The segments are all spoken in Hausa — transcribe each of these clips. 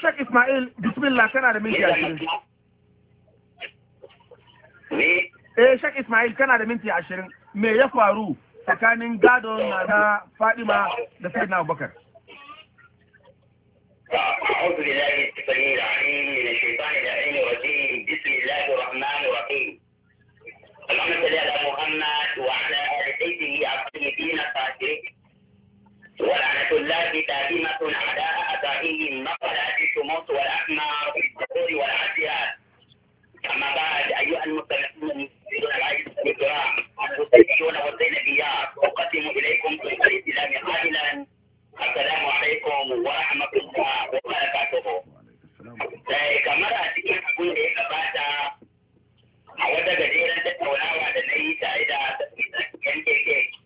Shek Ismail, bismillah kana da minti ashirin. Eh, Shek Ismail kana da minti ashirin. Me ya faru tsakanin gado na na Fadima da Sayyidina Abubakar? أعوذ بالله السميع العليم من الشيطان اللعين الرجيم بسم الله الرحمن الرحيم اللهم صل على محمد وعلى آل بيته الطيبين الطاهرين ولعنة الله دائمة على أعدائهم مقلة الشموس والأعمار والذكور والعافيات أما بعد أيها المستمعون العزيز الكرام المستمعون والزينبيات أقدم إليكم طريق الإسلام قائلا السلام عليكم ورحمة الله وبركاته kamar a cikin abin da ya gabata a wata gajeren tattaunawa da na yi tare da yankin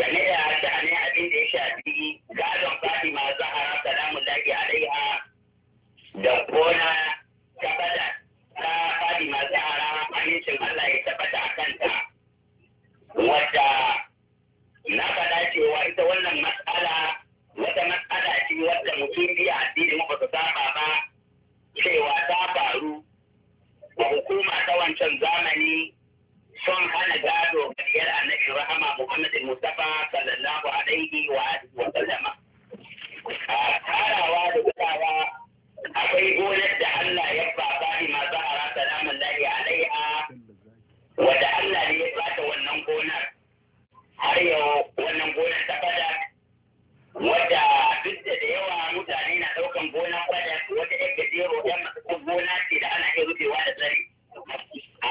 game da sha'anin abin da ya shafi gadon Fatima Zahara salamun lahi alaiha da gona ta bada ta Fatima Zahara amincin Allah ya tabbata a kanta wadda na faɗa cewa ita wannan matsala wata matsala ce wadda mutum biya addinin ba su saba ba cewa ta faru wa hukuma ta wancan zamani sun hana gado ga diyar annabi rahama muhammad mustafa sallallahu alaihi wa alihi wa sallama a tarawa da gudawa akwai gonar da Allah ya ba bani ma zahara salamun lahi alaiha wanda Allah ne ya bata wannan gonar har yau wannan gonar ta fada wadda duk da da yawa mutane na daukan gonar fada wadda ya gajero yan gona ce da ana iya rufewa da tsari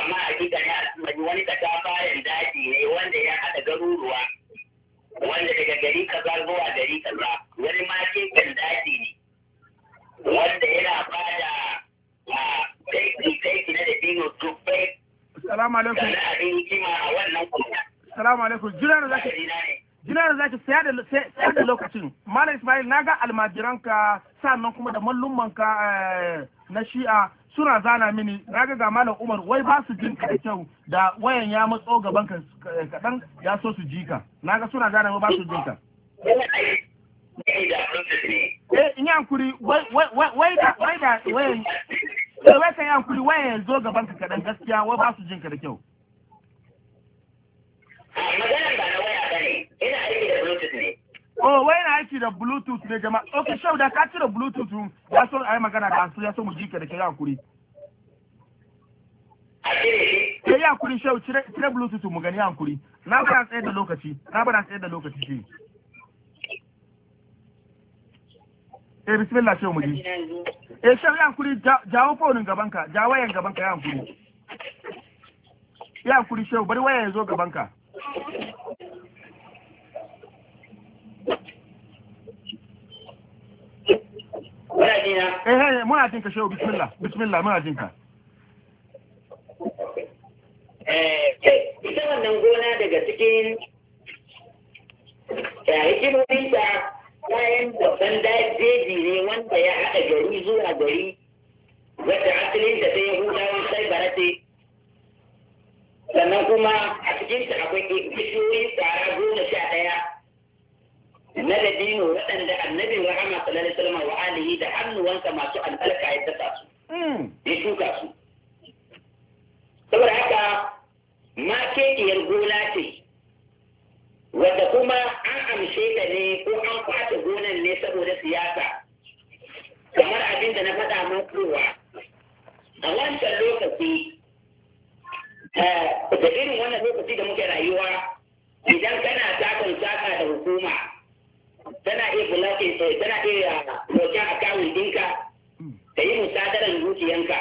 amma a gida ne al'amari wani bayan daji ne wanda ya haɗa garuruwa wanda daga gari kaza zuwa gari za wani ma kan daji ne wanda yana ba da taiki taiki na da dino dubbai salamu alaikum da kima a wannan kuma salamu alaikum jira da zaka jira da zaki saya da saya da lokacin malam ismail na ga almajiranka sannan kuma da ka eh, na shi'a suna zana mini naga ga malam Umar wai ba su jin kai kyau da wayan ya matso gaban ka kadan ya so su jika naga suna zana wai ba su jin ka eh in yankuri wai wai wai da wai da wayan eh wai kan yankuri wayan ya zo gaban ka kadan gaskiya wai ba su jin ka da kyau maganar ba na waya bane ina aiki da bluetooth ne Oh, wai na aiki da Bluetooth ne jama'a. Okay, shau da ka cire Bluetooth ya so a yi magana da su ya so mu jika da ke yakuri. Ke yakuri shau cire cire Bluetooth mu gani yakuri. Na na tsaye da lokaci, na na tsaye da lokaci shi. Eh bismillah shau mu ji. Eh shau yakuri jawo fonin gaban ka, jawo wayan gaban ka Ya Yakuri shau bari waya ya zo gaban ka. eh eh muna jin ka shehu bismillah bismillah muna jin ka eh ita wannan gona daga cikin ya hikimomin da bayan babban daji ne wanda ya haɗa gari zuwa gari wadda asalin da sai yahudawan sai barate sannan kuma a cikin ta akwai bishiyoyin tsara goma sha ɗaya na dabino waɗanda annabin rahama sallallahu alaihi wasallam wa alihi da hannuwansa masu albarka ya tsaka su hmm. ya tuka su saboda haka makekiyar gona ce wadda kuma an amshe ta ne ko an kwace gonan ne saboda siyasa kamar abin da na faɗa mun kowa a wancan lokaci eh, da irin wannan lokaci da muke rayuwa idan kana takon saka da hukuma tana iya blocking eh, tana iya a akawun dinka ta yi musadarar zuciyanka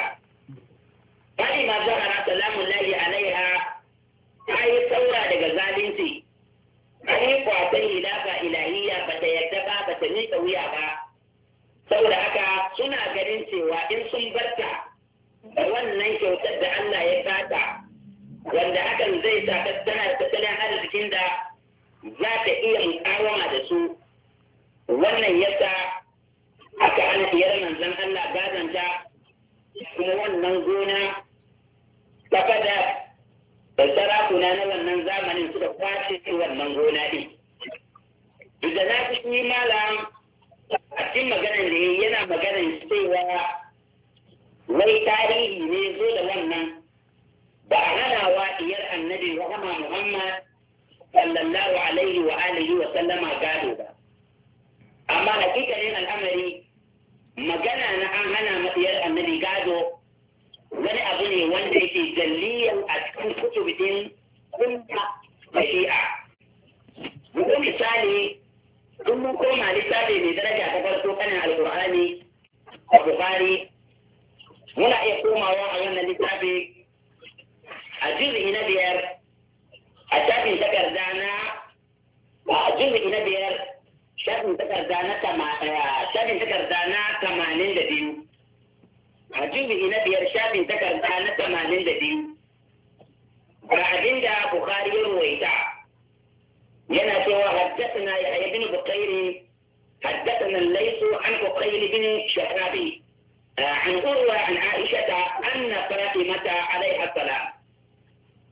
bari ma na salamun a laiha ta yi saura daga zalunci ta yi kwasan hilafa ilahiyya ba ta yarda ba ba ta miƙa wuya ba saboda haka suna ganin cewa in sun barta da wannan kyautar da Allah ya bata wanda hakan zai sa tattalin arzikin da za ta iya muƙawama da su wannan yasa aka hana diyar manzon Allah gadanta kuma wannan gona ta fada da sarakuna na wannan zamanin suka kwace wannan gona ne. Duk da na fi yi malam a cikin maganar da yana maganar cewa wai tarihi ne zo da wannan ba a hana wa diyar annabi Muhammad sallallahu alaihi wa alihi wa sallama gado ba. amma hakikanin al'amari magana na an hana matsayar annabi gado wani abu ne wanda yake jalliyan a cikin kutubin kunta mashi'a bugu misali in mun koma littafi mai daraja ta farko kanin alkur'ani a bukari muna iya komawa a wannan littafi a jirgi na biyar a shafin takarda na a jirgi na biyar shafin takarda na shafin takarda na tamanin da biyu a jubi'i na biyar shafin takarda na tamanin da biyu ga abin da bukari ya ruwaita yana cewa haddasana ya yi bin bukairi haddasana laisu an bukairi bin shahabi عن أروى عن عائشة أن فاطمة عليها السلام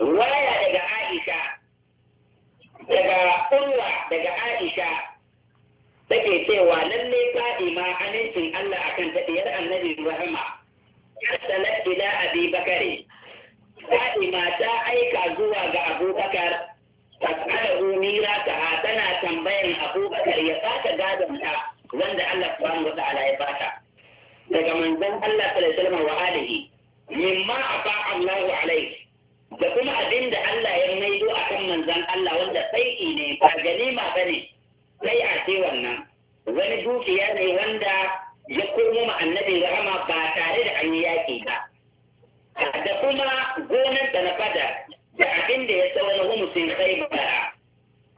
ولا daga Aisha daga Urwa daga Aisha take cewa lalle fa'ima amincin Allah akan ta diyar annabi Rahama arsalat ila Abi Bakari fa'ima ta aika zuwa ga Abubakar tas'alahu ta tana tambayan Abubakar ya fata gadon ta wanda Allah subhanahu wa ta'ala ya fata daga manzon Allah sallallahu alaihi wasallam wa alihi mimma afa Allahu alaihi da kuma abin da Allah ya maido akan manzon Allah wanda sai ne ba ganima bane sai a ce wannan wani dukiya ne wanda ya komo ma annabi rahama ba tare da an yi yaƙi ba da kuma gonar da na fada da abin da ya tsawon humusin kai bara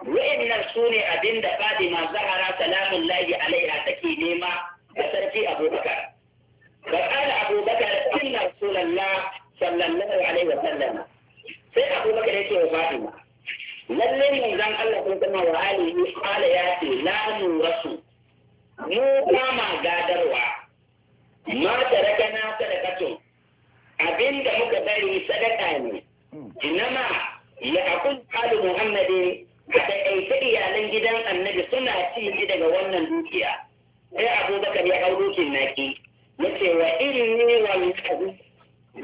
wa'annan su ne abin da fadima zahara salamun lahi alaiha take nema da sarki abubakar فقال أبو بكر إن na الله Sallallahu alaihi wa sallam. sai abubakar yake wa fatima lalle ne zan Allah sun sama wa alihi kala ya ce la mu rasu mu kama gadarwa ma taraka na sadakatun abinda muka bari sadaka ne inama ya akul qalu muhammadin a taƙaice iyalan gidan annabi suna ci daga wannan dukiya sai abubakar ya hau dukin naki ya ce wa ilmi wal kazu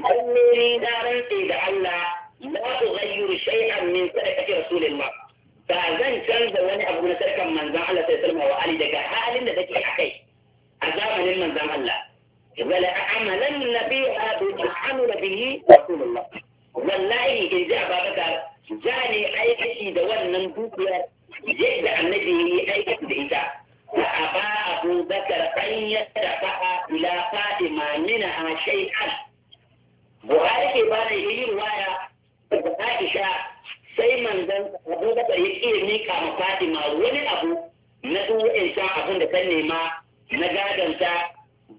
allori na rantse da Allah la ughayyiru shay'an min sadaqati rasulillah ba zan canza wani abu na sarkan manzan Allah sai wa Ali daga halin da take a kai a zamanin manzan Allah wala amalan nabiha bi ta'amul bihi rasulullah wallahi in ji ababaka jani aikaci da wannan dukiyar yadda annabi ya aikaci da ita فأبى أبو بكر أن يدفع إلى فاطمة منها شيئا. bada بعد هي رواية daga Aisha sai manzon Abu Bakar ya iya mika ma Fatima wani abu na in can abin da kan nema na gadanta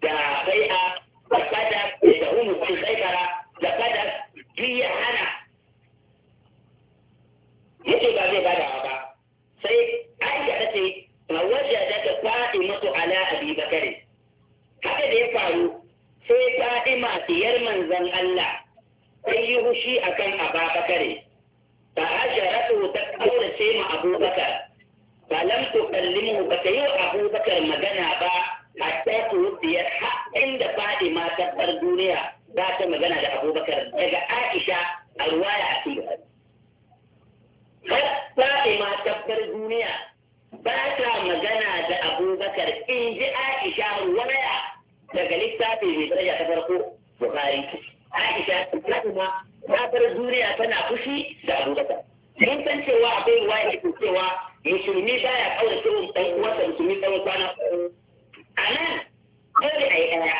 da bai'a da kada da sai kara da kada biya hana ce ba zai bada ba sai Aisha ta ce faɗi Fatimatu ala Abi Bakar haka da ya faru sai masu tiyar manzon Allah sai yi hushi a kan ababakare ba a sharatu ta kaurace ma abubakar ba lam kallimu ba ta yi wa abubakar magana ba hatta tuwuddiyar haɗin inda faɗi ma tabbar duniya za ta magana da abubakar daga aisha a ruwaya a cikin har faɗi ma tabbar duniya ba ta magana da abubakar in ji aisha ruwaya daga littafi mai tsaya ta farko bukari Aisha ta kuma ta bar duniya tana fushi da Abubakar. Mun san cewa akwai ruwa ya ke cewa musulmi baya kaura kirin ɗan uwarsa musulmi tsawon kwana. A nan dole a yi ɗaya.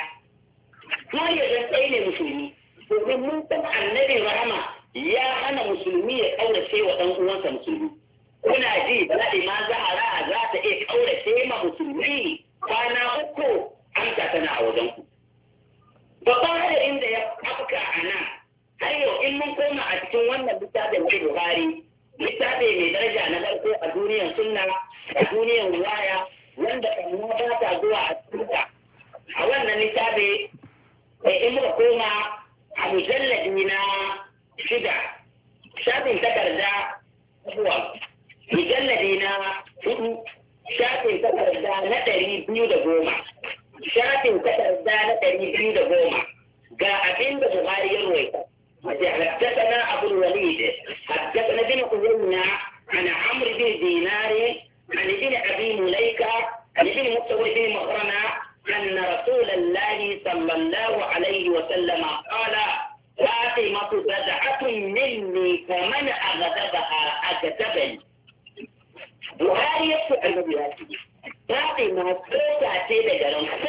Dole zan tsaye ne musulmi. Domin mun san annabi rahama ya hana musulmi ya kaurace wa ɗan uwansa musulmi. Kuna ji daɗi ma za zahara za ta iya kaurace ma musulmi kwana uku amsa tana a wajen ku. babban hadarin da ya afka a nan har yau in mun koma a cikin wannan littafin mai buhari littafi mai daraja na farko a duniyar sunna a duniyar waya wanda kamuwa ba ta zuwa a cikinta a wannan littafi eh, in muka koma a mujalladi na shida shafin takarda zuwa mujalladi na hudu shafin takarda na ɗari biyu da goma shafin takarda na ɗari biyu da goma ga abin da Buhari ya roƙa. Mace haddasana Abu Walid, haddasana bin Kuzurna, ana Amr bin Dinari, an bin Abi Mulaika, an bin Mustawar bin Mahrana, أن رسول الله صلى الله عليه وسلم قال فاطمة بدعة مني فمن أغضبها أكتبني Buhari ya ce annabi ya ce, Fatima ko ta ce daga ranku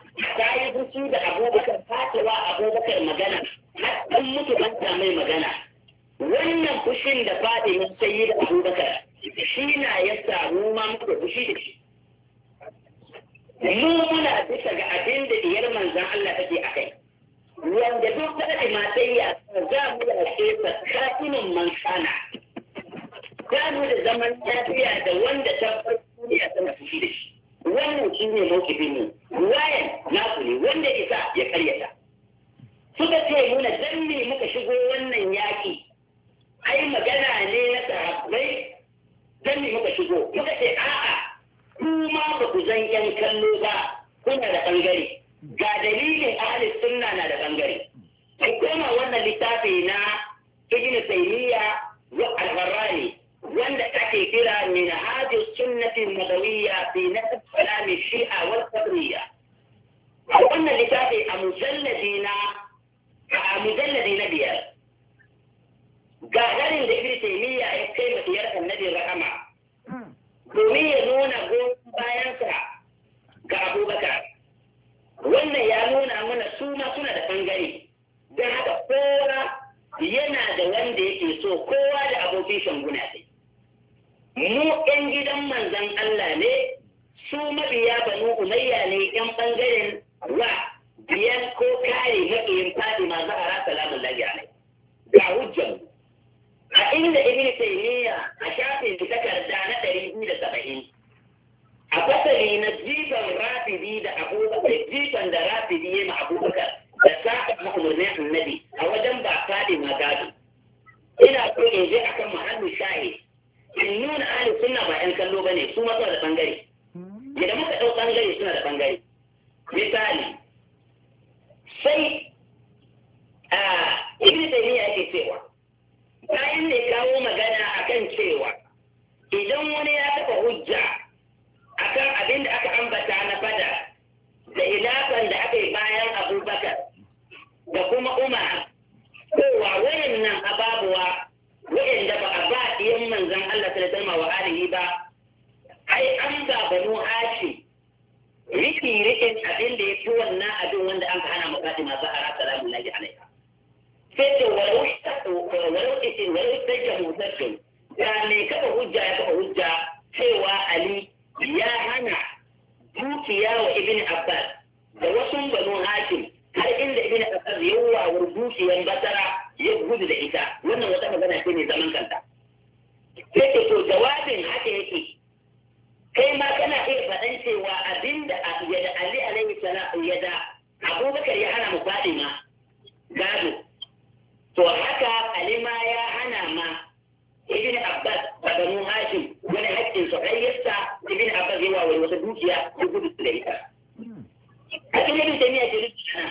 ta yi fushi da abubakar fatewa abubakar magana har ɗan mutu ban mai magana wannan fushin da faɗi na yi da abubakar shi na ya samu ma muka fushi da shi mu muna bisa ga abin da diyar manzan Allah take a kai wanda duk da ma sai ya za mu da ake tsakanin mansana za mu da zaman tafiya da wanda ta farko ne a sama fushi da shi wannan shi ne mawkifin ne ruwayan nasu ne wanda isa ya karyata suka ce nuna dan me muka shigo wannan yaki ai magana ne na sahabbai dan me muka shigo muka ce a'a kuma ba ku zan yan kallo ba kuna da bangare ga dalilin ahli sunna na da bangare ku koma wannan littafi na ibn taymiya wa al-harrani wanda ake kira min hajjus sunnatin nabawiyya fi na kalami shi'a wal qadriyya a wannan littafi a mujalladi na a mujalladi na biyar Ga gagarin da ibn taymiya ya kai ma biyar annabi rahama domin ya nuna goyon bayan sa ga abubakar wannan ya nuna mana su ma suna da bangare don haka kowa yana da wanda yake so kowa da abokin shanguna ne mu ɗan gidan manzan Allah ne su mabiya banu umayya ne ɗan ɓangaren wa biyan ko kare maƙiyin fatima za a rasa lamun lafiya ga hujjan a inda ibn taymiya a shafin takarda na ɗari biyu da saba'in a fasali na jifan rafidi da abubakar jifan da rafidi ya ma abubakar da sa'a ma'umarnin annabi a wajen ba fatima gado ina so in je akan muhammad shahid in nuna ahlus sunna ba yan kallo ba ne su ma suna da bangare idan muka ɗau bangare suna da bangare misali sai a ibn taymiya yake cewa bayan ne kawo magana akan cewa idan wani ya taɓa hujja akan abin da aka ambata na fada da ilafan da aka yi bayan abubakar da kuma umar kowa wayan nan ababuwa wa'inda ba a ba ɗiyan manzan Allah da wa alihi ba ai an ba banu hashi riki rikin abin da ya fi wannan abin wanda an hana ma Fatima Zahra salamu alaihi alaiha sai ce walau walau isin walau ya ne kafa hujja ya kafa hujja cewa Ali ya hana dukiya wa Ibn Abbas da wasu banu hakim har inda Ibn Abbas yawa wa dukiyan basara yin gudu da ita wannan wata magana ce mai zaman kanta sai ce to jawabin haka yake kai ma kana iya faɗan cewa abinda ya da Ali alaihi salatu ya da Abubakar ya hana mu ma. gado to haka Ali ma ya hana ma Ibn Abbas da banu Hashim wani haƙƙin su hayyarsa Ibn Abbas yawa wani wata dukiya ya gudu da ita hmm. a cikin Ibn jirgin ke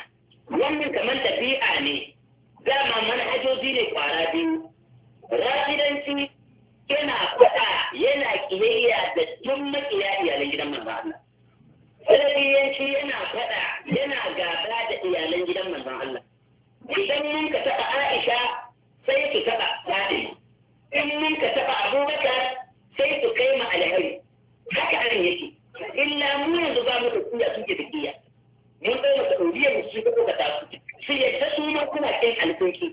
wannan kamar tafiya ne dama manhajoji ne kwara biyu rafidanci yana faɗa yana kiyayya da duk makiya iyalan gidan manzo Allah salafiyanci yana faɗa yana gaba da iyalan gidan manzo Allah idan mun ka taɓa Aisha sai ki taɓa Sadi in mun ka taɓa Abubakar sai su kai ma alheri haka arin yake illa mu yanzu ba mu da thank you.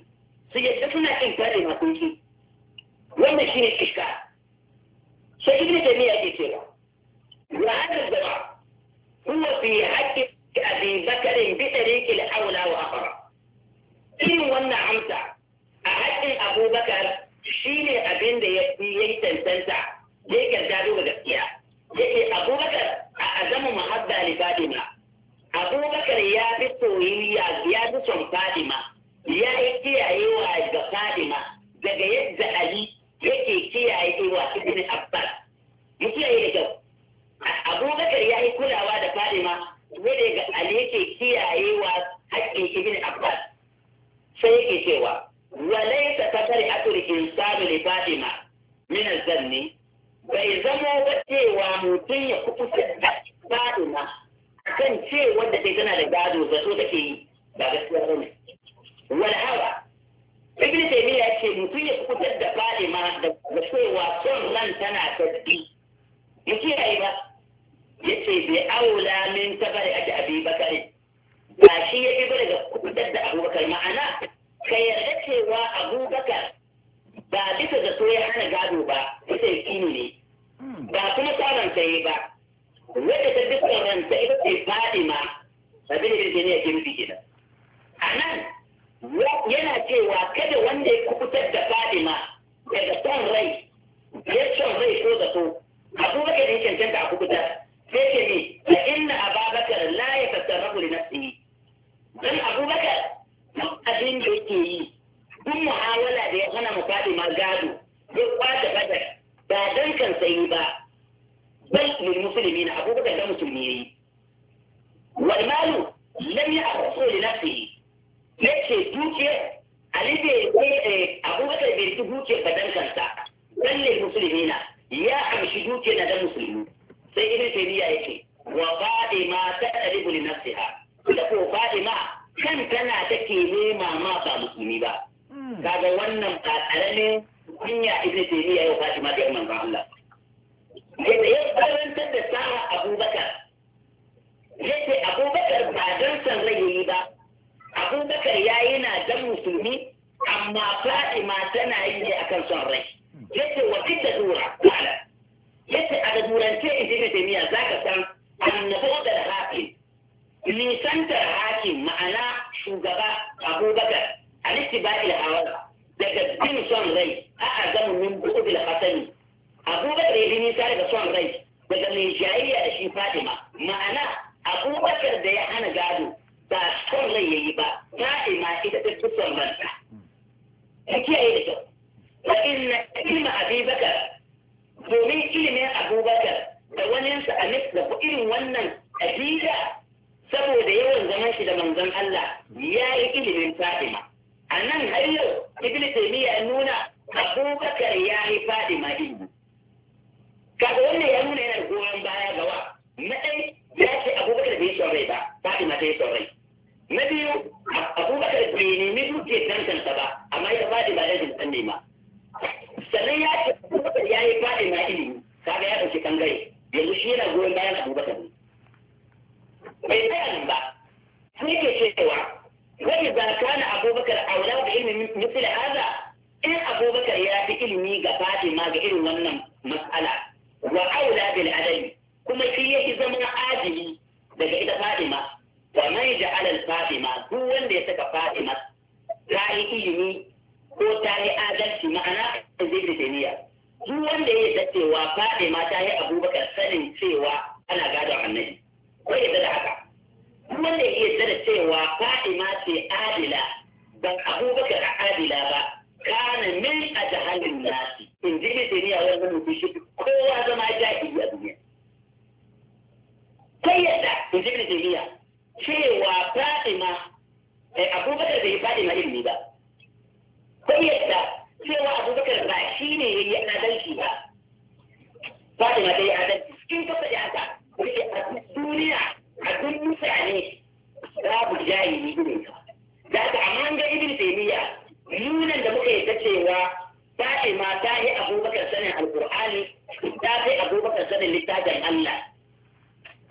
Allah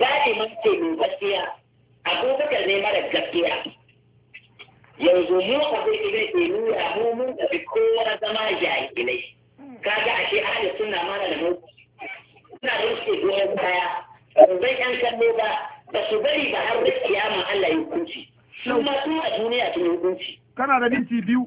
daliman ce mai gaskiya abubakar ne mara gaskiya yanzu mu abin ibn taymiya mu mun tafi kowa zama jahilai kaga ashe ahli suna mana da mu suna da suke goyon baya zai yan kallo ba ba su bari ba har da kiyama Allah ya hukunci sun ma su a duniya sun hukunci kana da minti biyu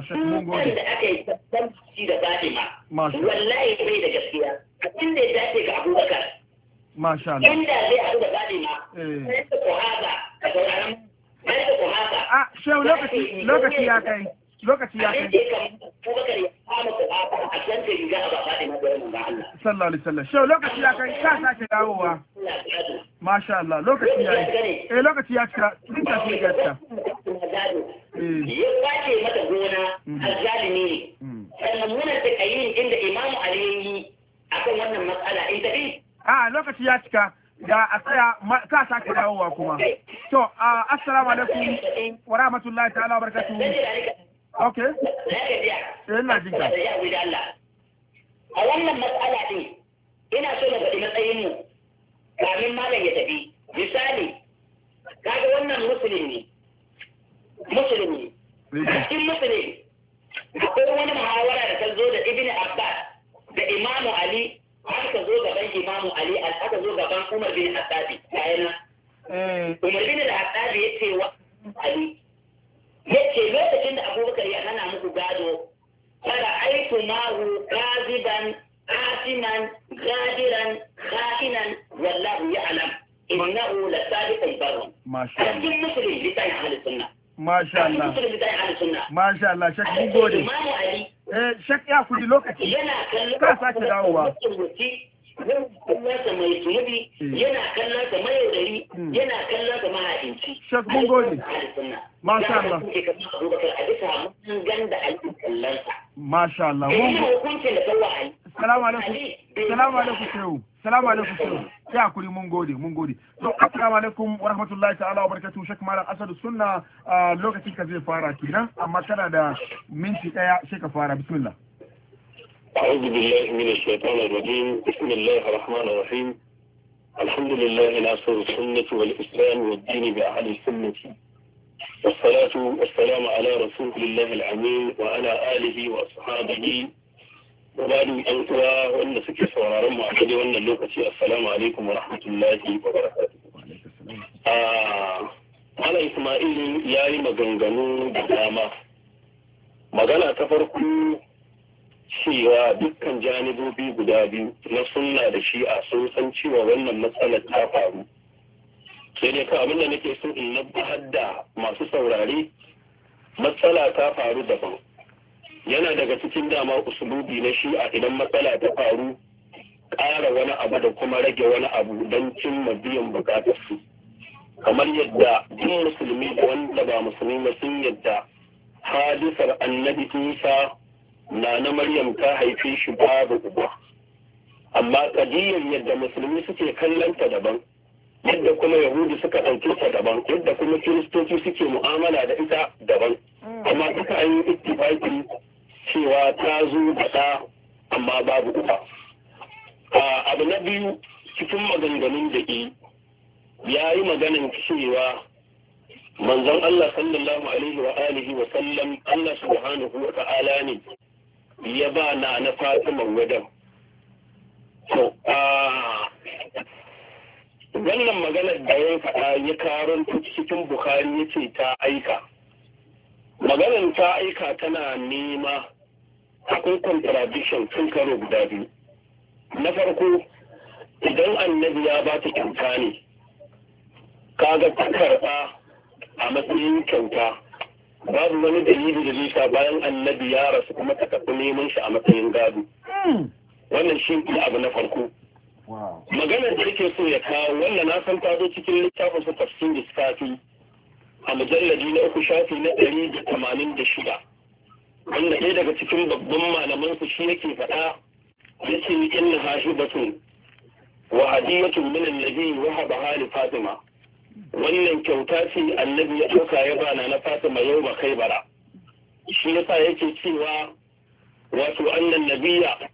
Mun Tutar da aka yi tabbaci da Fatima. Wallahi bai da gaskiya. Abin da ya dace ga Abubakar. Masha Inda zai haɗu da Fatima. Eh. Sai ko kuhasa ka sauraron. Sai ko kuhasa. Ah, Shehu lokaci ya kai. lokaci ya kai sallallahu alaihi wasallam Shehu lokaci ya kai ka sake dawowa masha Allah lokaci ya kai. eh lokaci ya kira din ka ce gaskiya assalamu alaikum wa rahmatullahi ta'ala wa barakatu ok eh na jin a wannan matsala din ina so na faɗi matsayin mu kamin malam ya tafi misali kaga wannan musulmi musulmi cikin musulmi akwai wani muhawara da ta zo da ibn abbas da imamu ali aka zo gaban imamu ali aka zo gaban umar bin attabi bayana Mm. umarni da haɗari ya ce wa Ali ya ce lokacin da abubakar ya hana muku gado fara aiki mahu gaziban asiman gadiran ka'inan wallahu ya alam innahu la sadiqun barun cikin musulun bisa bitan ahli sunna Masha Allah. Masha Allah, shak mun gode. Eh, shak ya kudi lokaci. Yana kallon. Ka sake dawowa. zai kalla ta mai zunubi hmm. yana kalla ta mai yaudari hmm. yana kalla ta mahadinci shek mun gode masha Allah a eh, bisa mun ganda alƙin kallansa masha Allah mun gode hukuncin da kalla ali salamu alaikum salamu alaikum shehu salamu alaikum shehu sai hakuri mun gode mun gode to assalamu alaikum wa rahmatullahi ta'ala wa barakatuhu shek malam asadu sunna ah, lokacin ka zai fara kenan amma kana da minti daya sai ka fara bismillah أعوذ بالله من الشيطان الرجيم بسم الله الرحمن الرحيم الحمد لله ناصر السنة والإسلام والدين بأحد السنة والصلاة والسلام على رسول الله العمين وعلى آله وأصحابه وبعد أنقوى وأن سكي صورا رمى أحد وأن اللوكة السلام عليكم ورحمة الله وبركاته على إسماعيل ياي مغنغنو بدامة magana ta farko cewa dukkan janibobi guda biyu na sunna da shi'a sun san cewa wannan matsalar ta faru sai dai kawai da nake so in na da masu saurare matsala ta faru daban yana daga cikin dama usulubi na shi'a idan matsala ta faru ƙara wani abu da kuma rage wani abu don cimma biyan bukatarsu kamar yadda duk musulmi da wanda ba musulmi sun yadda hadisar annabi isa na maryam ta haife shi babu uba amma kadiyar yadda musulmi suke kallanta daban yadda kuma yahudu suka ɗauke ta daban yadda kuma kiristoci suke mu'amala da ita daban mm. amma suka an yi ittifaki cewa ta zo da ɗa amma babu uba abu na biyu cikin maganganun da ke ya yi maganin cewa manzon Allah sallallahu alaihi wa alihi wa sallam Allah subhanahu wa ta'ala ne ya ba na na fatiman wajen to a wannan maganar da ya faɗa ya karon cikin bukari ya ce ta aika maganar ta aika tana nema akwai contradiction sun karo guda biyu na farko idan annabi ya ba ta kyauta ne kaga ta karɓa a matsayin kyauta babu wani dalili da zai bayan annabi ya rasu kuma ta tafi neman shi a matsayin gado hmm. wannan shi ne abu na farko maganar da yake so ya kawo wannan na san ta zo cikin littafin su da safi a mujalladi na uku shafi na ɗari da tamanin da shida wanda ɗaya daga cikin babban malaman su shi yake faɗa ce inna batun wa hadiyatun minan nabi wa haba hali fatima wannan kyauta ce annabi ya ɗauka ya bana na fatima yau ba kai bara shi yasa yake cewa wato annan nabiya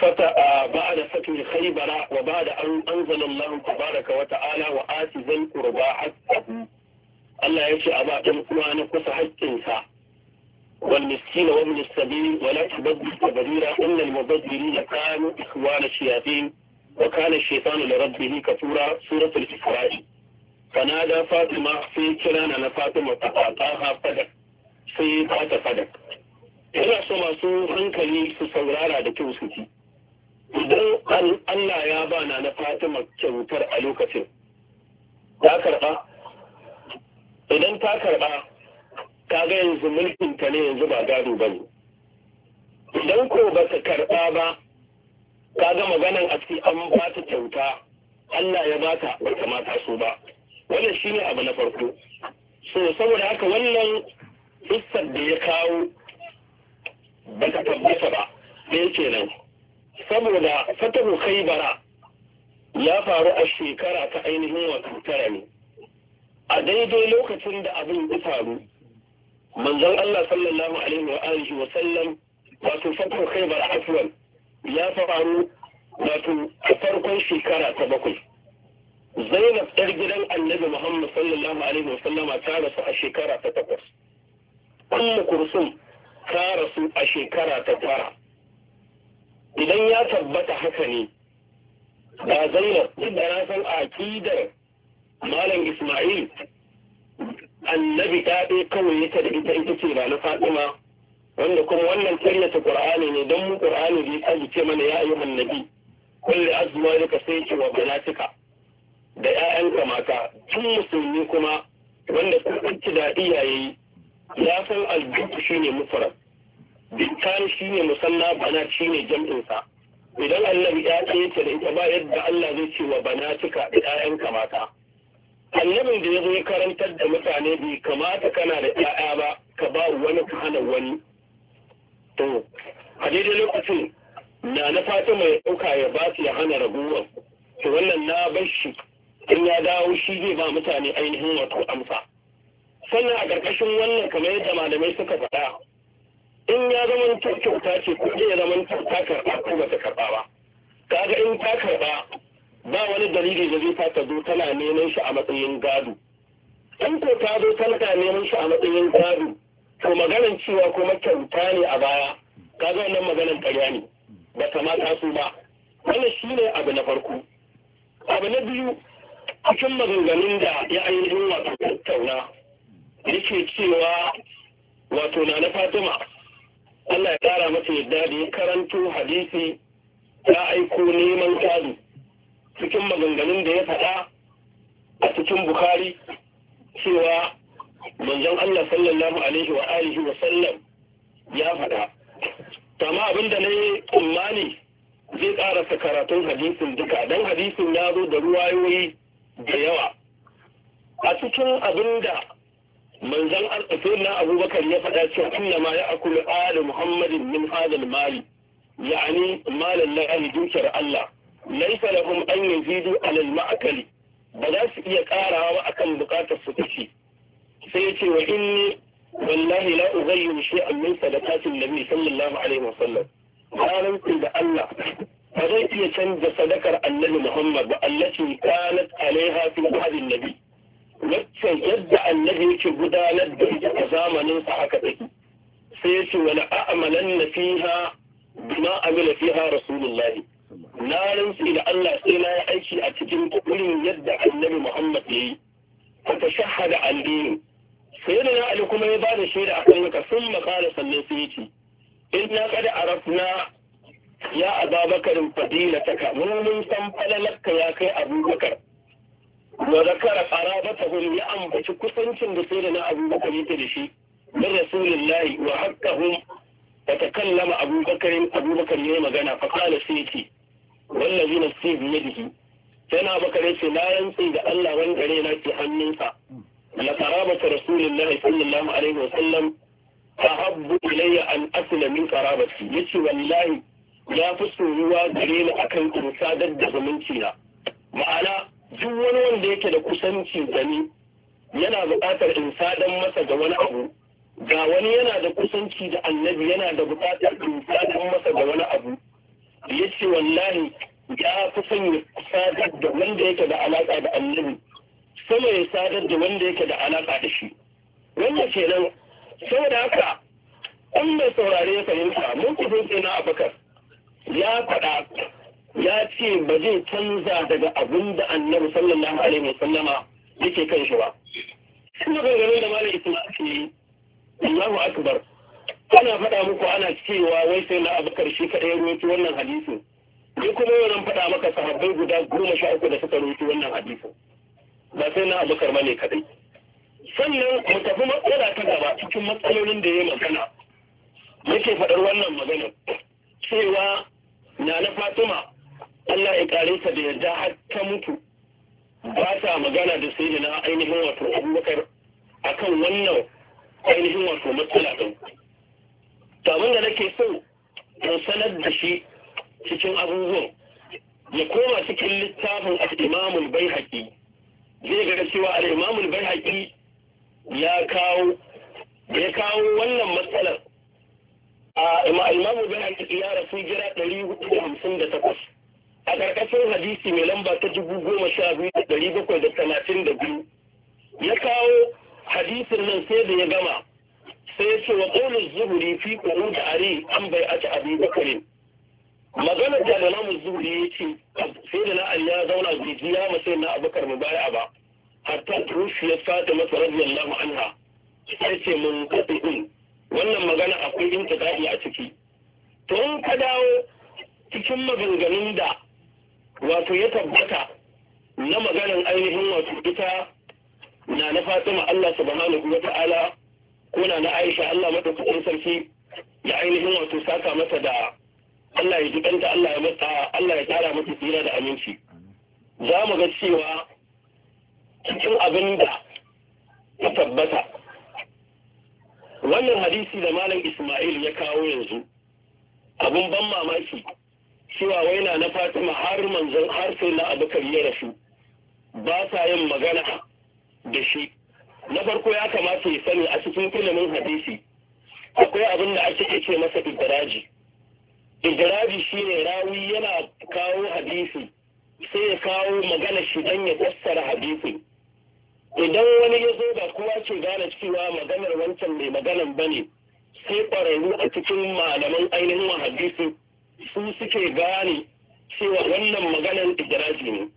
fata da fatu khaybara wa ba'da an anzala Allah tabaraka wa ta'ala wa ati zal qurba haqqahu Allah yace a ba dan kuma na kusa haƙƙinsa wal miskin wa ibn as-sabil wa la tubaddir tabdira inna al-mubaddirin kanu ikhwana shayatin wa kana ash-shaytanu li rabbihi kafura suratul isra'i فنادى فاطمة في كلانا فاطمة فقاطعها فدك في فات فدك ina so masu hankali su saurara da kyau su ci idan Allah ya ba na Fatima kyautar a lokacin ta karba idan ta karba ta ga yanzu mulkin ta ne yanzu ba gado bane idan ko ba ta karba ba ka ga maganar a an ba ta kyauta Allah ya ba ta ba ta so ba wannan shi ne abu na farko so saboda haka wannan fuskar da ya kawo ba ta tabbata ba ɗaya nan saboda fatahu bara ya faru a shekara ta ainihin watan tara ne a daidai lokacin da abin ya faru manzon Allah sallallahu alaihi wa alihi wa sallam wato fatahu bara afwan ya faru wato a farkon shekara ta bakwai zainab yar gidan annabi muhammad sallallahu alaihi wasallama ta rasu a shekara ta takwas ummu kursum ta rasu a shekara ta tara idan ya tabbata haka ne ba zainab duk da na san akidar malam isma'il annabi ta ɗaya kawai yake da ita ita ce ba na fatima wanda kuma wannan karyata qur'ani ne don mu qur'ani bai ce mana ya ayyuhan nabi kulli azwajika sai ce wa banatika da 'ya'yanka mata tun musulmi kuma wanda kuɗin da iyaye ya san albuku shi ne mufarar dukkan shi ne musalla bana shi ne jam'insa idan allah ya ce ta da ita ba yadda allah zai ce wa bana cika da 'ya'yanka mata annabin da ya zo ya karantar da mutane bai kamata kana da 'ya'ya ba ka ba wani ka hana wani to a daidai lokacin na na fata mai ɗauka ya ba su ya hana raguwar to wannan na bar shi in ya dawo shi zai ba mutane ainihin wato amsa sannan a ƙarƙashin wannan kamar yadda malamai suka faɗa in ya zama kyauta ce ko ya zama ta karɓa ko ba ta karɓa ba kaga in ta karɓa ba wani dalili da zai fata zo tana neman shi a matsayin gado in ko ta zo tana neman shi a matsayin gado to maganar cewa kuma kyauta ne a baya kaga wannan maganar ƙarya ne ba ta ma taso ba wannan shine abu na farko abu na biyu cikin maganganun da ya ainihin wato tattauna yake cewa wato na na fatima allah ya kara mata yadda da ya karanto hadisi ya aiko neman tsari cikin maganganun da ya faɗa a cikin bukari cewa manzon allah sallallahu alaihi wa alihi wa sallam ya faɗa abin abinda na yi tsammani zai ƙarasa karatun hadisin duka don hadisin ya zo da ruwayoyi da yawa a cikin abin da manzon Allah na Abubakar ya faɗa cewa inna ma ya akulu ali Muhammadin min hadal mali na malan lahi dukiyar Allah laisa lahum an yazidu alal ma'akali ba za su iya karawa ba akan bukatar su kace sai ya ce wa inni wallahi la ughayyiru shay'an min sadaqatin nabi sallallahu alaihi wasallam ranar da Allah ba zai iya canza sadakar annabi Muhammad ba allati kanat alaiha fi ahdin nabi wacce yadda annabi yake gudanar da ita a zamanin sa haka take sai wani a'amalan na fiha bima amila fiha rasulullah na rantsi da Allah sai na yi aiki a cikin irin yadda annabi Muhammad yayi haka shahada addini sai da Ali kuma ya bada shaida akan haka sun makala sannan sai yace inna qad arafna ya ababakarin fadilataka mun mun san falalarka ya kai abubakar wa zakara qarabatuhum ya ambaci kusancin da sai da na abubakar yake da shi min rasulillahi wa haqqahum fa takallama abubakar abubakar yayi magana fa qala sai ce wallazi nafsi bi yadihi yana bakar yace na rantsi da Allah wanda rai na ke hannunsa la qarabatu rasulillahi sallallahu alaihi wa sallam ahabbu ilayya an asla min qarabati yace wallahi ya fi tsoruwa gare ni akan in sadar da zumunci na ma'ana duk wani wanda yake da kusanci da ni yana buƙatar in sadar masa da wani abu ga wani yana da kusanci da annabi yana da buƙatar in sadar masa da wani abu ya ce wallahi ya fi son ya sadar da wanda yake da alaƙa da annabi sama ya sadar da wanda yake da alaƙa da shi wannan kenan saboda haka in mai saurare ya fahimta mun kufin sai na abakar ya faɗa ya ce ba zai canza daga abin da annabi sallallahu alaihi wa sallama yake kan shi ba sun da gangare da malam isma'il Allahu akbar ana faɗa muku ana cewa wai sai na abakar shi kaɗai ruwaci wannan hadisu. ni kuma yau nan faɗa maka sahabbai guda goma sha uku da suka ruwaci wannan hadisu. ba sai na abakar ba ne kaɗai sannan mu tafi matsala ta gaba cikin matsalolin da ya magana yake faɗar wannan maganar cewa na na fatima allah ya kare ta da yarda har ta mutu ba ta magana da sai na ainihin wato abubakar akan wannan ainihin wato matsala ɗin abin da nake so in sanar da shi cikin abubuwan ya koma cikin littafin al'imamul bai haƙi zai ga cewa al'imamul bai haƙi ya kawo ya kawo wannan matsalar a imamu bai ya rasu jira ɗari hudu da hamsin da takwas a ƙarƙashin hadisi mai lamba ta dubu goma sha biyu da ɗari bakwai da talatin da biyu ya kawo hadisin nan sai da ya gama sai ya ce wa ƙaunin zuhuri fi ƙoƙo da are an bai a ci abin bakarin maganar da namun zuhuri ya ce sai da na'al ya zauna bijiya masai na abubakar mu baya ba hatta turufiyar fata masa radiyallahu anha sai ce mun kaɗi wannan magana akwai intiqadi a ciki to in ka dawo cikin maganganun da wato ya tabbata na maganan ainihin wato ita na na fatima Allah subhanahu wa ta'ala ko na na Aisha Allah madaukakin sarki ya ainihin wato saka mata da Allah ya ji Allah ya mata Allah ya tara mata tsira da aminci za mu ga cewa cikin abin da ya tabbata wannan hadisi da malam ismail ya kawo yanzu abun ban mamaki cewa waina na fatima har manzon har sai na abubakar ya rasu ba sa yin magana da shi na farko ya kamata ya sani a cikin ilimin hadisi akwai abin da ake ce masa idraji idraji shine rawi yana kawo hadisi sai ya kawo magana shi dan ya tsara hadisi idan wani ya zo ba kowa ke gane cewa maganar wancan mai maganan ba ne sai ƙwararru a cikin malaman ainihin hadisi su suke gane cewa wannan maganar idiraji ne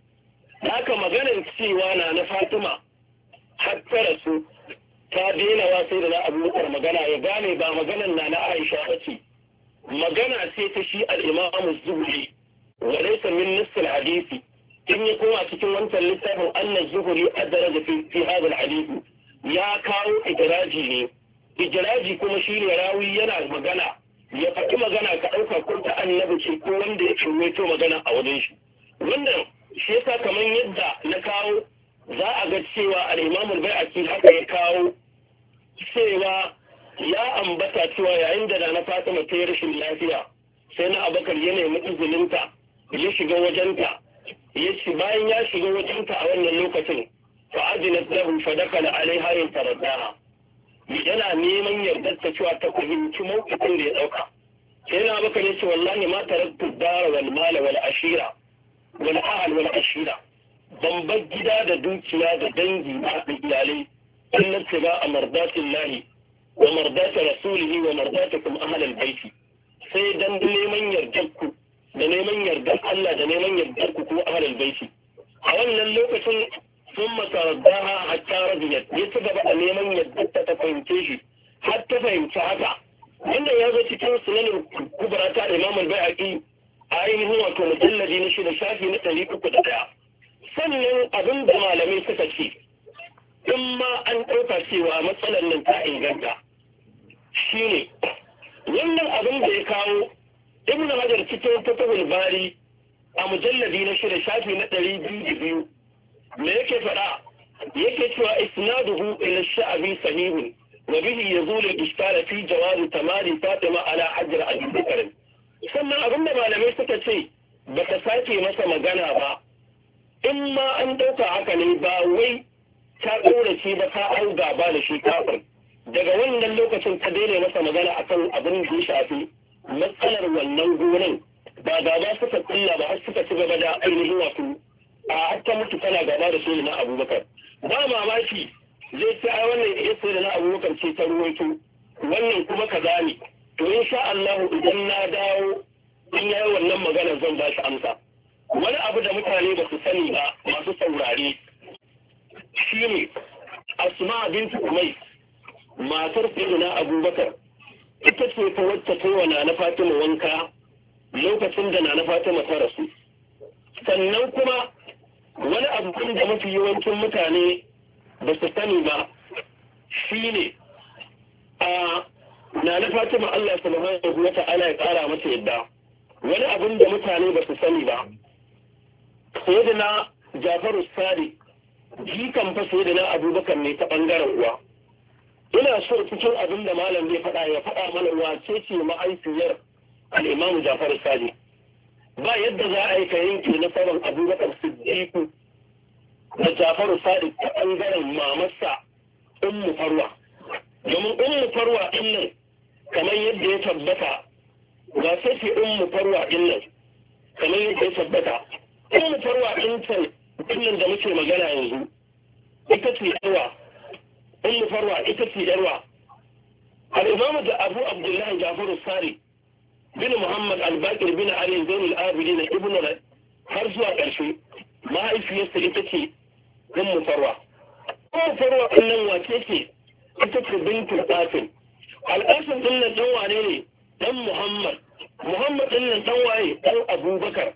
haka maganar cewa na na fatima hattara su ta daina wa sai da na bukar magana ya gane ba maganan na na aisha ba ce magana sai ta shi al'imamu zuhuri wa laisa min nisfil hadisi kawo annan zuhuri a daraja fi hada alibu ya kawo idiraji ne idiraji kuma shi ne rawi yana magana ya faki magana ka ɗauka ko ta annabi ce ko wanda ya ce magana a wajen shi wannan shi yasa kamar yadda na kawo za a ga cewa al'imamul bai'ati haka ya kawo cewa ya ambata cewa yayin da na fata mata rashin lafiya sai na abakar ya nemi izininta ya shiga wajen ta. yace bayan ya shiga wajen ta a wannan lokacin fa ajinat lahu fa dakala alaiha yataradaha yana neman yardar ta cewa ta fahimci mawqifin da ya dauka sai na baka yace wallahi ma taraktu dara wal mala wal ashira wal ahl wal ashira ban bar gida da dukiya da dangi da iyalai in na tsira a mardatin lahi wa mardata rasulihi wa mardatakum ahlal baiti sai dan neman yardar ku da neman yardar Allah da neman yardar ku ko ahlul baiti a wannan lokacin sun matardaha hatta radiyat ya ci gaba da neman yardar ta ta fahimce shi har ta fahimci haka wannan ya zo cikin sunanin kubra ta Imam al-Baiqi ainihin wato mujalladi na shida shafi na ɗari uku da ɗaya sannan abin da malamai suka ce in ma an ɗauka cewa matsalar nan ta inganta shine wannan abin da ya kawo ibn hajar cikin fatahul bari a mujalladi na shida shafi na ɗari biyu da biyu me yake faɗa yake cewa isnaduhu ila sha'abi sahihun wa bihi yazulu al-ishkala fi jawaz tamari fatima ala hajr abi bakr sannan abinda malamai suka ce baka sake masa magana ba in ma an ɗauka haka ne ba wai ta ƙoraci ba ta an gaba da shi kafin daga wannan lokacin ka daina masa magana akan abin da ya shafi matsalar wannan gonan ba gaba suka kulla ba har suka ci gaba da ainihin wato a hatta mutu tana gaba da sai na abubakar ba mamaki zai ce a wannan ya sai na abubakar ce ta ruwaito wannan kuma ka ne to insha Allah idan na dawo in yayi wannan magana zan ba shi amsa wani abu da mutane ba su sani ba masu saurare shine asma bintu umais matar sayyidina abubakar ita ce ta wacce ta wa Nana Fatima wanka lokacin da Nana Fatima ta rasu. Sannan kuma wani abin da mafi yawancin mutane ba su sani ba shi ne a Nana Fatima Allah subhanahu wa ta'ala ya kara mata yadda. Wani abin da mutane ba su sani ba. sai da na Jafaru Sadi, jikan fa sai da na abubakar ne ta ɓangaren uwa ina so cikin abin da malam zai faɗa ya faɗa mana wace ce ma'aikiyar al'imamu jafar sadi ba yadda za a yi ka yanke na saman abubakar siddiqu da jafar sadi ta ɓangaren mamarsa ummu farwa domin ummu farwa in nan kamar yadda ya tabbata ga sai ummu farwa in nan kamar yadda ya tabbata ummu farwa ɗin nan da muke magana yanzu ita ce yawa ummu farwa ita ce yarwa al-imamu da abu abdullahi jafaru sari bin muhammad al bin ali zainul abidin ibnu har zuwa ƙarshe mahaifiyarsa ita ce ummu farwa ummu farwa nan wace ce ita ce bintul qasim al-qasim din nan ɗan wane ne ɗan muhammad muhammad ɗin nan ɗan waye ɗan abubakar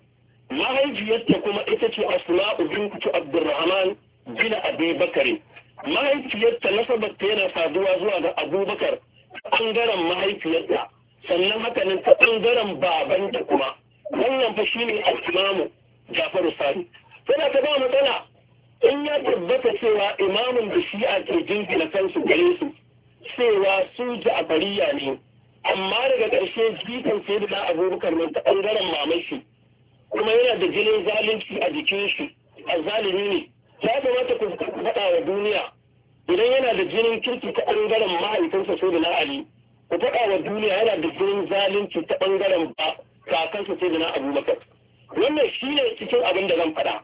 mahaifiyarta kuma ita ce asma'u bintu abdurrahman bin abi bakari mahaifiyarta na nasabarta yana saduwa zuwa ga abubakar ta ɓangaren mahaifiyarta sannan nan ta ɓangaren babanta kuma wannan fa shine al-imamu jafaru sani tana ta ba matsala in ya tabbata cewa imamin da shi a ke jingina kansu gare su cewa su bariya ne amma daga ƙarshe jikan sai da abubakar nan ta ɓangaren mamashi kuma yana da jinin zalunci a jikin shi a zalimi ne ya kamata ku faɗa wa duniya idan yana da jinin kirki ta ɓangaren mahaifinsa sai da na ku faɗa wa duniya yana da jinin zalunci ta ɓangaren kakansa sai da na Abubakar wannan shi ne cikin abin da zan faɗa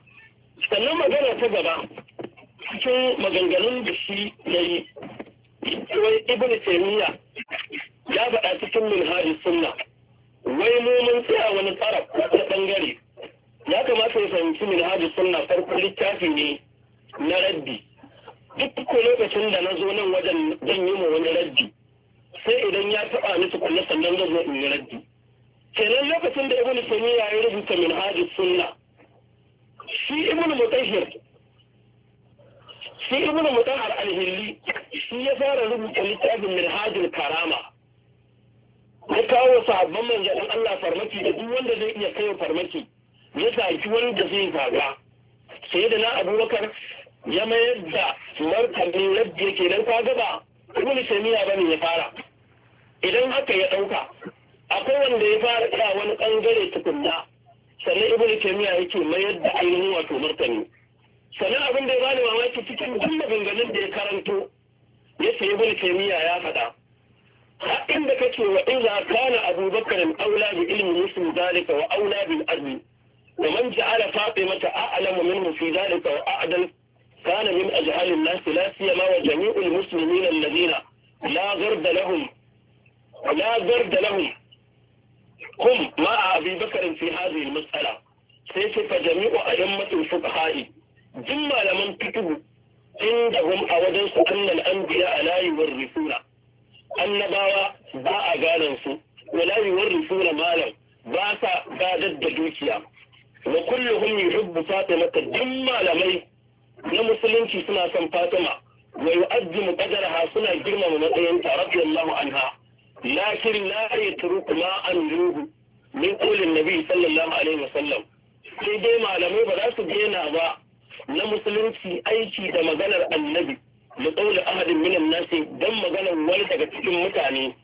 sannan magana ta gaba cikin maganganun da shi ya yi wai ibn taymiya ya faɗa cikin minhajus sunna wai mu mun tsaya wani tsara ko ɓangare ya kamata ya fahimci min hajji suna farkon littafi ne na rabbi duk ko lokacin da na zo nan wajen zan yi ma wani rabbi sai idan ya taɓa ni tukunna sannan zan zo in yi rabbi kenan lokacin da ibnu taymiya ya rubuta min hajji suna shi ibnu mutahir shi ibnu mutahar alhilli shi ya fara rubuta littafin min hajjul karama ya kawo sahabban manzannin Allah farmaki da duk wanda zai iya kai farmaki ya wani wanda zai zaga sai da na abubakar ya mayar da martani yadda yake nan ka gaba ibn ba bane ya fara idan haka ya ɗauka, akwai wanda ya fara da wani bangare tukunna sannan ibn ya yake mayar da ainihin wato martani sannan abin da ya bani mamaki cikin duk maganganun da ya karanto ya ce ibn taymiya ya faɗa Haɗin da kake wa iza kana abubakar aula bi ilmi muslim zalika wa aula bil wa man ja'ala mata a'lamu minhu fi dhalika wa a'dal kana min ajhalin nas la siyama wa jami'ul muslimin alladhina la gharda lahum la gharda lahum kum ma abi bakr fi hadhihi al mas'ala sai sai fa jami'u ayyamatul fuqaha'i jin malaman fitu indahum a wajen su annal anbiya ala yuwar rusula annabawa ba a ganin su wala yuwar rusula malam ba sa gadar da dukiya wa kulluhum yuhibbu fatima duk malamai na musulunci suna son fatima wa yu'azzimu qadaraha suna girmama matsayinta radiyallahu anha lakin la yatruku ma anjuhu min qawlin nabi sallallahu alaihi sallam. sai dai malamai ba za su daina ba na musulunci aiki da maganar annabi da tsawon ahadin minan nasi don maganar wani daga cikin mutane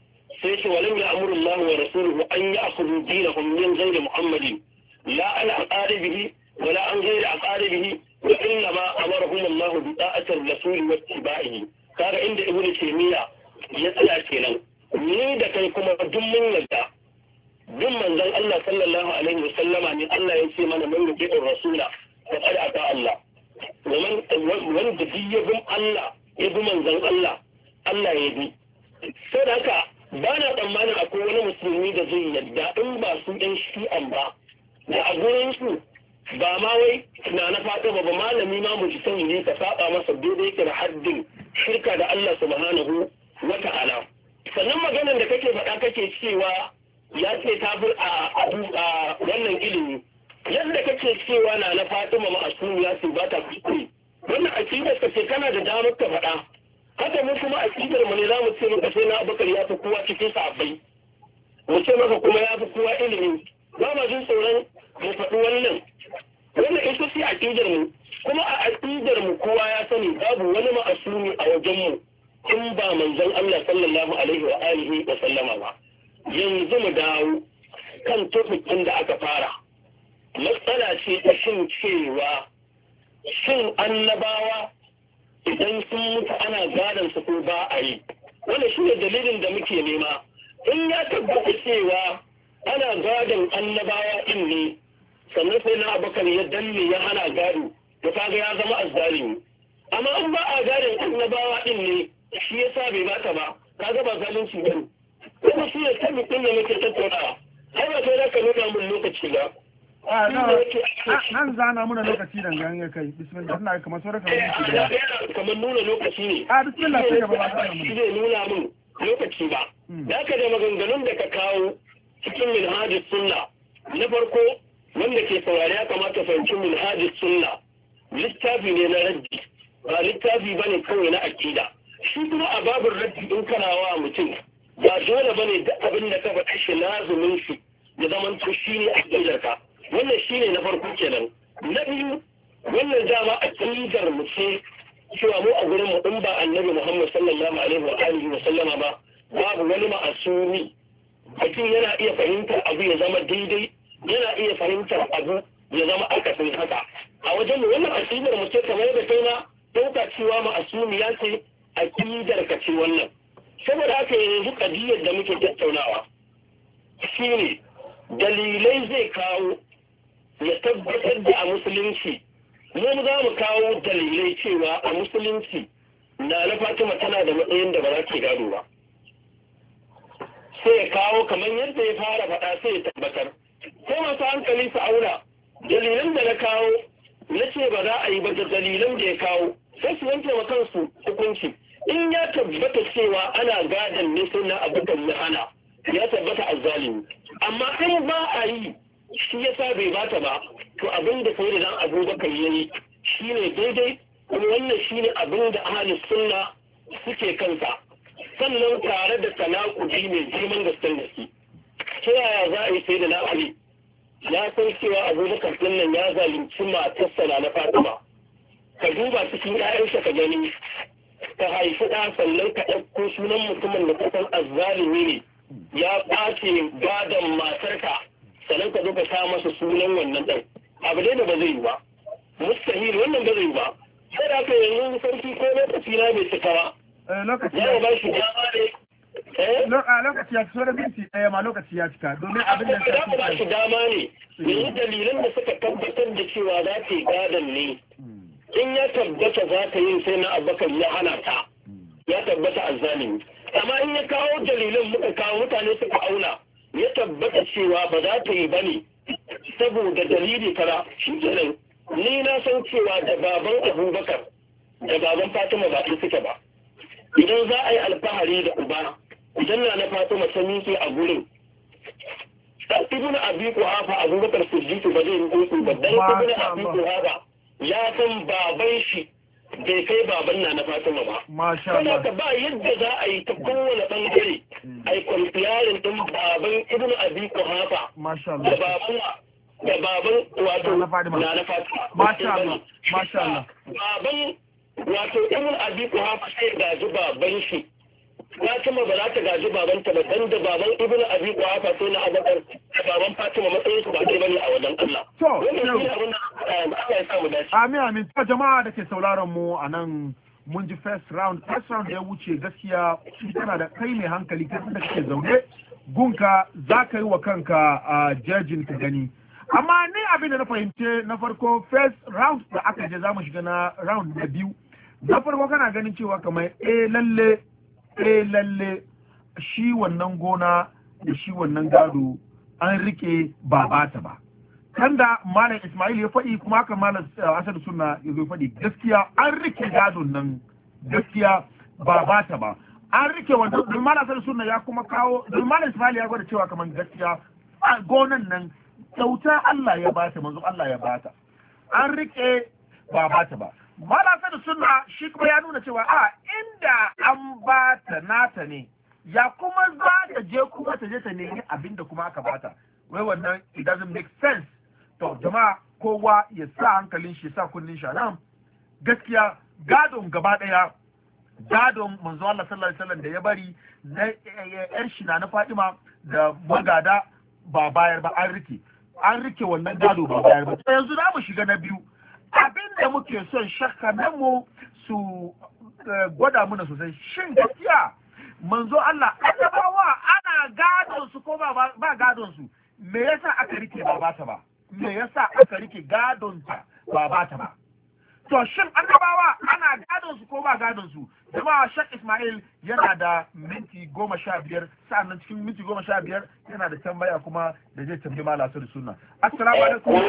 sai ce walin ya amuru Allah wa an yi akudu dinahum min zai da Muhammadin لا عن أقاربه ولا عن غير أقاربه وإنما أمرهم الله بطاعة الرسول واتباعه كان عند ابن تيمية يسأل كينا ni da kai kuma duk mun yarda duk manzon Allah sallallahu alaihi wasallama ne Allah ya ce mana mun rubi rasula da qad Allah wannan wanda ya bin Allah ya bi Allah Allah ya bi sai haka ba tsammanin akwai wani musulmi da zai yarda in ba su ɗan shi'an ba da a gurin su ba ma wai na na fata ba ba malami ma mu san yi ka saba masa dole yake da haddin shirka da Allah subhanahu wa ta'ala sannan maganar da kake faɗa kake cewa ya ce ta fi a wannan ilimi yadda kake cewa na na fatima ma'asum ya ce ba ta kuskure wannan akidar ka ce kana da damar ka faɗa haka mu kuma akidar mu ne za mu ce maka sai na abakar ya fi kowa cikin sa abai mu ce maka kuma ya fi kowa ilimi ba ma jin tsoron mu faɗi wannan wannan ita ce aƙidar mu kuma a aƙidar mu kowa ya sani babu wani ma'asumi a wajen mu in ba manzon Allah sallallahu alaihi wa alihi wa sallama ba yanzu mu dawo kan tofikin da aka fara matsala ce ta shin cewa shin annabawa idan sun mutu ana gadon su ko ba a yi wannan shine dalilin da muke nema in ya tabbata cewa ana gadon annabawa din ne sannan sai na abakar ya danne ya hana gado da kaga ya zama azzalimi amma an ba a gadon annabawa din ne shi ya sa bai bata ba kaga ba zalunci ba ne kuma shi ya tabi din da nake tattaunawa ai ba kai ka nuna mun lokaci ba ah, ah, an zana muna lokaci dan gan kai bismillah ina kamar sauran kamar da eh, eh, kamar nuna lokaci ne a ah, bismillah sai ka ba ba nuna mun lokaci ba da hmm. ka da maganganun da ka kawo cikin minhajis sunna na farko wanda ke saurari ya kamata fahimci minhajis sunna littafi ne na raddi ba littafi ba ne kawai na aƙida shi kuma a babin raddi in kana wa mutum ba dole ba ne da abin da ka faɗa shi lazumin shi ya zaman to shi ne aƙidarka wannan shi ne na farko kenan na biyu wannan dama aƙidar mu ce cewa mu a gurin mu in ba annabi Muhammad sallallahu alaihi wa alihi wa sallama ba babu wani ma'asumi mutum yana iya fahimtar abu ya zama daidai yana iya fahimtar abu ya zama akasin haka a wajen mu wannan asimar mu ce kamar da kai na ɗauka cewa mu ya ce a ka ce wannan saboda haka yanzu kadiyar da muke tattaunawa ne dalilai zai kawo ya tabbatar da a musulunci mu za mu kawo dalilai cewa a musulunci na na fatima tana da matsayin da ba za ke gado ba sai ya kawo kamar yadda ya fara faɗa sai ya tabbatar ko masu hankali su auna dalilan da na kawo na ce ba za a yi ba da dalilan da ya kawo sai su yanke wa kansu hukunci in ya tabbata cewa ana gadon ne suna abubuwan mahana ya tabbata a zalimi amma in ba a yi shi ya sa bai bata ba to abin da sai da dan abubakar shi shine daidai kuma wannan shine abin da ahalin suna suke kansa sannan tare da bi mai girman gaskan gaske ta yaya za a yi sai da na ali ya san cewa abubakar din nan ya zalunci matarsa na fatima ka duba cikin 'ya'yansa ka gani ka haifi ɗa sannan ka ɗauko sunan mutumin da kusan azzalimi ne ya ɓace gadon matarka sannan ka zo ka sa masa sunan wannan ɗan abu dai da ba zai yi ba mustahil wannan ba zai yi ba sai da aka yanzu sarki ko lokaci na bai cika ba Eh, eh? ah, lokaci ya cika ya fito da minti ma lokaci ya fita domin abin da ya fi ba shi dama ne da yi dalilin da suka tabbatar da cewa za ta yi gadon ne hmm. in ya tabbata za ta yi sai na abubakar ya hana ta hmm. ya tabbata a zalimi amma in ya kawo dalilin muka kawo mutane suka auna ya tabbata cewa ba za ta yi ba ne saboda dalili kara shi kenan ni na san cewa da baban abubakar da baban fatima ba su suke ba idan za a yi alfahari da uba idan na na fato mace miƙe a gurin ibn abi kuhafa abubakar siddiq ba zai yi ba dan ibn abi kuhafa ya san baban shi bai kai baban na na fatima ba masha Allah ka ba yadda za a yi ta kowane bangare hmm. ai kwamfiyarin din baban ibn abi kuhafa masha Allah da baban da baban wato na na fatima masha Allah masha Allah baban wato ibn abi kuhafa sai gaji baban shi fatima ba za ta gaji ta ba dan da baban ibn abi kuhafa sai na abakar baban fatima matsayin su ba dai bane a wajen Allah to Allah ya sa mu dace amin amin to jama'a da ke sauraron mu a nan mun ji first round first round da ya wuce gaskiya tana da kai mai hankali kai da kake zaune gunka za ka yi wa kanka a jajin ka gani amma ni abin da na fahimce na farko first round da aka je za mu shiga na round na biyu na farko kana ganin cewa kamar eh lalle eh lalle shi wannan gona da shi wannan gado an rike ba bata ba kan da malam Ismail ya faɗi kuma haka malam eh, Asad Sunna ya zo faɗi gaskiya an rike gadon nan gaskiya ba bata ba an rike wannan dan malam Asad Sunna ya kuma kawo dan malam Ismail ya gwada cewa kamar gaskiya gonan nan kyauta Allah ya bata manzo Allah ya bata an rike ba bata ba mala da suna shi kuma ya nuna cewa a inda an ba ta nata ne ya kuma za ta je kuma ta je ta nemi abin da kuma aka bata wai wannan it doesn't make sense to jama'a kowa ya sa hankalin shi sa kunnin shi nan gaskiya gadon gaba ɗaya, gadon manzo Allah sallallahu alaihi wasallam da ya bari na yar eh, eh, shi na Fatima da magada ba bayar ba an rike an rike wannan gado ba bayar ba yanzu za mu shiga na biyu abin da muke son shakka mu su eh, gwada muna sosai shin gaskiya manzo Allah annabawa ana gadon su ko ba gadon su me yasa aka rike ba ba me yasa aka rike gadon ta ba ba ba to shin annabawa ana gadon su ko ba gadon su jama'a shak ismail yana da minti goma sha biyar sa'annan cikin minti goma sha biyar yana da tambaya kuma da zai tambayi ma lasar sunna assalamu alaikum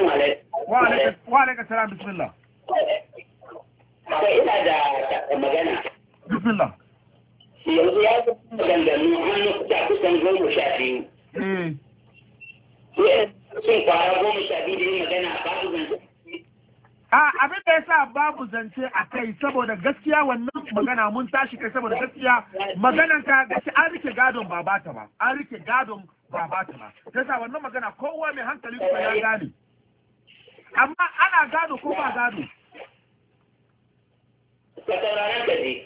wa alaikum salam bismillah akwai ina da magana bismillah yanzu ya fi maganganu hannu ta kusan goma sha biyu eh. sun kwara goma sha biyu da yin magana ba su zanzu a abin da yasa babu zance a kai saboda gaskiya wannan magana mun tashi kai saboda gaskiya maganan ka gashi an rike gadon babata ba an rike gadon babata ba yasa wannan magana kowa mai hankali kuma ya gane amma ana gado ko ba gado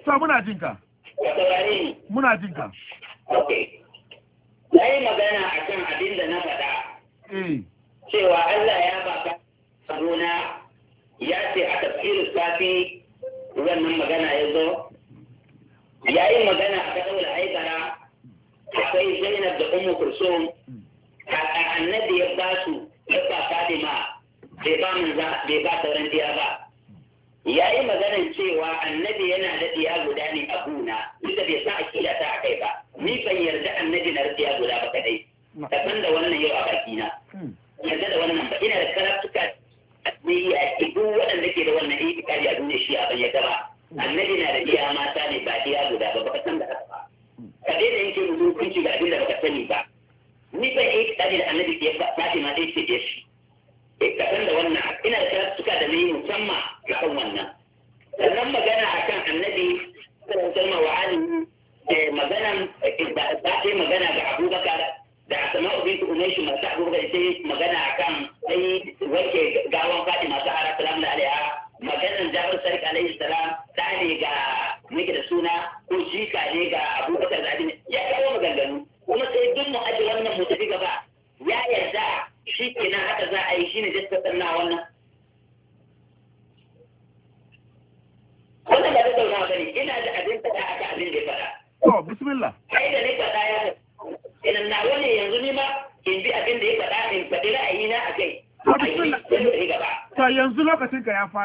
ka muna jin ka ka muna jin ka okay yayi magana akan abin da na faɗa eh cewa Allah ya baka sarona ya ce a tafsirin safi wannan magana ya zo yayin magana a kasar al'aikara akwai zainab da umu kursum kaka annabi ya ba su ya ba fatima bai ba manza bai ba sauran tiya ba yayi maganar cewa annabi yana da tiya guda ne a gona duka bai sa kila ta kai ba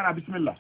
fara bisimila.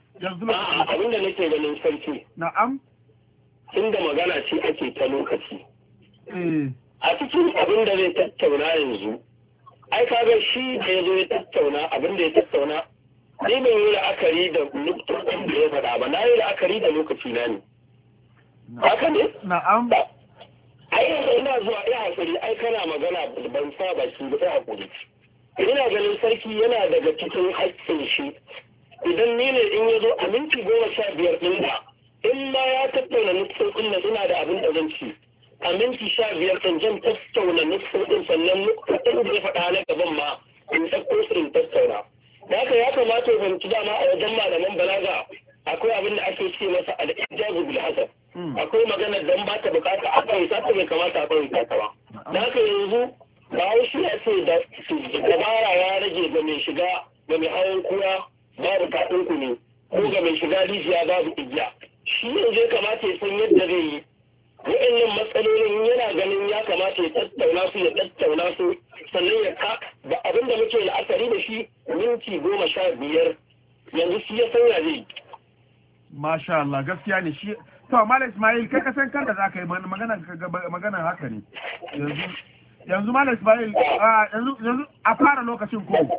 gaskiya ne shi to Malam Ismail kai ka san kanka za ka yi magana magana haka ne yanzu yanzu Malam Ismail yanzu a fara lokacin ko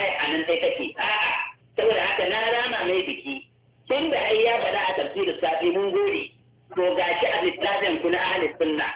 ayar a nan sai take a'a saboda haka na rama mai biki tun da ai ya faɗa a tafsirin safi mun gode to gashi a littafin kuna ahli sunna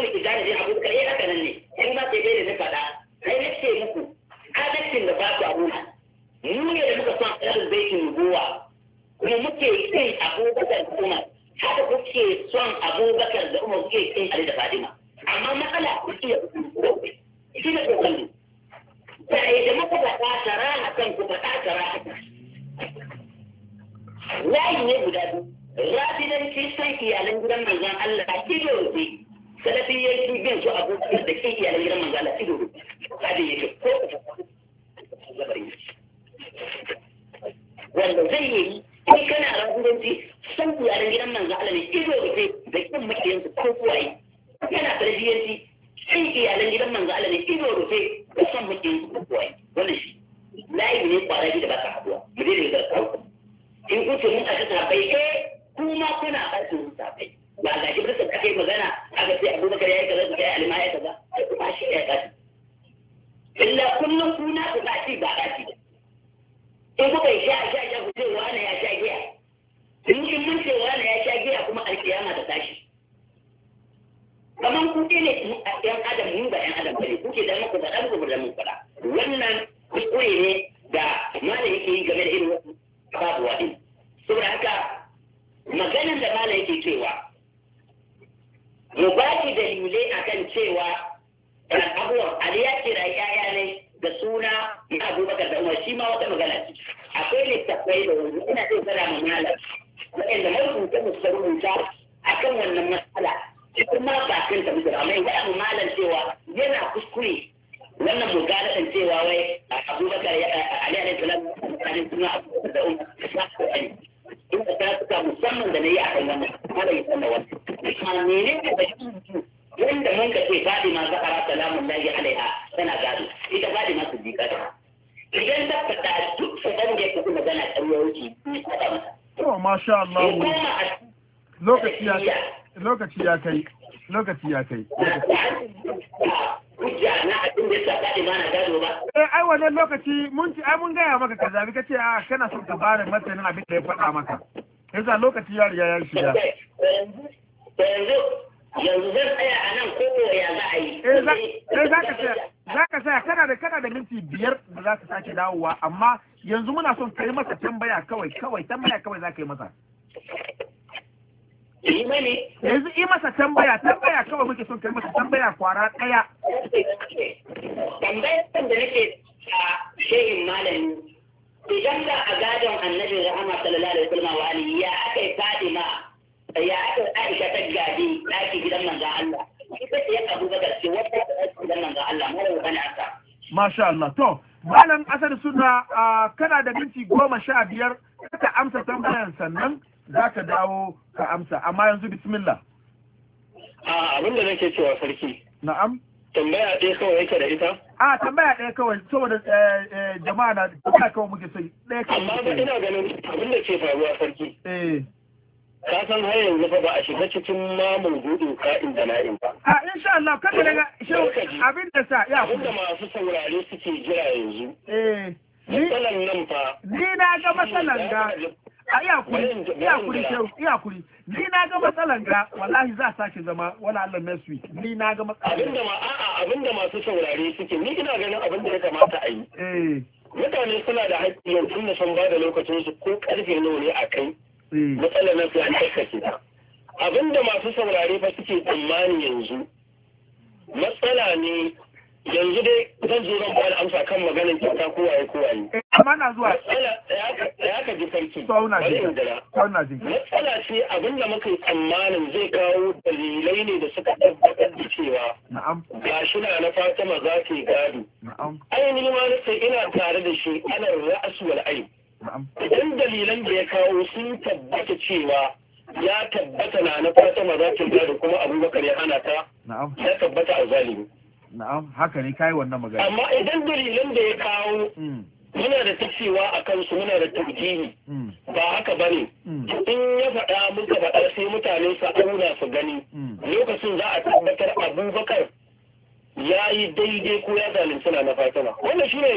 sun riki jani ne abu ka eh haka ne ƙarin matsayin abin da ya faɗa maka yasa lokaci ya riga ya shiga yanzu zan tsaya a nan ko ya za a yi eh, eh za ka tsaya za ka tsaya kana da kana da minti biyar da za ka sake dawowa amma yanzu muna son kai masa tambaya kawai kawai tambaya kawai za ka yi masa Allah to malam asar suna kana da minti goma sha biyar ka amsa tambayan sannan za ka dawo ka amsa amma yanzu bismillah abin da nake cewa sarki na'am tambaya ɗaya kawai yake da ita a tambaya ɗaya kawai saboda eh, eh, jama'a na tambaya kawai muke sai ɗaya kawai amma ina ganin abin da ke faruwa sarki eh ka san har yanzu fa ba a shiga cikin mamun gudun ka'in da na'in ba. A insha Allah kada daga abin da sa ya kuma. masu saurare suke jira yanzu. Eh, matsalan nan fa. Ni na ga matsalan ga. A iya kuri, shehu, Ni na ga matsalan ga, wallahi za a sake zama wani Allah next week. Ni na ga matsalan. Abinda ma a'a abinda masu saurare suke, ni ina ganin abin da ya kamata a yi. Eh. Mutane suna da haƙƙi yanzu na da sun ba da lokacinsu ko ƙarfe nawa ne a kai. Mm. matsalar na su an tattace ta abinda masu saurare fa suke tsammani yanzu matsala ne yanzu dai zan zo zan bada amsa kan maganin kyauta kowaye kowaye amma na zuwa matsala ya ka ji sarki matsala ce abinda muka tsammanin zai kawo dalilai ne da suka tabbatar da cewa ga shi na na fatima za ta yi gado ainihin ma ina tare da shi ana ra'asu wal'ayi idan dalilan da ya kawo sun tabbata cewa ya tabbata na na fatima za ta da kuma abubakar ya hana ta ya tabbata a zalimi na'am haka ne kai wannan magana amma idan dalilan da ya kawo hmm. muna da tacewa a kansu muna da tabbini hmm. ba haka ba ne hmm. in ya faɗa muka faɗa sai mutane su auna su gani lokacin za a tabbatar abubakar ya yi daidai ko ya zalunci na fatima wannan shi ne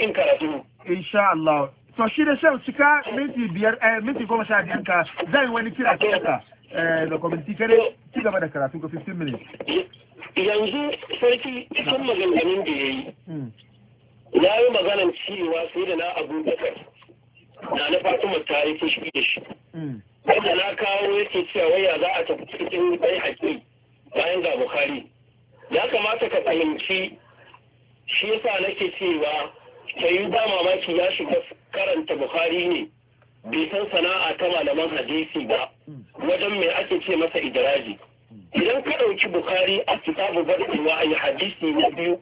in karatu insha Allah to shi da shan cika minti biyar eh minti goma sha biyar ka zai wani kira ke ka da kwamiti kare ci gaba da karatu ka 15 minutes yanzu sarki cikin maganganun da ya yi ya hmm. yi maganan cewa sai da na abubakar na na fatima ta yi fushi da shi hmm. wanda na kawo yake cewa waya za a tafi cikin bai haƙi bayan ga bukari ya kamata ka fahimci shi yasa nake cewa ta yi ba mamaki ya shiga karanta bukhari ne bai san sana'a ta malaman hadisi ba wajen mai ake ce masa idiraji idan ka ɗauki bukhari a kitabu barkewa a yi hadisi na biyu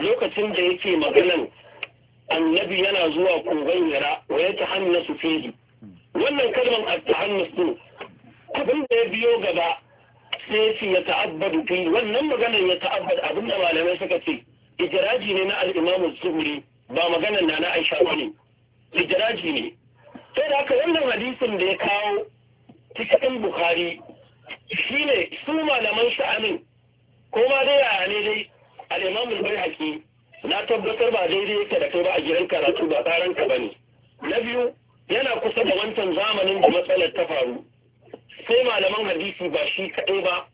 lokacin da yake maganan annabi yana zuwa kogon yara wa ya ta hannasu fihi wannan kalmar a ta hannasu abin da ya biyo gaba sai ce ya ta'abbadu fihi wannan maganar ya ta'abbad abin da malamai suka ce idiraji ne na al'imamu zuhuri ba maganan na na aisha ba ne lijiraji ne sai da haka wannan hadisin da ya kawo cikin bukhari ne su malaman sha'anin ko ma dai yaya ne dai al'imamul bai haƙi na tabbatar ba daidai yake da kai ba a gidan karatu ba tsaron ka ba ne. na biyu yana kusa da wancan zamanin da matsalar ta faru sai malaman hadisi ba shi kaɗai ba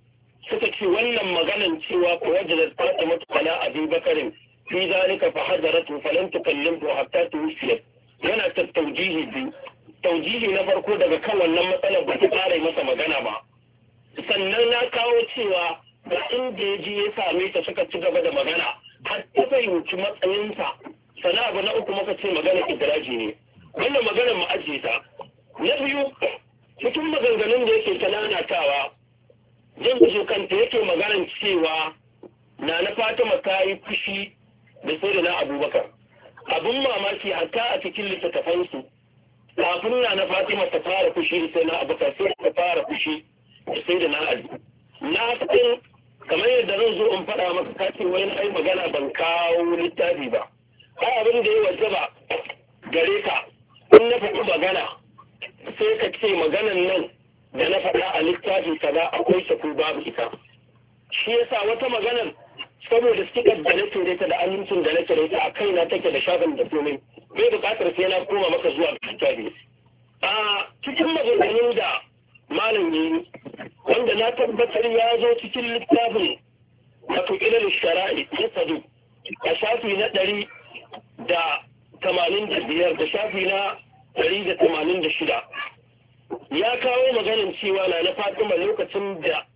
suka ce wannan maganan cewa ko yadda da ta mutu kala bakarin في ذلك fa hadaratu تكلمه حتى hatta yana ta taujihi biyu taujihi na farko daga kan wannan matsalar ba ta ƙara masa magana ba sannan na kawo cewa ga inda ya ya same ta suka ci gaba da magana har ta fahimci matsayinsa sana abu na uku muka ce magana idraji ne wannan maganar mu ajiye ta na biyu cikin maganganun da yake talanatawa zan kanta yake maganar cewa na na fatima ta yi fushi da sai na abubakar abin mamaki hatta a cikin littattafansu kafin na na fatima ta fara fushi da sai na abubakar sai ta fara fushi da sai da na ali na san kamar yadda zan zo in faɗa maka ka ce wani ai magana ban kawo littafi ba ba abin da ya wajaba gare ka in na faɗi magana sai ka ce maganan nan da na faɗa a littafi kaza akwai ta ko babu ita shi yasa wata maganar saboda stikar da na ita da amincin da nake da ita, a kaina take da shafin da komai bai bukatar sai na koma maka zuwa littafi a cikin maganganun da malam yi wanda na tabbatar ya zo cikin littafin wato ilal shara'i na sadu a shafi na ɗari da tamanin da biyar da shafi na ɗari da tamanin da shida ya kawo maganin cewa na na fatima lokacin da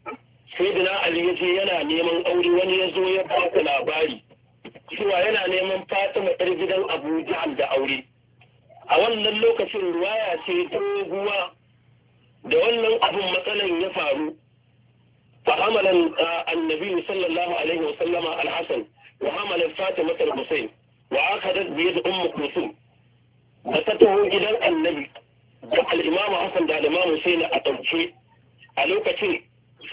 sayyidina ali ya je yana neman aure wani ya zo ya ba ta labari cewa yana neman fatima ɗar gidan abuja da aure a wannan lokacin ruwaya ce ta da wannan abun matsalan ya faru fa'amalan annabi sallallahu alaihi wasallama alhassan wa hamalan fatima ta da biye da ummu kusum da ta taho gidan annabi da al'imamu hassan da sai na a ɗauke a lokacin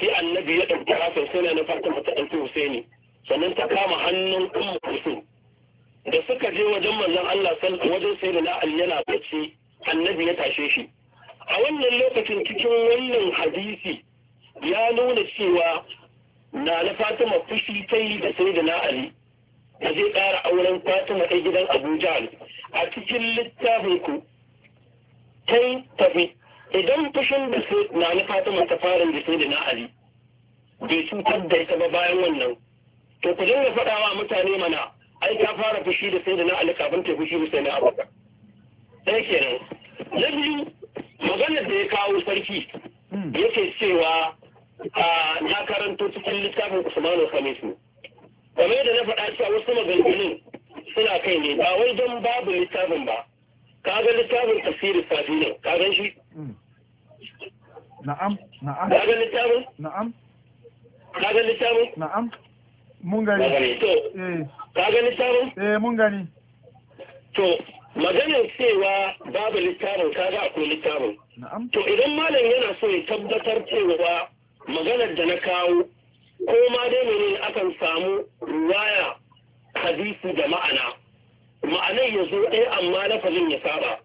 sai annabi ya ɗauki rasan sai na fatima ta ɗauki husaini sannan ta kama hannun ummu kulsum da suka je wajen manzon Allah sallallahu wajen sayyidina Ali yana bacci annabi ya tashe shi a wannan lokacin cikin wannan hadisi ya nuna cewa na na Fatima fushi ta yi da sayyidina Ali da zai ƙara auren Fatima ɗan gidan Abuja a cikin littafin ku kai tafi idan fushin da su na na fatima ta fara da su da na ali bai cutar da ita ba bayan wannan to ku dinga faɗa wa mutane mana ai ta fara fushi da sai da na ali kafin ta fushi da sai na abuka ɗaya kenan na biyu maganar da ya kawo sarki yake cewa a na karanto cikin littafin usmanu khamisu game da na faɗa cewa wasu maganganun suna kai ne ba wai don babu littafin ba ka ga littafin tafsirin safi ne ka gan shi Mm. na'am na'am kaga littafin na'am kaga littafin na'am mun gani to eh. kaga littafin eh mun gani to maganin cewa babu littafin kaga akwai littafin na'am to idan malam yana so ya tabbatar cewa maganar da na kawo ko ma dai mene akan samu ruwaya hadisi da ma'ana ma'anar ya zo ɗaya amma lafazin ya saba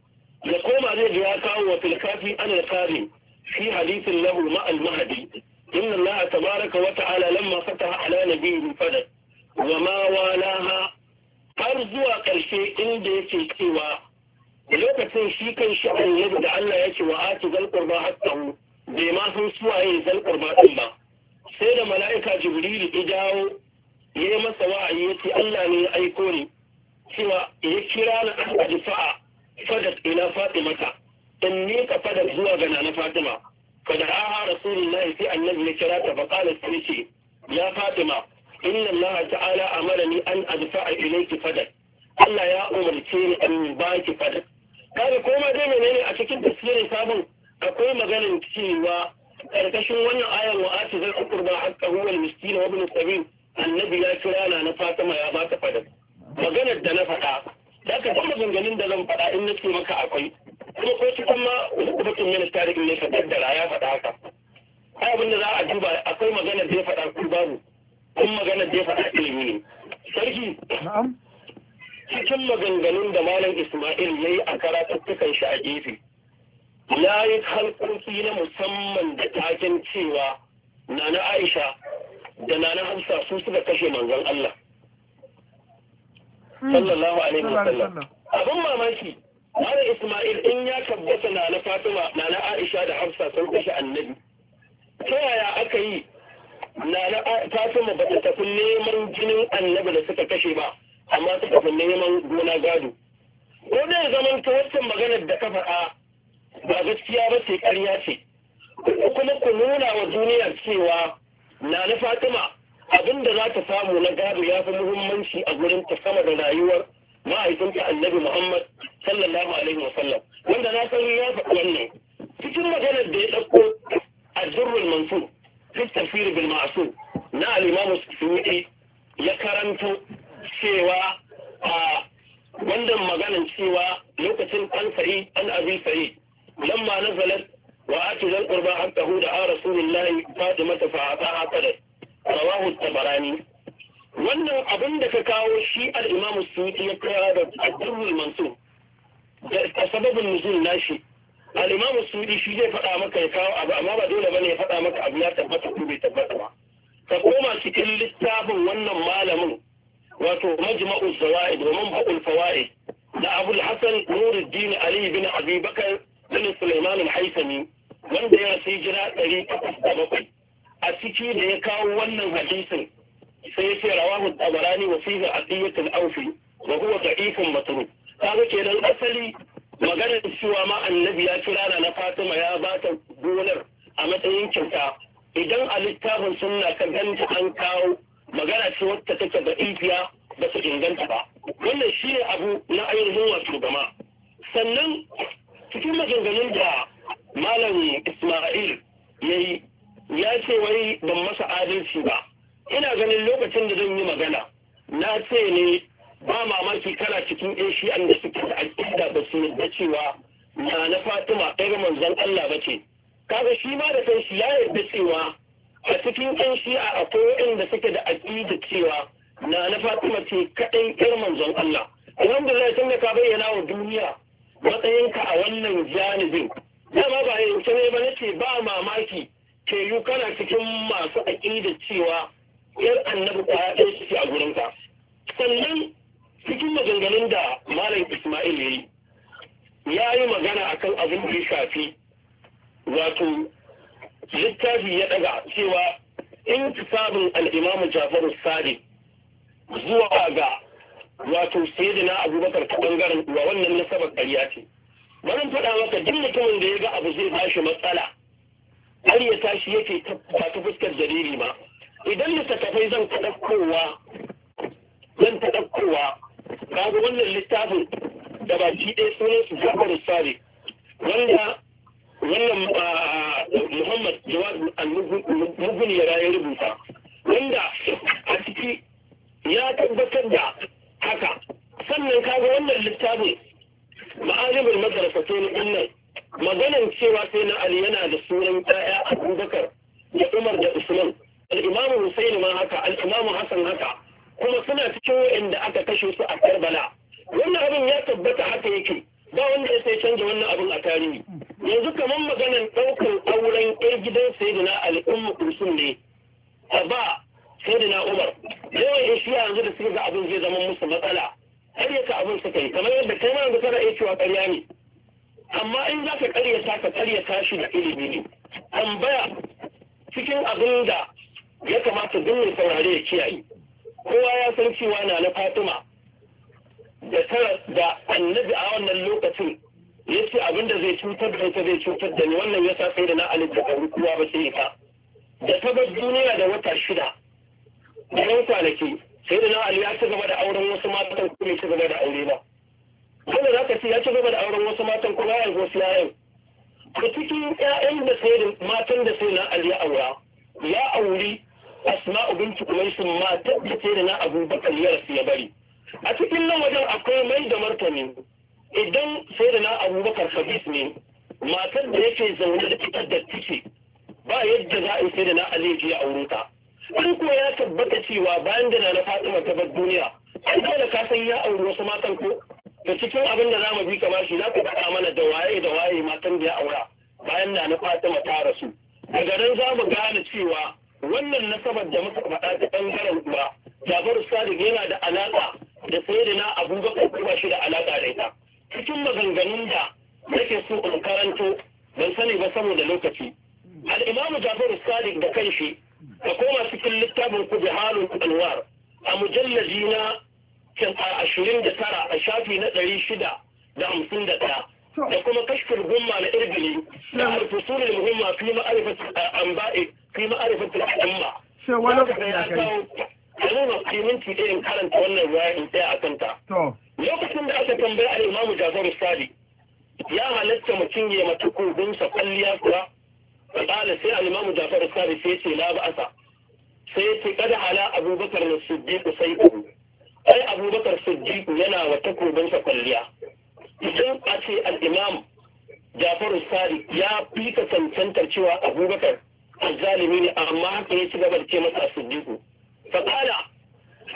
ya koma zai ji ya kawo wa filkafi ana kare fi hadisin lahu ma'al mahadi inna allaha tabaraka wa ta'ala lamma fataha ala nabiyyi fadal wa ma walaha har zuwa ƙarshe inda yake cewa lokacin shi kan shi annabi da Allah yake wa ati zal qurba haqqahu bai ma san suwaye zal qurba din ba sai da mala'ika jibrilu ya dawo ya yi masa wa'ayi ya Allah ne ya aiko ni cewa ya kira ni a difa'a fadat ila fatimata in ne ka fadat zuwa ga nana fatima kada aha rasulullahi sai annabi ya kira ta faqala da ce ya fatima inna allaha ta'ala amarani an adfa'a ilayki fadat Allah ya umarce ni in baki fadat kare koma dai menene a cikin tafsirin sabon akwai maganin cewa karkashin wannan ayar wa ati zal qurba haqqahu wal miskin wa ibn sabil annabi ya kira na na fatima ya baka fadat maganar da na faɗa da ka duk maganganun da zan faɗa in na ce maka akwai kuma ko ci kuma hukumatin minista da ne ka daddara ya faɗa haka ai abin da za a duba akwai magana da ya faɗa ku babu kun magana da ya faɗa ilimi ne sarki cikin maganganun da malam ismail ya yi a karatuttukan shi a gefe ya yi halkoki na musamman da taken cewa nana aisha da nana hamsa su suka kashe manzon allah Hmm. sallallahu alaihi wasallam abin mamaki wani Isma'il in ya tabbata na na Fatima na na Aisha da Hafsa sun kashe annabi ta yaya aka yi na na Fatima ba ta tafi neman jinin annabi da suka kashe ba amma ta tafi neman gona gado ko ne zaman ta wacce maganar da ka faɗa ba gaskiya ba ce ƙarya ce kuma ku nuna wa duniyar cewa na na Fatima abin da za ta samu na gado ya fi muhimmanci a gurin ta sama da rayuwar ma'aikinta annabi muhammad sallallahu alaihi wa sallam wanda na san ya faɗi wannan cikin maganar da ya ɗauko a zurrul mansur fi tafsir bil na al-imam suyuti ya karanto cewa a wannan maganar cewa lokacin an sa'i an abi sa'i lamma nazalat wa atu zal qurba haqqahu da rasulullahi fatima fa ataha qadar rawahu tabarani wannan abin da ka kawo shi al-imamu suyuti ya kawo da ad-durrul mansur da sababin nuzul nashi al-imamu suyuti shi zai faɗa maka ya kawo abu amma ba dole bane ya faɗa maka abu ya tabbata ko tabbata ba ka koma cikin littafin wannan malamin wato majma'u zawaid wa manba'ul fawaid da abul hasan nuruddin ali bin abi bakar bin sulaiman al-haythami wanda ya rasu hijira 807 a ciki da ya kawo wannan hadisin sai ya ce rawahu tabarani wa fihi aqiyatul awfi wa huwa da'ifun matruk kaga kenan asali maganar cewa ma annabi ya kira na Fatima ya ba ta gonar a matsayin kyauta idan a littafin sunna ka ganta an kawo magana ce wacce take da ifiya ba su inganta ba wannan shi ne abu na ainihin wato gama sannan cikin maganganun da malam ismail ya yi ya ce wai ban masa adalci ba ina ganin lokacin da zan yi magana na ce ne ba mamaki kana cikin yan da suke da aƙida ba su yadda cewa na na fatima ɗaya manzon allah ba ce kaga shi ma da shi ya yarda cewa a cikin yan shi'a akwai waɗanda suke da aƙida cewa na na fatima ce kaɗai ƴar manzon allah alhamdulillah tun da ka bayyana wa duniya matsayinka a wannan janibin dama ba yanke ne ba nace ba mamaki ke yi kana cikin masu aƙida cewa yar annabi kwaya ɗaya suke a gurinka sannan cikin maganganun da malam ismail ya yi ya yi magana a kan abin da ya shafi wato littafi ya ɗaga cewa in sabon al'imamu jafaru Sadi zuwa ga wato da na abubakar ta bangaren wa wannan nasabar ƙarya ce bari faɗa maka duk mutumin da ya ga abu zai bashi matsala ƙaryata shi yake ta ta fuskar jariri ba idan littattafai zan ta ɗaukowa zan ta ɗaukowa kaga wannan littafin da ba baki ɗaya sunan su Jafar Sari wanda wannan ah, Muhammad Jawad al-Mughni ya rubuta wanda a ciki ya tabbatar da haka sannan kaga wannan littafin ma'ajibul madrasa to ne maganan cewa sai na ali yana da sunan a abubakar da umar da usman al'imamu husaini ma haka al'imamu hassan haka kuma suna cikin wa'inda aka kashe su a karbala wannan abin ya tabbata haka yake ba wanda ya sai canza wannan abin a tarihi yanzu kamar maganan ɗaukar auren ƴar gidan sayyidina al'ummu kulsum ne a ba sayyidina umar yawan in shi yanzu da suke ga abin zai zama musu matsala har yaka abin suka yi kamar yadda kai ma yanzu kana iya cewa ƙarya ne amma in za ka karyata ka karyata shi da ilimi ne tambaya cikin abin da ya kamata duk mai saurare ya kiyaye kowa ya san cewa na na fatima da tara da annabi a wannan lokacin ya ce abin da zai cutar da ita zai cutar da ni wannan ya sa sai da na alif da ba sai ita da ta bar duniya da wata shida da yan kwanaki sai da na ali ya ci gaba da auren wasu matan kuma ya ci gaba da aure ba wanda za ka ce ya ci gaba da auren wasu matan kuma ya wasu yayan a cikin 'ya'yan da sai matan da sai na ali aura ya auri asma'u binti sun matar da sai na abubakar ya su ya bari a cikin nan wajen akwai mai da martani idan sai da na abubakar khabis ne matar da yake zaune da ita da ciki ba yadda za a yi sai da na ali ya aure ta in ko ya tabbata cewa bayan da na fatima ta bar duniya an dole ka san ya auri wasu matan ko da cikin abin da za mu bi kamar shi za ku faɗa mana da waye da waye matan da ya aura bayan na na Fatima ta rasu daga nan za mu gane cewa wannan nasabar da muka faɗa ta ɓangaren uwa Jafaru Sadiq yana da alaƙa da na Abubakar kuma shi da alaka da ita cikin maganganun da nake so in karanto ban sani ba saboda lokaci al-Imam Jafaru Sadiq da kanshi da koma cikin littafin ku bi Kubhalul alwar a mujalladina na ashirin da tara a shafi na ɗari shida da hamsin da ɗaya da kuma kashfir gumma na irgili da alfusulul muhimma fi ma'arifatul anba'i fi ma'arifatul umma wani lokacin ya kawo kalmar kiminti ɗaya irin karanta wannan ruwa in tsaya a kanta lokacin da aka tambaya a imamu jafaru sadi ya halatta mutum ya mata kudinsa kwalliya kuwa فقال سي الإمام جعفر الثاني سيتي لا بأس hala abubakar na أبو بكر sai سيده ai abubakar siddiq yana wa takobinsa kwalliya idan a ce al'imam jafaru sari ya fi ka cewa abubakar azzalimi ne amma haka ya ci gaba da ce masa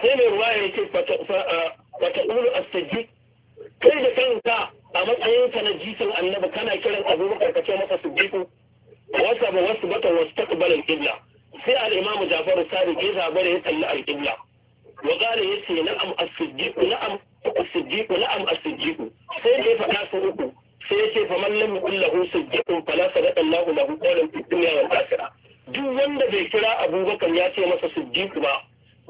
sai mai ruwa ya ce wata ulu a siddiq kai da kanka a matsayinka na jikin annabi kana kiran abubakar ka ce masa siddiqu wasa ba wasu bata wasu takbalin illa sai al'imamu jafaru sari ya zaba da ya kalli alilla wa ya ce na'am as na'am na'am sai da ya faɗa su uku sai ya ce fa man lam yakul lahu siddiqun fala sadaqa Allahu lahu qawlan fid dunya wal akhirah duk wanda bai kira Abubakar ya ce masa siddiqu ba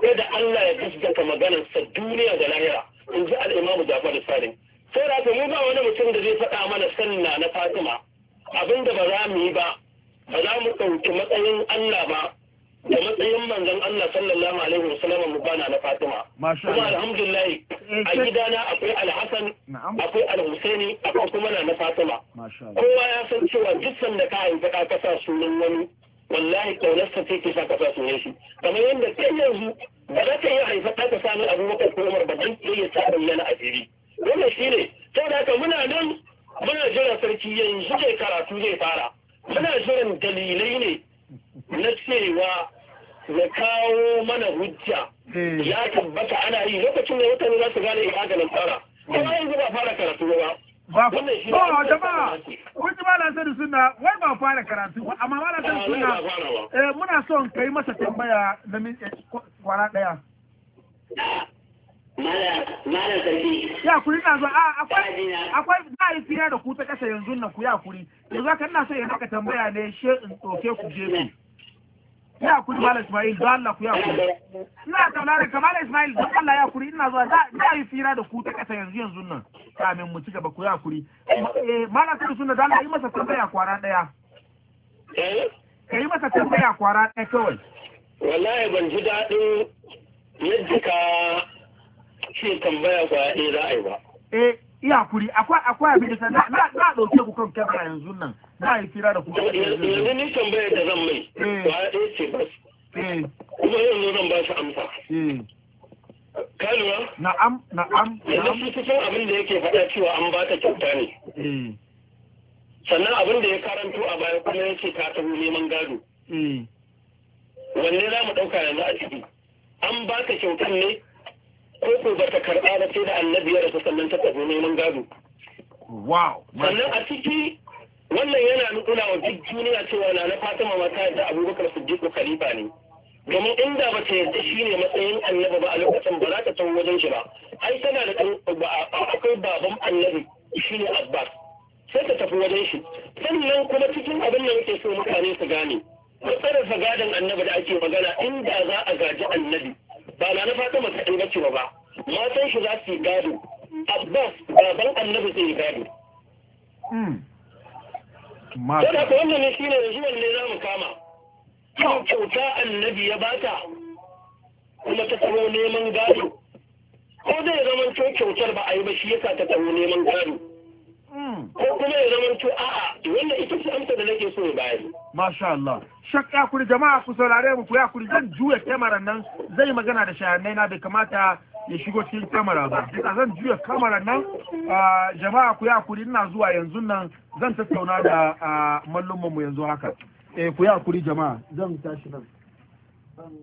sai da Allah ya gaskata maganar sa duniya da lahira in ji al-Imam Jafar Sadiq sai da mu ba wani mutum da zai faɗa mana sanna na Fatima abinda ba za mu yi ba ba za mu ɗauki matsayin Allah ba da matsayin manzon Allah sallallahu alaihi wasallam mu bana na Fatima kuma alhamdulillah eh, a gidana akwai Alhassan akwai Alhusaini akwai kuma na na Fatima kowa ya san cewa duk sanda ka haifi ka kasa sunan wani wallahi kaunar sai ke sa kasa sunan shi kamar yadda kai yanzu ba za ka iya haifa ka kasa min Abubakar ko Umar ba dan iya ta bayyana a fili wannan shine saboda haka muna nan muna jira sarki yanzu zai karatu zai fara muna jiran dalilai ne na cewa ya kawo mana hujja eh. ya tabbata ana yi lokacin da mutane za su gane ibadan fara kuma yanzu ba fara karatu ba ba jama'a kun b'a malam sani suna wai ba fara karatu amma malam sani suna eh, muna son kai masa tambaya na eh, kwana daya Malam sarki. Ya kuri na zo a ah, akwai akwai za a yi fira da ku ta kasa yanzu nan ku ya kuri. Yanzu haka ina so ya haka tambaya ne she in ɗauke ku je ku. Ya kuri Malam Ismail don Allah ku ya kuri. Ina tauna ka Malam Ismail don Allah ya kuri ina zuwa za a yi fira da ku ta kasa yanzu yanzu nan. Kamin mu ci gaba ku ya kuri. Eh, malam Sarki suna da Allah yi masa tambaya kwara ɗaya. Eh? Ka yi masa tambaya kwara ɗaya kawai. Wallahi ban ji daɗin yadda ka cin tambaya kwaya ɗaya za yi ba. Eh, iya kuri, Akwa Akwa abin da na na ɗauke ku kan kamera yanzu nan, na yi fira da kuma. Yanzu ni tambaya da zan mai, kwaya eh. ɗaya ce bas. Eh. Kuma yanzu zan ba shi amsa. Eh. Ka lura? Na'am, na'am. Yanzu su kusan abin da yake faɗa cewa an ba ta kyauta ne. Sannan abin da ya karanto a baya kuma yake ta taho neman gado. Wanne za mu ɗauka yanzu a ciki? An ba ta kyautan ne ko ko ba ta karɓa ba sai da annabi ya rasu sannan ta tafi neman gado sannan a ciki wannan yana nuna wa duk duniya cewa na na fatima mata yadda abubakar siddiqu khalifa ne domin inda ba ta yarda shi ne matsayin annaba ba a lokacin ba za ta wajen shi ba ai tana da akwai baban annabi shi ne abbas sai ta tafi wajen shi sannan kuma cikin abin da muke so mutane su gane sa gadon annabi da ake magana inda za a gaji annabi ba na na ta kaɗai na cewa ba matan shi za su yi gado abbas baban annabi zai yi gado Sada hmm. ko wannan ne shi ne yanzu wanne za mu kama. Yau kyauta annabi ya bata kuma ta tsaro neman gado. Ko zai zama kyautar ba a yi ba shi yasa ta tsaro neman gado. ko kuma ya zama to a'a wannan ita ce amsa da nake so ya bayani masha Allah shakka kuri jama'a ku saurare mu ku ya kuri zan juya kamarar nan zai magana da shayanai na bai kamata ya shigo cikin kamara ba ita zan juya kamara nan jama'a ku ya yakuri ina zuwa yanzu nan zan tattauna da mallumman mu yanzu haka eh ku yakuri jama'a zan tashi nan um,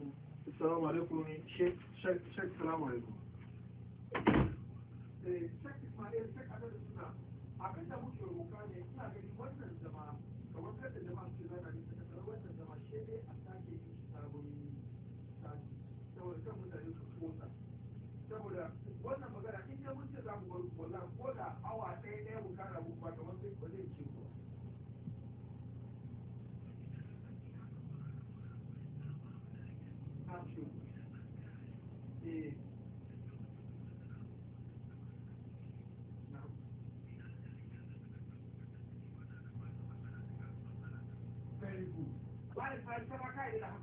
assalamu alaikum shek shek Assalamu alaikum eh, Gracias.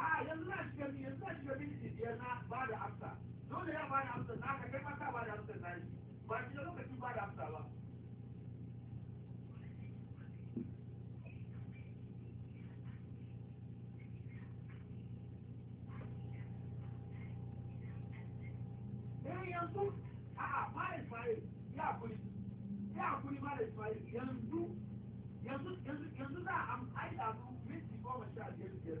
a yanzu na shiga yanzu shiga minti biyar na ba da amsa dole ya ba da amsa na ka kai maka ba da amsa na yi ba shi da lokacin ba da amsa ba Eh yanzu ya kuri ya kuri yanzu yanzu yanzu yanzu za a aida su minti goma sha biyar biyar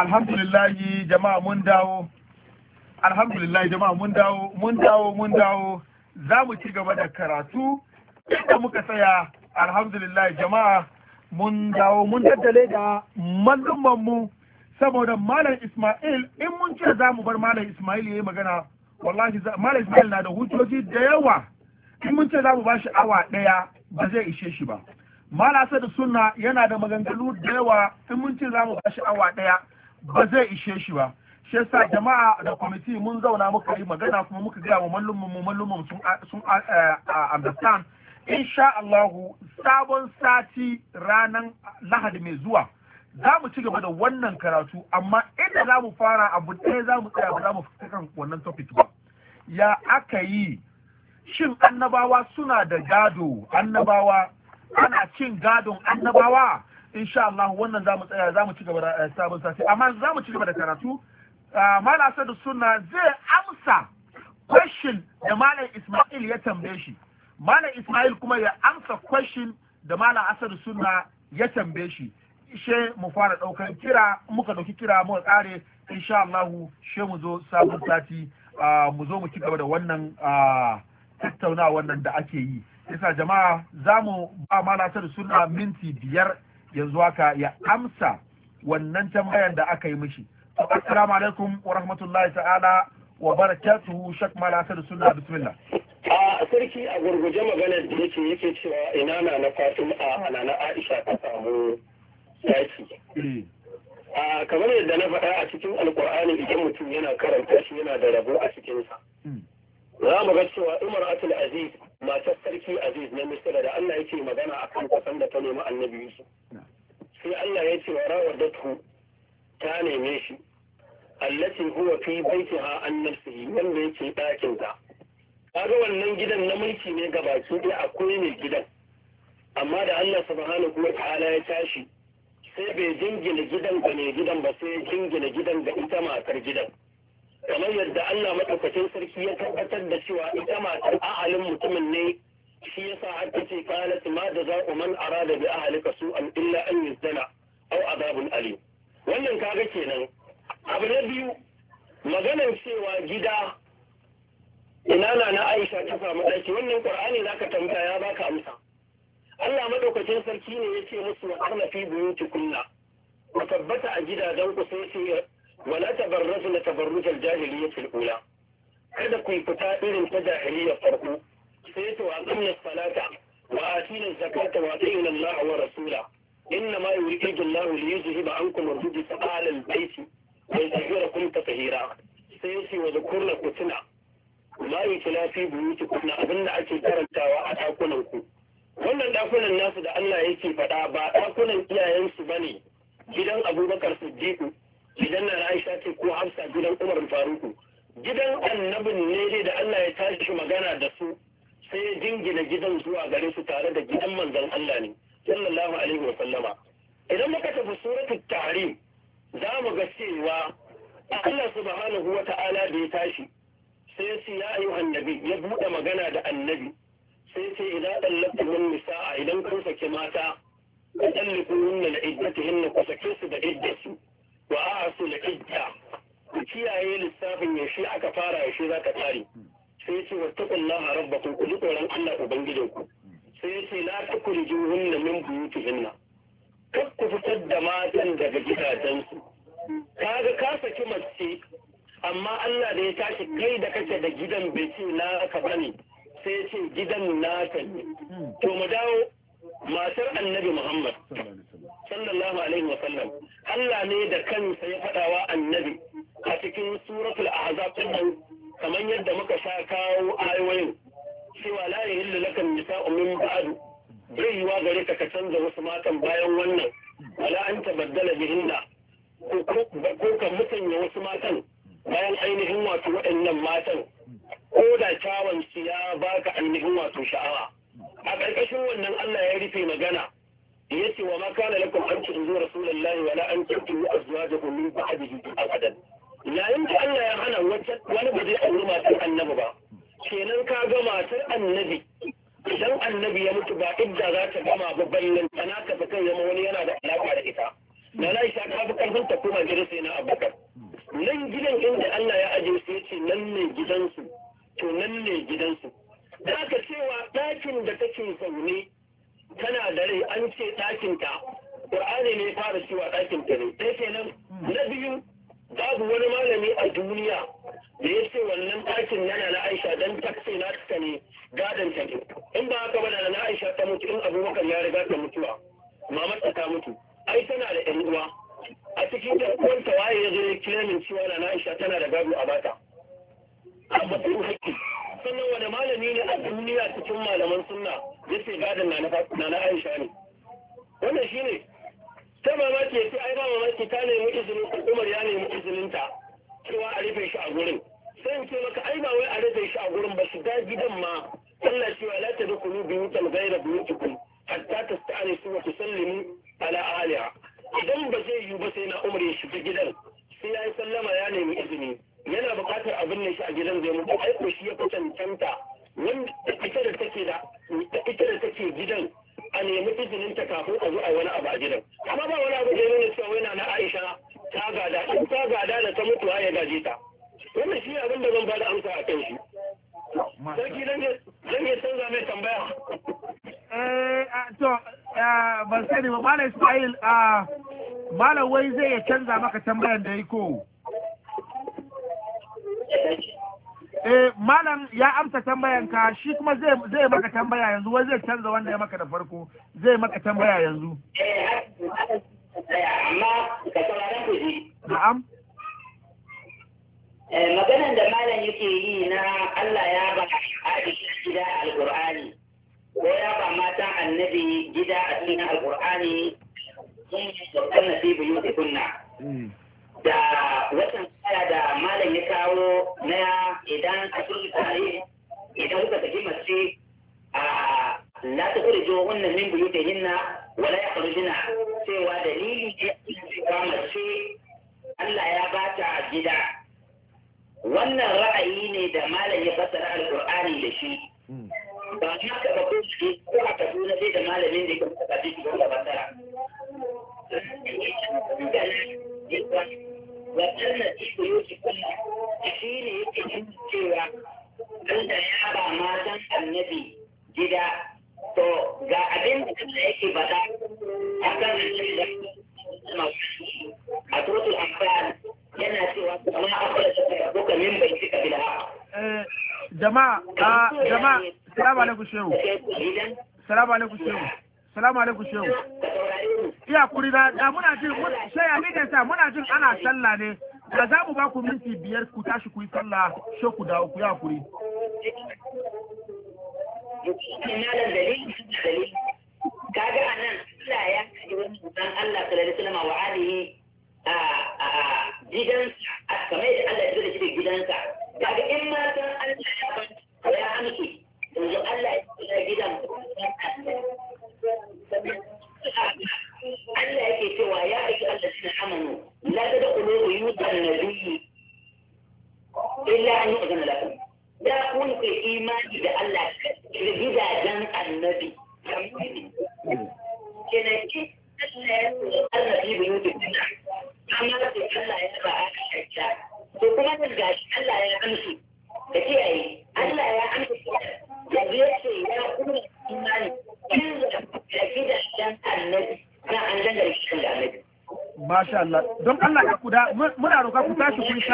alhamdulillah jama'a mun dawo alhamdulillahi jama'a mun dawo mun dawo mun dawo za mu ci gaba da karatu inda muka tsaya alhamdulillah jama'a mun dawo mun daddale da mu saboda malam ismail in mun ce za mu bar malam ismail ya yi magana wallahi malam ismail na da hujjoji da yawa in mun ce za mu ba shi awa ɗaya ba zai ishe shi ba mala sadu sunna yana da maganganu da yawa in mun ce za mu ba shi awa ɗaya ba zai ishe shi ba shi yasa jama'a da kwamiti mun zauna muka yi magana kuma muka gaya wa mallumin mu mallumin sun eh, eh, understand insha Allahu sabon sati ranar lahadi mai zuwa za mu ci gaba da wannan karatu amma inda za mu fara abu ɗaya za mu tsaya ba za mu fita kan wannan topic ba ya aka yi shin annabawa suna da gado annabawa ana cin gadon annabawa insha Allah wannan za mu tsaya za mu ci gaba da eh, sabon sati amma za mu ci gaba da karatu ah, malam Asadu Sunna zai amsa question da malam Ismail ya tambaye shi malam Ismail kuma ya amsa question da malam Asadu Sunna ya tambaye shi she mu fara daukar kira muka dauki kira muka kare. insha Allah she mu zo sabon sati ah, mu zo mu ci gaba da wannan ah, tattaunawa wannan da ake yi yasa jama'a za mu ba malam Asadu Sunna minti biyar yanzu haka ya amsa wannan tambayar da aka yi mishi assalamu alaikum wa rahmatullahi ta'ala wa barakatuhu shak malasar sunna bismillah a sarki a gurguje maganar da yake yake cewa ina na na fatima a na aisha ta samu yaki eh. a kamar yadda na faɗa a cikin alkur'ani idan mutum yana karanta shi yana da rabo a cikinsa hmm. za mu ga cewa umar atul aziz matar sarki aziz na misira da Allah yake magana a kan kwasan da ta nemi annabi Yusuf sai Allah ya ce wa rawadatu ta neme shi allati huwa fi ha an nafsihi wanda yake ɗakin ta kaga wannan gidan na mulki ne ga baki ɗaya akwai ne gidan amma da Allah subhanahu wa ta'ala ya tashi sai bai jingina gidan ga ne gidan ba sai ya jingina gidan ga ita matar gidan kamar yadda Allah madaukakin sarki ya tabbatar da cewa ita matar ahalin mutumin ne shi yasa har ta ce qalat ma jaza'u man arada bi ahlika su'an illa an yuzdana aw azabun alim wannan kaga kenan abu na biyu maganar cewa gida ina na na Aisha ta samu ɗaki wannan Qur'ani zaka tambaya ya baka amsa Allah madaukakin sarki ne ya ce musu wa arna fi Ka tabbata a gidajen ku sai ce wala tabarrazna tabarruj al-jahiliyyah al-ula kada ku fita irin ta jahiliyyar farko sai to aqimna salata wa atina zakata wa atina Allah wa rasula inna ma yuridu Allah li yuzhiba ankum ar-rijsa ahla al-bayt wa yutahhirakum tatheera sai shi wa zakurna kutuna ma yutla fi buyutikum abinda ake karantawa a dakunan ku wannan dakunan nasu da Allah yake faɗa ba dakunan iyayensu bane gidan Abubakar Siddiq gidan na Aisha ce ko Hafsa gidan Umar Faruku gidan annabin ne dai da Allah ya tashi magana da su sai ya jingina gidan zuwa gare su tare da gidan manzon Allah ne sallallahu alaihi wa sallama idan muka tafi suratul tahrim za mu ga cewa Allah subhanahu wa ta'ala da ya tashi sai ya ce ya ayyuhan annabi ya buɗe magana da annabi sai ce idan ɗallabta min nisa'a idan kun saki mata ka ɗalliku min na iddatihin ku su da iddasu wa a asu li'idda ku kiyaye lissafin ya shi aka fara shi za ka tsari sai ce wa taqullaha rabbakum ku ji tsoron Allah ku sai ce na la takurijuhunna min hinna kar ku fitar da matan daga gidajensu ka ga ka saki mace amma Allah da ya tashi kai da kake da gidan bai ce na ka bane sai ce gidan na ne to mu dawo matar annabi Muhammad sallallahu alaihi wa sallam Allah ne da kansa ya faɗawa annabi a cikin suratul ahzab din kamar yadda muka sha kawo ayoyin cewa la yahillu lakan nisa'u min ba'du zai yiwa gare ka ka canza wasu matan bayan wannan wala an tabaddala bihinna ko ka musanya wasu matan bayan ainihin wato waɗannan matan ko da kyawun ya baka ainihin wato sha'awa a ƙarƙashin wannan Allah ya rufe magana ya ce wa ma kana lakum an tu'zu rasulullahi wa la an tu'tu azwajakum min ba'dihi abadan yayin da Allah ya hana wani ba zai auri matar annabi ba kenan ka ga matar annabi idan annabi ya mutu ba idda za ta gama ba ballan tana ka kai yamma wani yana da alaƙa da ita na na isa ta fi ƙarfin ta kuma gidan sai na abubakar nan gidan inda Allah ya ajiye su ya ce nan ne gidansu to nan ne gidansu da ka cewa ɗakin da kake zaune tana da rai an ce ɗakinta ƙur'ani ne fara cewa ɗakinta ne ɗaya kenan na biyu babu wani malami a duniya da ya ce wannan ɗakin yana na aisha don taksi na ta ne gadon ta ne in ba haka bana na aisha ta mutu in abubakar ya riga ta mutuwa mamar ta mutu ai tana da yan uwa a cikin ɗan uwanta waye ya zo ya kira min cewa na aisha tana da gado a bata sannan wani malami ne a duniya cikin malaman sunna ya ce gadon na na aisha ne wannan shi ne ta mamaki ya ce ai ba mamaki ta nemi izinin umar ya nemi izinin malam wai zai ya canza maka tambayan da yi ko eh malam ya amsa tambayan ka shi kuma zai zai maka tambaya yanzu wai zai canza wanda ya maka da farko zai maka tambaya yanzu na'am eh, maganan da malam yake yi na Allah ya ba mutane da za mu ba ku minti biyar ku tashi ku yi sallah shi ku dawo ku yi hakuri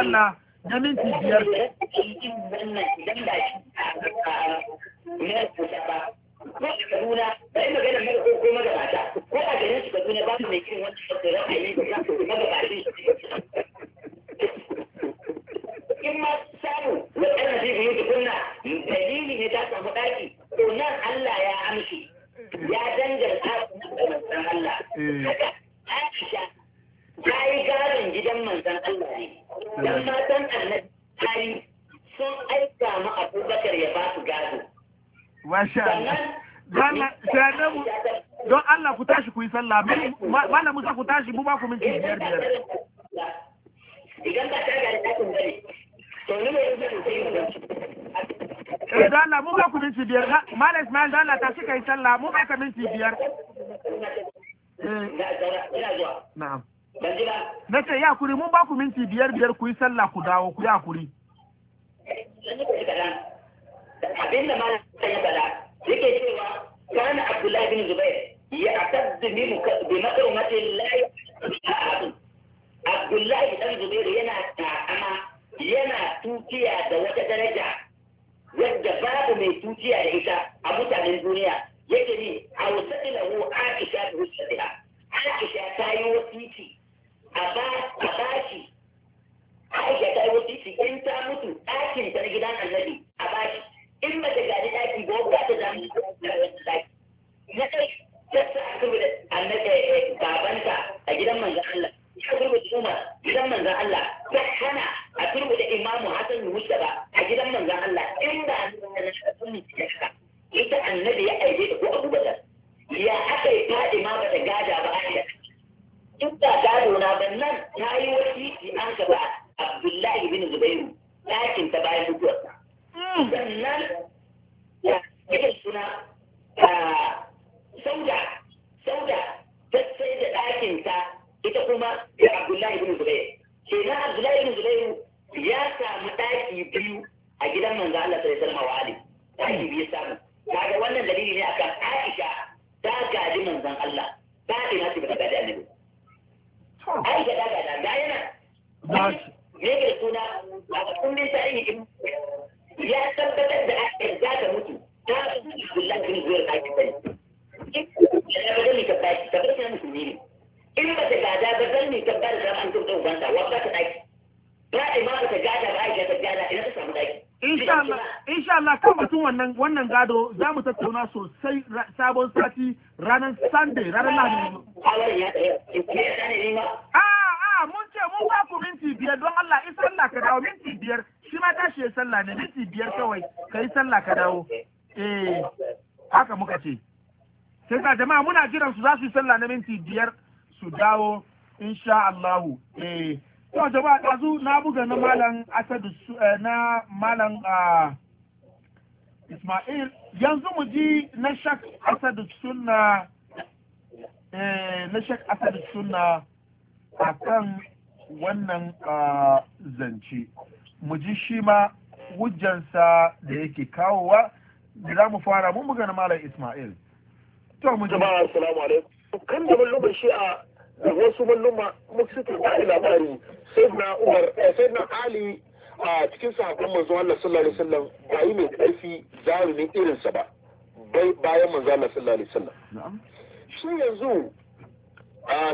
kalla na minti biyar man da Allah ta sallah mu aka minti biyar eh. na'am na ce ya kuri mun ba ku minti biyar biyar ku yi sallah ku dawo ku ya kuri abdullahi bin zubair yana ta'ama yana tukiya da wata daraja yadda babu mai tuciya da ita a mutanen duniya yake ni a wasadi lahu aisha da a aisha ta yi wasiti a ba a bashi aisha ta yi wasiti in ta mutu ɗakin ta na gidan annabi a shi, in ba ta gani ɗaki ba ba ta zama wasu ɗaki na ɗaki ta sa A'a mun ce mun ba ku minti biyar don Allah in sallah ka dawo minti biyar shi ma sallah minti biyar kawai ka yi sallah ka dawo. Eh, haka muka ce. Sai jama'a muna jiran su za su yi sallah na minti biyar su dawo insha Allahu. Eh to jama'a ɗazu na buga na malam Asadu eh, na malam ah, Ismail yanzu mu ji na shak Asadu sunna Eh, na shek asali suna a kan wannan zance mu ji shi ma hujjansa da yake kawowa da za mu fara mun magana malam ismail to mu ji jama'a assalamu alaikum kan da mallum shi a da wasu malluma muka da labari sai na umar eh, sai na ali a cikin sahabban manzo Allah sallallahu alaihi wasallam ba yi mai karfi zarumin irinsa ba bayan manzo Allah sallallahu alaihi wasallam shi yanzu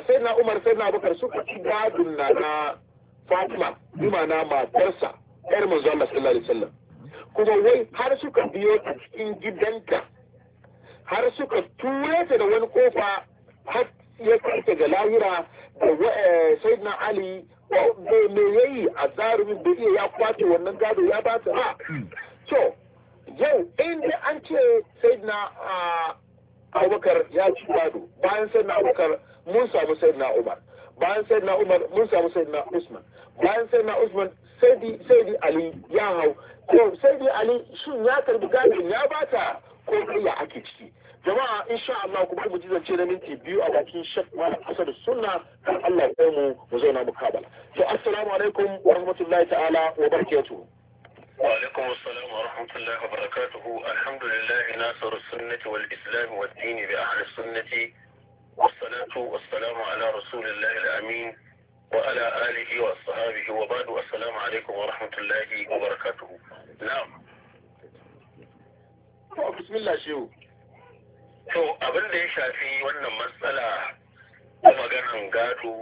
sai na umar sai na bakar suka ci gadun na na fatima bima na matarsa yar manzo Allah sallallahu alaihi wasallam kuma wai har suka biyo ta cikin gidanta har suka ture ta da wani kofa har ya kai ta ga lahira da eh, sayyidina ali da me yayi a zarumin bidiyo ya kwace wannan gado ya ba ta hmm. to yau inda an ce sayyidina ah, abubakar ya ci gado bayan sai na abubakar mun samu sai na umar bayan sai na umar mun samu sai na usman bayan sai na usman sai di ali ya hau ko sai di ali shin ya karbi gado ya bata ko kai ake ciki jama'a insha Allah ku bari mu ji zance na minti biyu a bakin Sheikh Malam Asad Sunna kan Allah ya mu mu zauna mukabala to assalamu alaikum wa rahmatullahi ta'ala wa barakatuh وعليكم السلام ورحمة الله وبركاته الحمد لله ناصر السنة والإسلام والدين بأهل السنة والصلاة والسلام على رسول الله الأمين وعلى آله وصحابه وبعد السلام عليكم ورحمة الله وبركاته نعم بسم الله شيو to abin da ya shafi wannan matsala ta maganan gado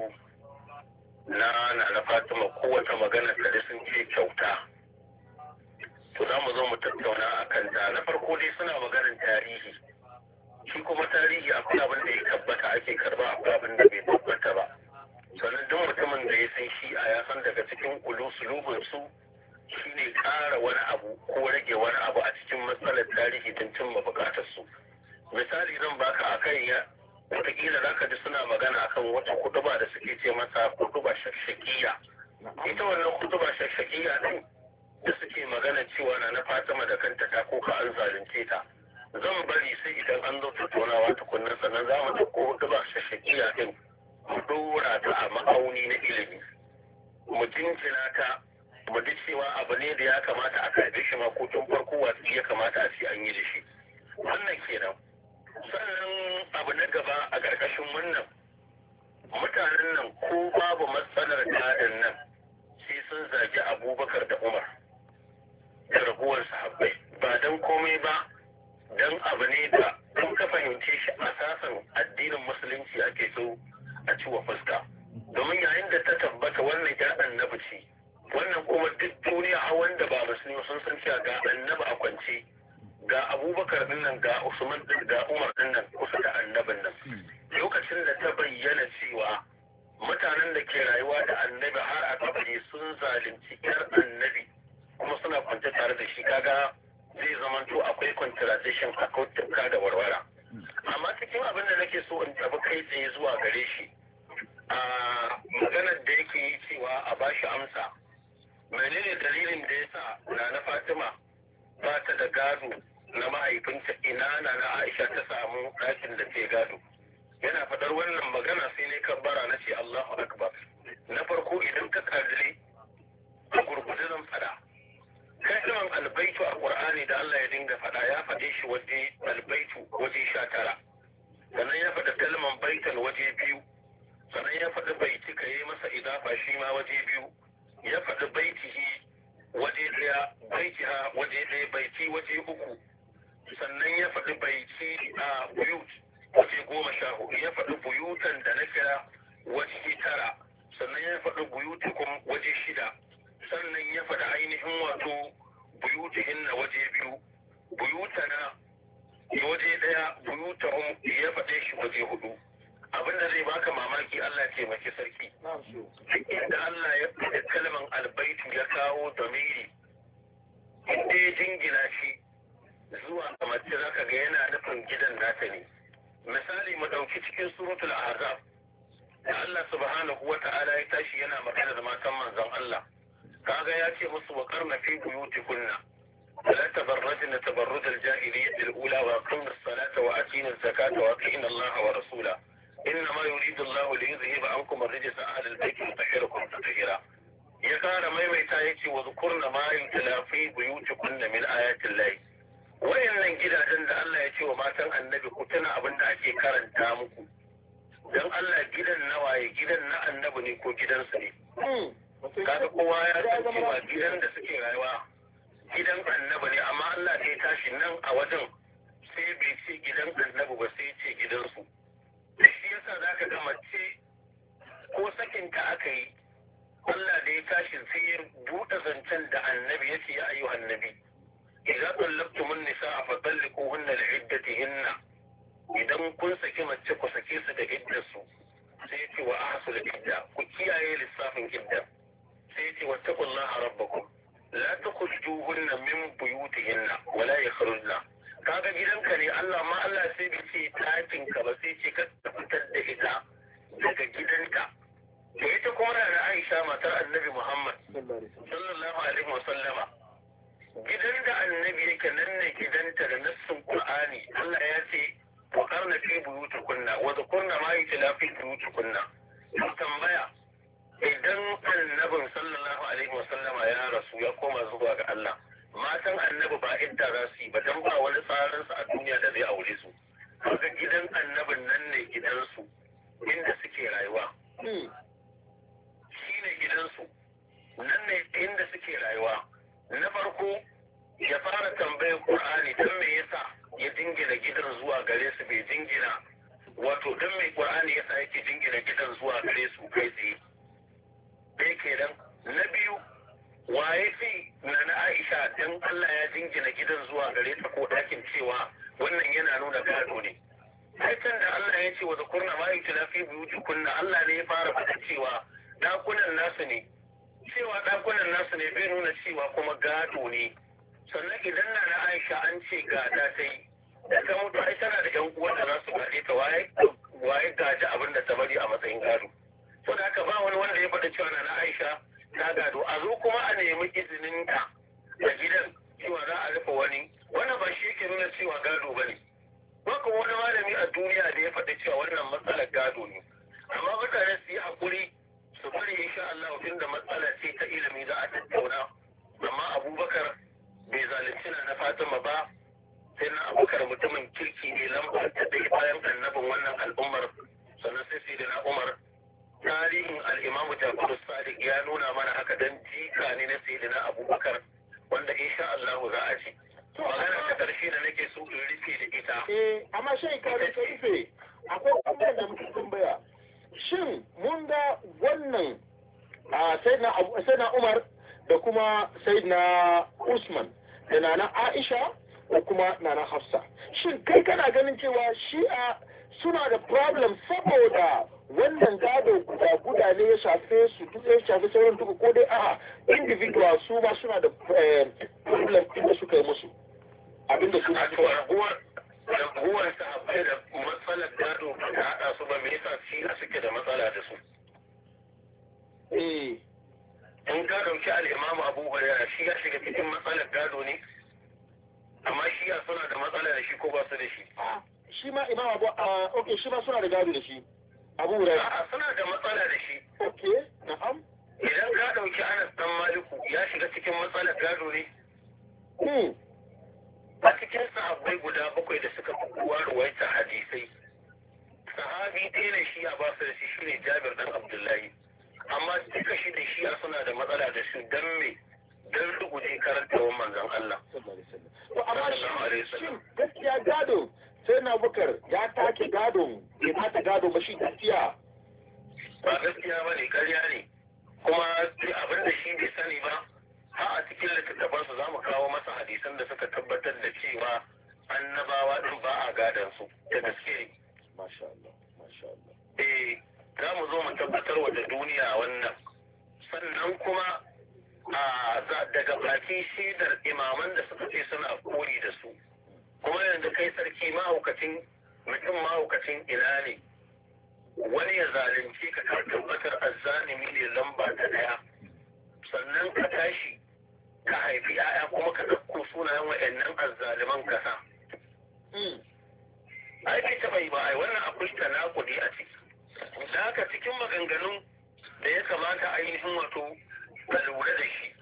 na na fatima kowace magana da sun ce kyauta to za mu zo mu tattauna a kanta na farko dai suna maganin tarihi shi kuma tarihi akwai abin da ya tabbata ake karba akwai abin da bai tabbata ba sannan duk mutumin da ya san shi a yasan daga cikin kulu sulubin su ne ƙara wani abu ko rage wani abu a cikin matsalar tarihi don cimma bukatar misali zan baka akan ya wataƙila za ka ji suna magana akan wata kuduba da suke ce masa kuduba shakshakiya ita wannan kuduba shakshakiya din da suke magana cewa na fatima da kanta ta koka an zalunce ta zan bari sai idan an zo tattaunawa tukunna sannan za mu ɗauko wata ba shashakiya ɗin mu ɗora ta a ma'auni na ilimi mu jinjina ta mu duk cewa abu ne da ya kamata a karɓe shi ma ko tun farko watsi ya kamata a ce an yi shi wannan kenan sannan abu na gaba a ƙarƙashin wannan mutanen nan ko babu matsalar gadon nan sai sun zagi abubakar da umar garbuwar sahabbai ba don komai ba don abu ne da don ka fahimce shi asasin addinin musulunci ake so a ciwa fuska domin yayin da ta tabbata wannan ya annabi ce wannan kuma duk duniya a wanda ba musulmi sun san cewa ga annabi a kwance ga abubakar din nan ga usman din ga umar din nan kusa da annabin nan lokacin da ta bayyana cewa mutanen da ke rayuwa da annabi har a kabari sun zalunci yar annabi kuma suna kwance tare da shi kaga zai zama to akwai contradiction a kautuka da warwara amma cikin abin da nake so in tafi kai tsaye zuwa gare shi a maganar da yake yi cewa a bashi amsa menene dalilin da yasa na na fatima ba ta da gado na mahaifinta ina na na aisha ta samu ɗakin da ke gado yana faɗar wannan magana sai ne kabbara na ce allahu akbar na farko idan ka kalli a gurgudu zan faɗa kalmar albaitu a ƙur'ani da Allah ya dinga faɗa ya faɗe shi waje albaitu waje sha tara sannan ya faɗa kalman baitan waje biyu sannan ya faɗi baiti ka yi masa idafa shi ma waje biyu ya faɗi shi waje ɗaya ha waje ɗaya baiti waje uku sannan ya faɗi baiti a buyut waje goma sha hudu ya faɗi buyutan da na kira waje tara sannan ya faɗi buyutukun waje shida sannan ya faɗa ainihin wato buyutihin na waje biyu buyutana waje ɗaya buyutahum ya faɗe shi waje hudu abin da zai baka mamaki Allah ce maki sarki inda Allah ya faɗi kalman albaitu ya kawo damiri inda ya jingina shi zuwa kamar za ka ga yana nufin gidan nata ne misali mu ɗauki cikin surutul ahzab da Allah subhanahu wa ta'ala ya tashi yana maganar matan manzon Allah kaga ya ce musu wa karna fi buyutikunna ولا تبرجن تبرج الجاهلية الأولى وأقمنا الصلاة وآتينا الزكاة وأطيعنا الله ورسوله إنما يريد الله ليذهب عنكم الرجس أهل البيت ويطهركم تطهيرا ya kara maimaita ya ce wa zukurna ma yutlafi buyutukunna min ayatin lahi wayannan gidajen da Allah ya ce wa matan annabi ku tuna abin da ake karanta muku dan Allah gidan nawaye gidan na annabi ne ko gidansu ne hmm. kaga kowa ya san cewa gidan da suke rayuwa gidan annabi ne amma Allah ya tashi nan a wajen sai bai ce gidan annabi ba sai ce gidansu shi yasa za ka ga mace ko sakin ka aka yi Allah da ya tashi sai ya buɗe zancen da annabi yake ya ayyu annabi idza min nisaa fa talliquhunna li'iddatihinna idan kun saki mace ku sake su da iddarsu sai ya ce wa ahsul idda ku kiyaye lissafin iddar sai wa yace wattaqullaha rabbakum la tukhrijuhunna min buyutihinna wa la yakhrujna kaga gidanka ne Allah ma Allah sai bai ce takin ka ba sai ce ka fitar da ita daga gidanka da ita kuma da Aisha matar Annabi Muhammad sallallahu alaihi wa sallama gidan da Annabi yake nan ne gidanta da nassin Qur'ani Allah ya ce wa qarna fi buyutikunna wa dhkurna ma yutla fi buyutikunna tambaya idan annabin sallallahu alaihi wasallama ya rasu ya koma zuwa ga Allah matan annabi ba inda za su yi ba dan ba wani tsarin a duniya da zai aure su kaga gidan annabin nan ne gidansu inda suke rayuwa hmm. Shi ne gidansu nan ne inda suke rayuwa na farko ya fara tambayar Qur'ani dan me yasa ya dingina gidan zuwa gare su bai dingina wato dan me Qur'ani yasa yake dingina gidan zuwa gare su kai tsaye ɗaya nan na biyu waye fi na na aisha don allah ya jingina gidan zuwa gare ta ko ɗakin cewa wannan yana nuna gado ne haifin da allah ya ce wata kurna ma yutila fi buyutikunna allah ne ya fara faɗa cewa ɗakunan nasu ne cewa ɗakunan nasu ne bai nuna cewa kuma gado ne sannan idan na na aisha an ce gada sai da ta mutu ai tana da yan uwa da za su gaje ta waye gaji abin da ta bari a matsayin gado ko haka ba wani wanda ya faɗa cewa na Aisha ta gado a zo kuma a nemi izinin ta da gidan cewa za a rufe wani wannan ba shi yake nuna cewa gado ba ne ba kuma wani malami a duniya da ya faɗi cewa wannan matsalar gado ne amma mutane su yi haƙuri su bari insha Allah tun da matsala ce ta ilimi za a tattauna amma Abubakar bai zalunci na Fatima ba sai na Abubakar mutumin kirki ne lamba ta dai bayan annabin wannan al'ummar sannan sai sai da na Umar tarihin al'imamu Kudu, sadiq ya nuna mana haka don jika ne na sayyidina abubakar wanda insha Allah za a ji magana ta karshe da nake so in rike da ita eh amma shi ka rike ife akwai abin da muke tambaya shin mun ga wannan a sayyidina Umar da kuma sayyidina Usman da nana Aisha da kuma nana Hafsa shin kai kana ganin cewa shi'a suna da problem saboda wannan gadon guda guda ne ya shafe su duk ya shafe sauran duka ko dai a'a individual su ba suna da eh, problem inda suka yi musu abinda su ma raguwar ta abai da matsalar gado ta haɗa su ba me yasa shi a suke da matsala da su eh in ka dauki al'imamu abu hurairah shi ya shiga cikin matsalar gado ne amma shi ya suna da matsala da shi ko ba su da shi ah, shi ma imamu abu ah, okay shi ma suna da gado da shi abu da a'a suna da matsala da shi okay na'am idan ka dauki Anas dan Maliku ya shiga cikin matsalar gado ne hmm. a cikin sahabbai guda bakwai da suka fi kowa ruwaita hadisai sahabi ɗaya na shi a basu da shi shine Jabir dan Abdullahi amma duka shi da shi suna da matsala da su dan me dan karanta wa manzon Allah sallallahu alaihi wasallam to amma shi gaskiya gado sai na bukar ya take gado ya mata gado ba shi gaskiya ba gaskiya ba ne karya ne kuma abin da shi bai sani ba ha a cikin littattafansa za mu kawo masa hadisan da suka tabbatar da cewa annabawa din ba a gadon su da gaske masha Allah masha Allah eh za mu zo mu tabbatar wa da duniya wannan sannan kuma a daga baki shidar imaman da suka ce suna kori da su kuma yanzu kai sarki mahaukacin mutum mahaukacin ina ne wani ya zalunce ka ka tabbatar azzalimi ne lamba ta ɗaya, sannan ka tashi ka haifi 'ya'ya kuma ka ɗauko sunayen wa'annan azzaliman kasa hmm. ai bai taɓa yi ba ai wannan akwai kuɗi a ciki da haka cikin maganganun da ya kamata ainihin wato da lura da shi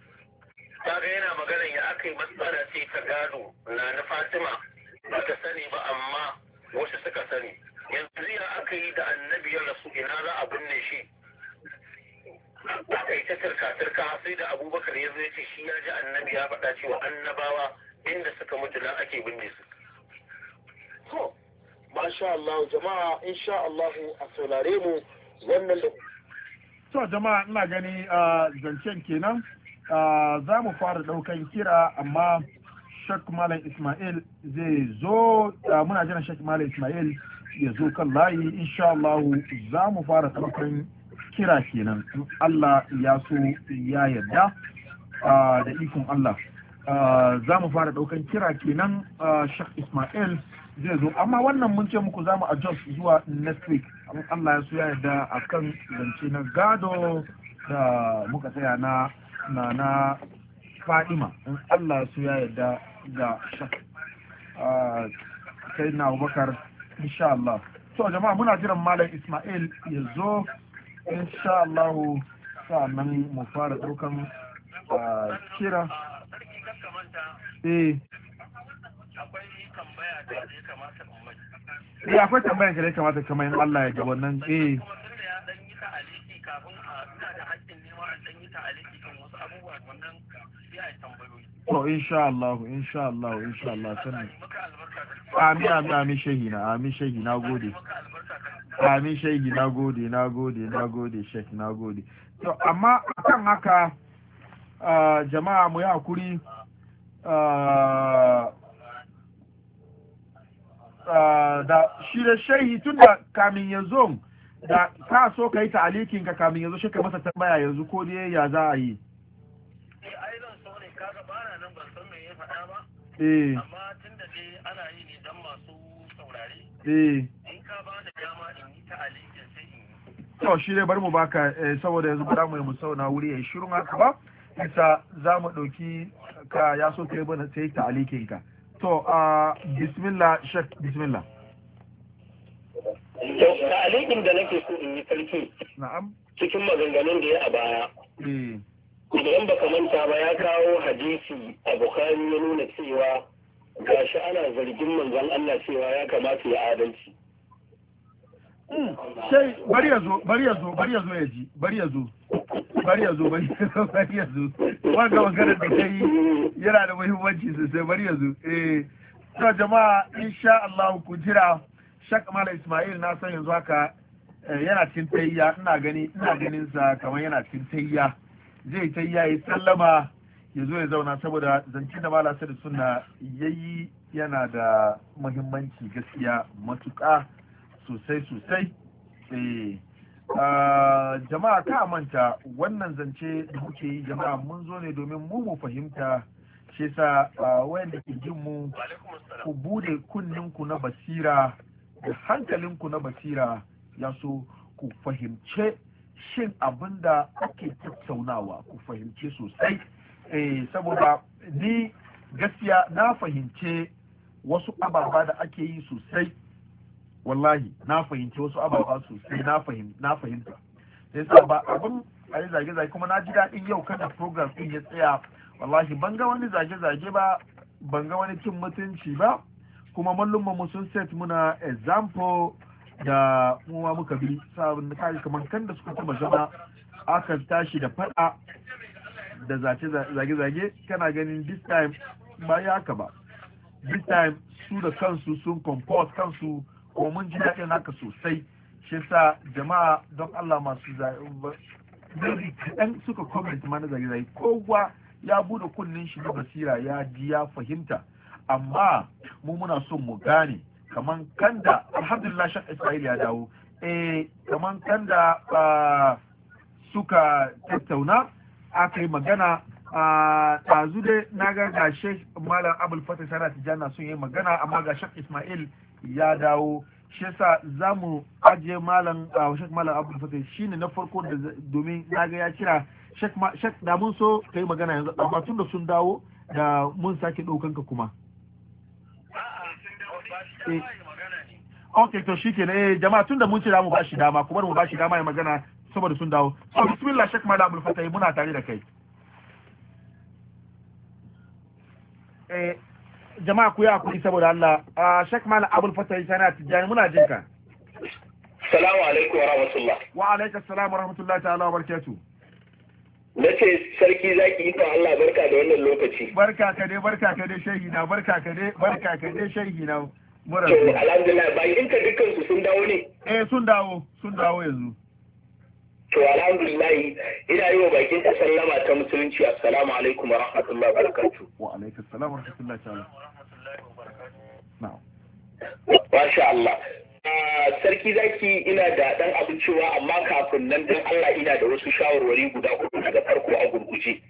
kaga yana magana ya aka yi matsala ce ta gado na na fatima ba ta sani ba amma wasu suka sani yanzu ya aka yi da annabi ya rasu ina za a binne shi aka yi ta turka-turka sai da abubakar ya zai ce shi ya ji annabi ya faɗa cewa annabawa inda suka mutu na ake binne su. To, masha Allah jama'a insha Allah a saurare mu wannan To jama'a ina gani a ah, zancen kenan ah, za mu fara ɗaukan kira amma shek malam ismail zai zo muna jiran shek malam ismail ya zo kan layi insha Allah za mu fara ɗaukan kira kenan Allah ya so ya yarda da ikon Allah za mu fara ɗaukan kira kenan shak ismail zai zo amma wannan mun ce muku za mu adjust zuwa next week Allah ya so ya yarda akan zance na gado da muka tsaya na na na fa'ima in Allah ya so ya yarda da sai na abubakar insha Allah so jama'a muna jiran malam Ismail ya zo insha Allah nan mu fara ɗaukan ah, kira eh eh akwai tambayar da ya kamata kamar in Allah ya ga wannan eh kafin a ina da haƙƙin nema a ɗan yi ta aliki kan wasu abubuwa wannan sai a tambayoyi to insha Allah insha Allah insha Allah sannan amin amin amin shehi na amin shehi na gode amin shehi na gode na gode na gode shehi na gode to amma akan haka jama'a mu yi hakuri da shi da shehi tun da kamin ya da ka so ka yi ta'alikinka kamin ya zo shi ka masa tambaya yanzu ko dai ya za a yi Eh. amma tun da dai ana yi ne don masu saurare eh. in ka ba da dama in yi ta alikin sai in to shi dai bari mu baka eh, saboda yanzu ba mu mu sauna wuri ya shirin haka ba isa za mu ɗauki ka ya so yi bana sai ta alikin ka to a bismillah shek bismillah ta alikin da nake so in yi sarki na'am cikin maganganun da ya a baya idan baka manta ba ya kawo hadisi a bukari ya nuna cewa gashi ana zargin manzon Allah cewa ya kamata ya adalci hmm, sai bari ya zo bari ya zo bari ya zo ya ji bari ya zo bari ya zo bari ya zo bari ya zo wanga maganar da kai yana da muhimmanci sosai bari ya zo eh to jama'a insha Allah ku jira shak mala Ismail na san yanzu haka eh, yana cikin tayya ina gani ina ganin sa kamar yana cikin tayya zai ta yayi sallama ya zo ya zauna saboda zance da mala da suna yayi yana da mahimmanci gaskiya matuƙa sosai sosai eh, jama'a ta manta wannan zance da muke yi jama'a mun zo ne domin mu mu fahimta shi sa wayanda ke jin mu ku bude kunninku na basira da hankalinku na basira ya so ku fahimce shin abin da ake tattaunawa ku fahimce sosai eh, saboda ni gaskiya na fahimce wasu ababa da ake yi sosai wallahi na fahimce wasu ababa sosai na fahimta sai sa ba abin a yi zage-zage kuma na ji daɗin yau kada program ɗin ya tsaya wallahi ban ga wani zage-zage ba ban ga wani cin mutunci ba kuma mallumma mu sun set muna example da muwa muka bi sabon da kai kamar kan da suka kuma zama aka tashi da fada da zage-zage kana ganin this time ba ya haka ba this time su da kansu sun comport kansu ko mun ji daɗin haka sosai shi sa jama'a don Allah masu zai kaɗan suka comment mana na zage-zage kowa ya bude kunnen shi na basira ya ji ya fahimta amma mu muna son mu gane kaman da alhamdulillah shan isra'il ya dawo eh kaman da ah, suka tattauna aka yi magana a ah, tazu dai na ga ga sheikh malam abul fatah sana tijana sun yi magana amma ga sheikh ismail ya dawo shi yasa za mu ajiye malam ah, sheikh malam abul fatih shine na farko da domin na ga ya kira sheikh da mun so kai magana yanzu amma tun da sun dawo da mun sake ɗaukanka kuma Eh. ok to shi ke eh jama'a tunda mun ce za mu ba shi dama kuma mu ba shi dama ya magana saboda sun dawo so bismillah shek malam abul fatai, muna tare da kai eh jama'a ku yi kuɗi saboda Allah a ah, shek malam abul sani sana tijani muna jin ka salamu alaikum wa rahmatullah wa alaikum assalam wa rahmatullahi ta'ala wa barakatuh Na ce sarki za ki yi Allah barka da wannan lokaci. Barka ka dai barka ka dai shehi na barka ka dai barka ka dai shehi na. Mura. To alhamdulillah bayin ka dukkan su sun dawo ne. Eh sun dawo sun dawo yanzu. To alhamdulillah ina yi wa bakin ka sallama ta musulunci assalamu alaikum wa rahmatullahi wa barakatuh. Wa alaikum assalam wa rahmatullahi wa barakatuh. Na'am. Masha Allah. A sarki zaki ina da dan abin cewa amma kafin nan dan Allah ina da wasu shawarwari guda uku daga farko a gurguje.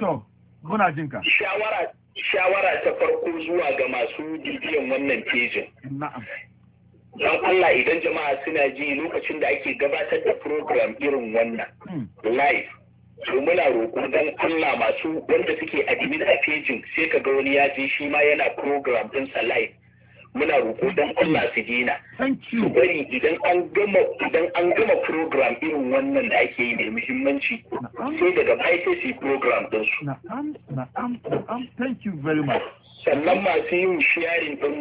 To, muna jin ka. Shawara shawara ta farko zuwa ga masu bibiyan wannan pejin. Na'am. Don Allah idan jama'a suna ji lokacin da ake gabatar da program irin wannan hmm. live. To muna roƙo don Allah masu wanda suke admin a pejin sai ka ga wani ya je shi ma yana program ɗinsa live. muna roƙo don Allah su dina su bari idan an gama idan an gama program irin wannan da ake yi mai muhimmanci sai daga ICC program din su na'am na'am thank you very much sannan masu yin sharing din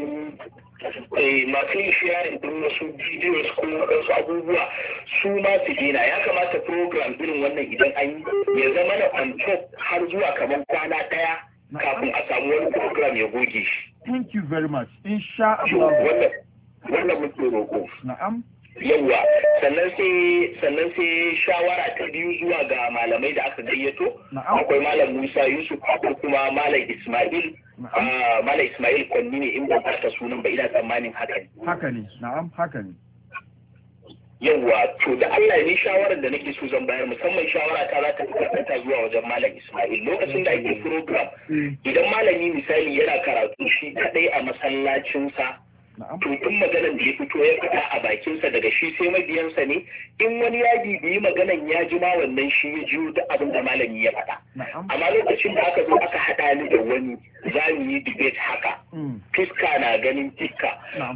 eh, masu yin sharing din wasu videos ko wasu abubuwa su ma su dina ya kamata program irin wannan idan an yi ya zama na on har zuwa kamar kwana ɗaya kafin a samu wani program ya goge shi thank you very much sha Allah wannan wannan muke roƙo na'am yawwa sannan sai sannan sai shawara ta biyu zuwa ga malamai da aka gayyato akwai malam Musa Yusuf akwai kuma malam Ismail ah, malam Ismail Kwanni ne in ba ta sunan ba ina tsammanin haka ne haka ne na'am haka ne yawa to da Allah ne shawarar da nake so zan bayar musamman shawara ta za ta karkata zuwa wajen malam Ismail lokacin da ake mm. program mm. idan malami misali yana karatu shi kadai a masallacinsa to in maganan da ya fito ya fita a bakinsa daga shi sai mabiyansa ne in wani ya bibiyi maganan ya ji ma wannan shi ya ji duk abin da malami ya faɗa amma lokacin da aka zo aka haɗa ni da wani za mu yi debate haka mm. fiska na ganin fiska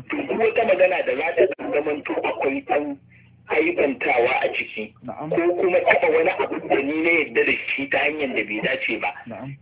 to duk wata magana da za ta zamanto akwai ɗan haibantawa a ciki ko kuma taɓa wani abu da ni na yadda da shi ta hanyar da bai dace ba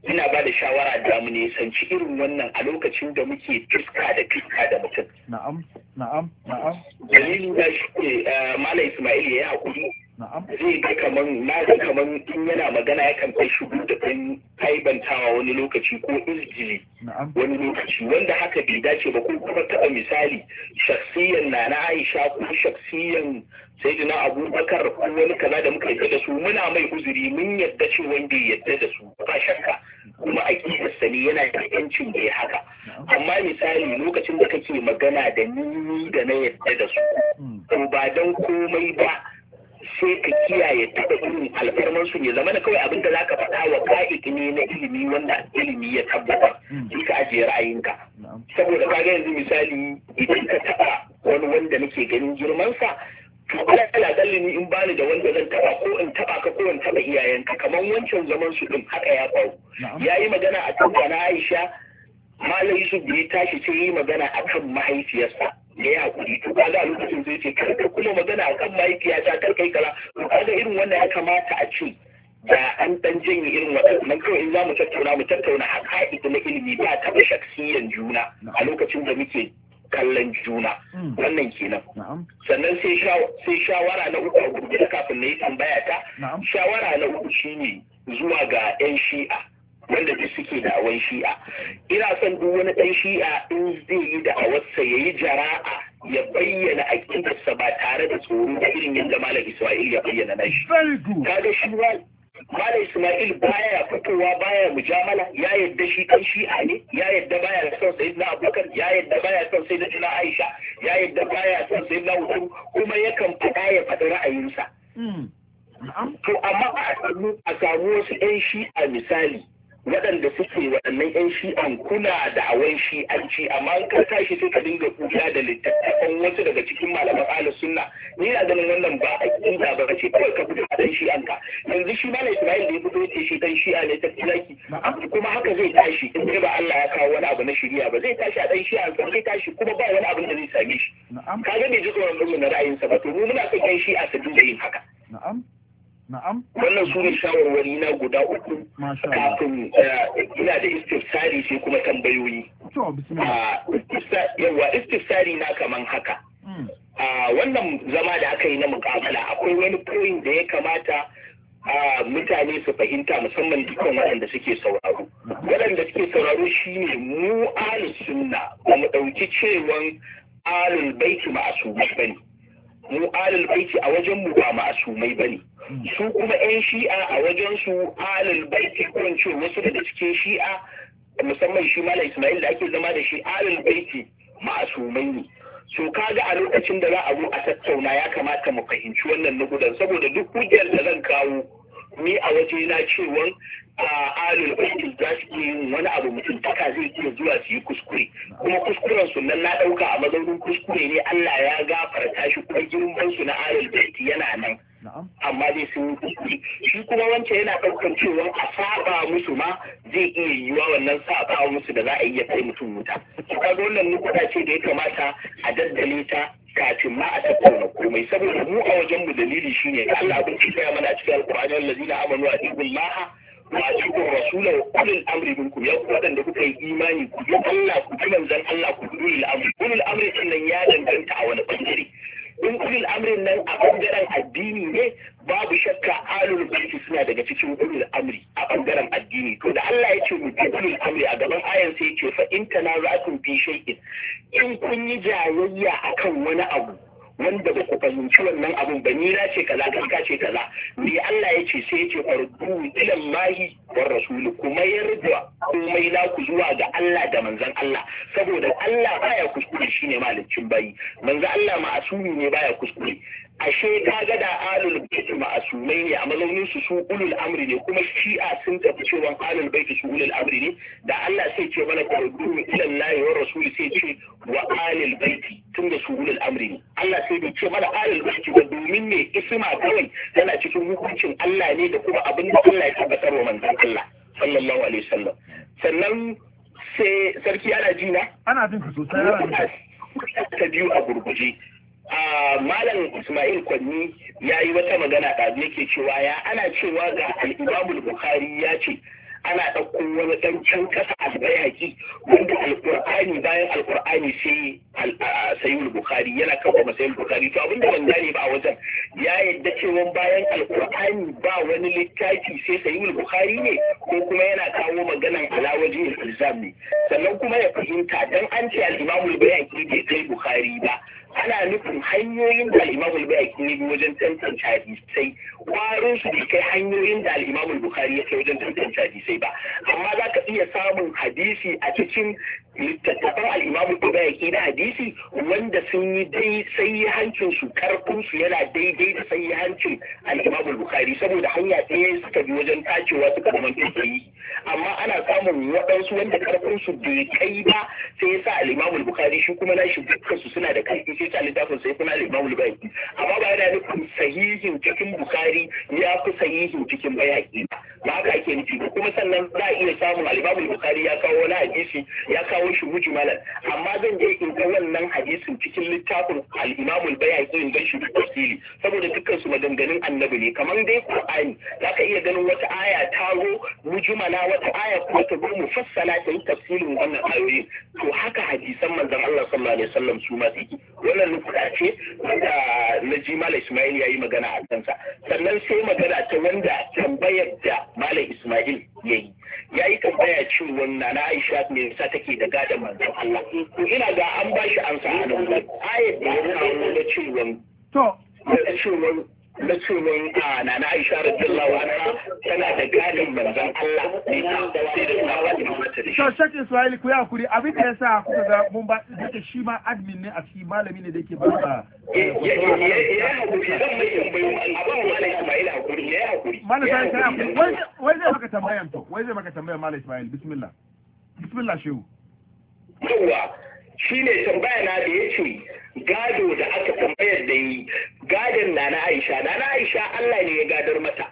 ina ba da shawara da mu ne sanci irin wannan a lokacin da muke fuska da fuska da mutum na'am na'am na'am dalilin da shi ke eh, mala ismail ya yi hakuri zai ga kaman na ga kaman in yana magana ya kan kai shigo da ɗan haibantawa wani lokaci ko izgili wani lokaci wanda haka bai dace ba ko kuma taɓa misali shaksiyan na na aisha ko shaksiyan sayyidina abubakar ko wani kaza da muka yadda da su muna mai uzuri mun yadda ce wanda ya yadda da su ba shakka kuma aƙidarsa ne yana da yancin da ya haka amma misali lokacin da kake magana da ni da na yadda da su hmm. to ba don komai ba sai ka kiyaye taɓa irin alfarman su ne zama da kawai abin da za ka faɗa wa ka'iki ne na ilimi wanda ilimi ya tabbata sai hmm. ka ajiye ra'ayinka saboda ka yanzu misali idan ka taɓa wani wanda nake ganin girmansa to ala dalli ni in bani da wanda zan taɓa ko in taɓa ka ko in taɓa iyayenka kamar wancan zaman su ɗin haka ya faru yi magana a kan na Aisha Malam su bai tashi sai yi magana akan mahaifiyarsa da ya hakuri to kaga a lokacin zai ce karka kuma magana a akan mahaifiyata ta karka yi kaza to ga irin wannan ya kamata a ce da an dan janye irin waɗannan kawai in za mu tattauna mu tattauna a ka'ida na ilimi ba taɓa shaksiyan juna a lokacin da muke kallon juna hmm. wannan kenan sannan sai shawara na uku a gurbi kafin na yi tambaya ta shawara na uku shine zuwa ga 'yan shi'a wanda duk suke da awon shi'a ina son duk wani ɗan shi'a in zai yi da awarsa ya yi jara'a ya bayyana aƙidarsa ba tare da tsoro da irin yadda malam isma'il ya bayyana na shi kaga shi malam isma'il baya fitowa baya mujamala ya yadda shi ɗan shi'a ne ya yadda baya son sai na abubakar ya yadda baya son sai na aisha ya yadda baya son sai na wutu kuma yakan faɗa ya faɗi ra'ayinsa hmm. to amma a samu wasu 'yan shi'a misali waɗanda suke waɗannan 'yan shi'an kuna da awon shi'anci amma ka tashi sai ka dinga kula da littattafan wasu daga cikin malaman ala sunna ni na ganin wannan ba a kinga ba ce kawai ka fito a ɗan shi'an ka yanzu shi na ismail da ya fito ce shi ɗan shi'a ne ta tilaki kuma haka zai tashi in dai ba Allah ya kawo wani abu na shiriya ba zai tashi a ɗan shi'an sa zai tashi kuma ba wani abin da zai same shi Ka kaga bai ji tsoron na ra'ayinsa ba to mu muna son 'yan shi'a su dinga yin haka Na'am. Wannan su ne shawarwari na guda uku. Masha Kafin eh, ina da istifsari sai kuma tambayoyi. To bismillah. Ah, Yawwa istifsari na kaman haka. Hmm. Ah, wannan zama da aka yi na mukamala akwai wani point da ya kamata ah, mutane su fahimta musamman dukkan waɗanda suke sauraro. Waɗanda suke sauraro shine mu ahlus sunna ba mu ɗauki cewan alin baiti ma'asumai ne. Mu ahlul baiti a wajen mu ba ma'asumai bane. su kuma 'yan shi'a a su alul baiti ko in ce wasu daga cikin shi'a musamman shi mala ismail da ake zama da shi alul baiti ma'asumai ne so kaga a lokacin da za a zo a tattauna ya kamata mu fahimci wannan nukudan saboda duk hujjar da zan kawo ni a waje na cewa a alul baiti za su iya wani abu mutum taka zai iya zuwa su yi kuskure kuma kuskuren su nan na ɗauka a mazaunin kuskure ne Allah ya gafarta shi kuma girman su na alul baiti yana nan amma dai sun yi shi kuma wancan yana ɗaukar cewa a saba musu ma zai iya yiwuwa wannan saba musu da za a iya kai mutum wuta ka zo nan nukuta ce da ya kamata a daddale ta kafin ma a tattauna komai saboda mu a wajen mu dalili shine Allah abin ya mana a cikin alqur'ani allazina amanu laha wa atiqur rasula wa ulil amri minkum ya ku wadanda kuka yi imani ku bi Allah ku bi manzon Allah ku bi ulil amri ulil amri sannan ya danganta a wani bangare in kudin amrin nan a ɓangaren addini ne babu shakka alul baiti suna daga cikin kudin amri a ɓangaren addini to da Allah ya ce mu bi amri a gaban ayan sai ya ce fa in tanaza'tum fi shay'in in kun yi jayayya akan wani abu wanda ba ku fahimci wannan abun ba ni na ce kaza kan ka ce kaza me Allah ya ce sai ya ce ardu ilan mahi war rasul kuma yarda komai na ku zuwa ga Allah da manzon Allah saboda Allah baya kuskure shine malikin bayi manzon Allah ma ma'asumi ne baya kuskure ashe ka ga da alul a ma'asumai ne a mazaunin su su ulul amri ne kuma shi'a sun tafi cewa alul baiti su ulul amri ne da Allah sai ce mana qardu ila Allah wa rasuli sai ce wa alul baiti tun da su ulul amri ne Allah sai bai ce mana alul bait ba domin ne isma kawai yana cikin hukuncin Allah ne da kuma abin da Allah ya tabbatar wa manzon Allah sallallahu alaihi wasallam sannan sai sarki ana jina ana jin sosai ta biyu a gurguje a malam ismail kwanni ya yi wata magana ɗazu yake cewa ya ana cewa ga al'imamul bukhari ya ce ana ɗauko wani ɗan can a bayaki wanda alƙur'ani bayan alƙur'ani sai sayyid bukhari yana kafa masayin bukhari to abinda ban gane ba a wajen ya yadda cewa bayan alƙur'ani ba wani littafi sai sayyid bukhari ne ko kuma yana kawo maganan alawaji Alzam ne sannan kuma ya fahimta dan an ce al bayaki bai kai bukhari ba ana nufin hanyoyin da al'imamul bai ya bi wajen tantance hadisai warin su bai kai hanyoyin da al'imamul bukhari ya kai wajen tantance hadisai ba amma za ka iya samun hadisi a cikin littattafan al'imamu ko bayaki na hadisi wanda sun yi dai sahihancin su karfin su yana daidai da sai sahihancin al'imamu bukari saboda hanya ɗaya suka bi wajen tacewa suka zama yi amma ana samun waɗansu wanda karfin su bai kai ba sai ya sa al'imamu bukari shi kuma nashi dukkan su suna da karfi sai ta littafin sai kuma al'imamu bayaki amma ba yana nufin sahihin cikin bukari ya fi sahihin cikin bayaki ba haka ake nufi kuma sannan za a iya samun al'imamu bukari ya kawo wani hadisi ya kawo kawo shi mujmalan amma zan je in ga wannan hadisin cikin littafin al imamul bayhaqi in gan shi da tafsiri saboda dukkan su maganganun annabi ne kamar dai za ka iya ganin wata aya ta ro mujmala wata aya ko ta ro mufassala ta yi tafsirin wannan ayoyi to haka hadisan manzon Allah sallallahu alaihi wasallam su ma suke wannan nukuda ce na Naji Malam Ismail yayi magana a kansa sannan sai magana ta wanda tambayar da Malam Ismail yayi ya yi tambaya cewa na Aisha me yasa take da gadon manzon Allah ina ga an bashi amsa a nan ayat da ya nuna cewa to cewa na a na na aisha radiyallahu anha tana da gadin manzon Allah ne ta sai da ta wata mata ne to shek ku ya hakuri abin da yasa kuka ga mun ba duka shi ma admin ne a cikin malami ne da yake ba ya ya hakuri zan mai tambayi abin malam Ismail hakuri ya hakuri malam Ismail kai hakuri wai zai maka tambayan to wai zai maka tambayan malam Ismail bismillah bismillah shehu shi ne tambaya na da yace gado da aka tambayar da yi gadon na na Aisha na na Aisha Allah ne ya gadar mata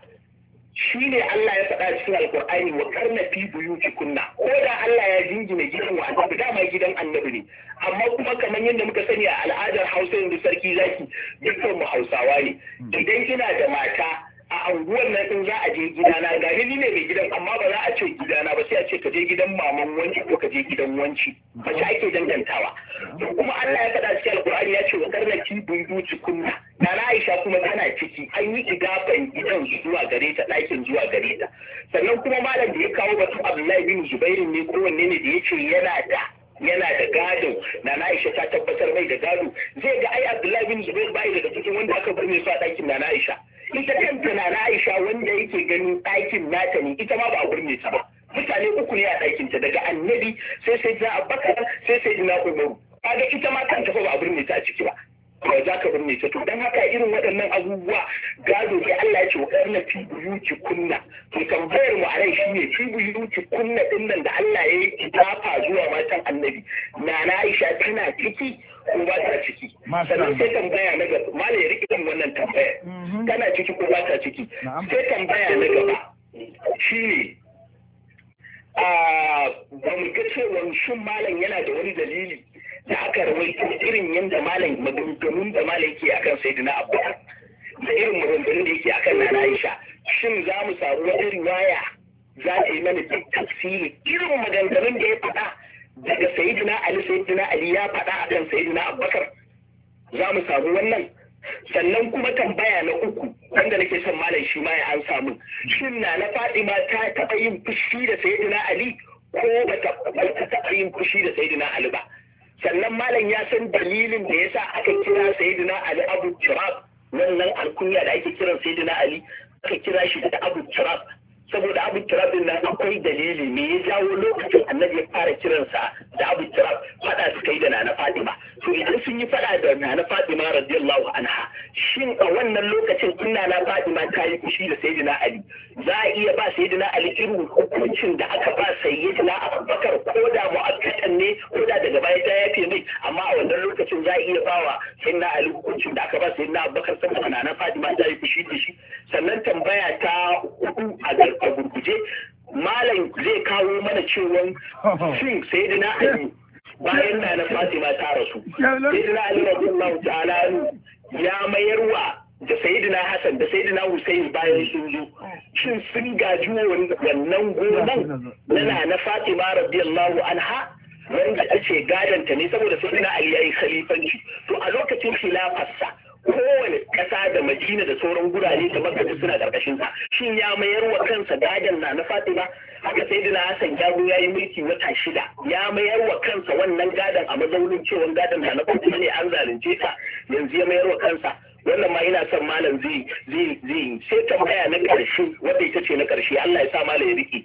shi ne Allah ya faɗa cikin alkur'ani wa karna fi buyuti kunna ko da Allah ya jingina gidan wa annabi dama gidan annabi ne amma kuma kamar yadda muka sani a al'adar Hausa yanzu sarki zaki dukkan mu Hausawa ne idan kina da mata a unguwar nan in za a je gidana ga ni ne mai gidan amma ba za a ce gidana ba sai a ce ka je gidan maman wanci ko ka je gidan wanci shi ake dangantawa to kuma Allah ya faɗa cikin alƙur'ani ya ce wa karnaki ci kunna na Aisha kuma tana ciki an yi idafan gidan zuwa gare ta ɗakin zuwa gare ta sannan kuma malam da ya kawo batun Abdullahi bin Zubairu ne kowanne ne da ya ce yana da yana da gado na Aisha ta tabbatar mai da gado zai ga ai Abdullahi bin Zubair bai daga cikin wanda aka bar ne su a ɗakin na Aisha ita kanta na Aisha wanda yake gani ɗakin nata ne ita ma ba a burne ta ba mutane uku ne a ɗakin ta daga annabi sai sai na abubakar sai sai na umaru kaga ita ma kanta ba a burne ta a ciki ba ba za ka binne ta to dan haka irin waɗannan abubuwa gado sai Allah ya ce wa fi buyuti kunna to tambayar mu alai shine fi buyuti kunna din nan da Allah ya yi tafa zuwa matan annabi nana Aisha tana ciki ko ba ta ciki sannan sai tambaya na gaba mala ya rike wannan tambayar mhm. tana ciki ko ba ta ciki sai tambaya na gaba shine a ah, ba mu ga cewa shin malam yana da wani dalili da aka rawaito irin yadda malam maganganun da malam yake akan sayyidina abubakar da irin maganganun da yake akan nana aisha shin za mu samu irin riwaya za ta yi mana duk tafsiri irin maganganun da ya faɗa daga sayyidina ali sayyidina ali ya faɗa kan sayyidina abubakar za mu samu wannan sannan kuma tambaya na uku wanda nake son malam shi ma ya an samu shin na na ma ta taɓa yin fushi da sayyidina Ali ko ba ta taɓa yin fushi da sayyidina Ali ba sannan malam ya san dalilin da yasa aka kira sayyidina ali abu turab wannan alkunya da ake kiran sayyidina ali aka kira shi da abu turab saboda abu tirab din nan akwai dalili me ya jawo lokacin annabi ya fara kiransa da abu tirab fada suka yi da nana fatima to idan sun yi fada da nana fatima radiyallahu anha shin a wannan lokacin in nana fatima ta yi kushi da sayyidina ali za a iya ba sayyidina ali irin hukuncin da aka ba sayyidina abubakar ko da mu'akkatan ne ko da daga baya ta yafe mai amma a wannan lokacin za a iya ba wa sayyidina ali hukuncin da aka ba sayyidina abubakar saboda nana fatima ta yi kushi da shi sannan tambaya ta hudu a a gurguje malam zai kawo mana cewan shin sai na ali bayan na na fatima ta rasu sai na ali radiyallahu ta'ala ya mayarwa da sayidina Hassan da sayidina Hussein bayan sun zo shin sun gaji wannan gonan yana na Fatima radiyallahu anha wanda ake gadanta ne saboda sayidina Ali yayi khalifanci to a lokacin khilafarsa ko kasa da madina da sauran gurare da baka suna karkashin sa shin ya mayar wa kansa gadan na na fatima haka sai dina hasan jago yayi mulki wata shida ya mayar wa kansa wannan gadan a mazaunin cewa gadan na na fatima ne an zalunce ta yanzu ya mayar wa kansa wannan ma ina son malam zai zai zai sai tambaya na karshe wanda ita ce na karshe Allah ya sa malam ya riki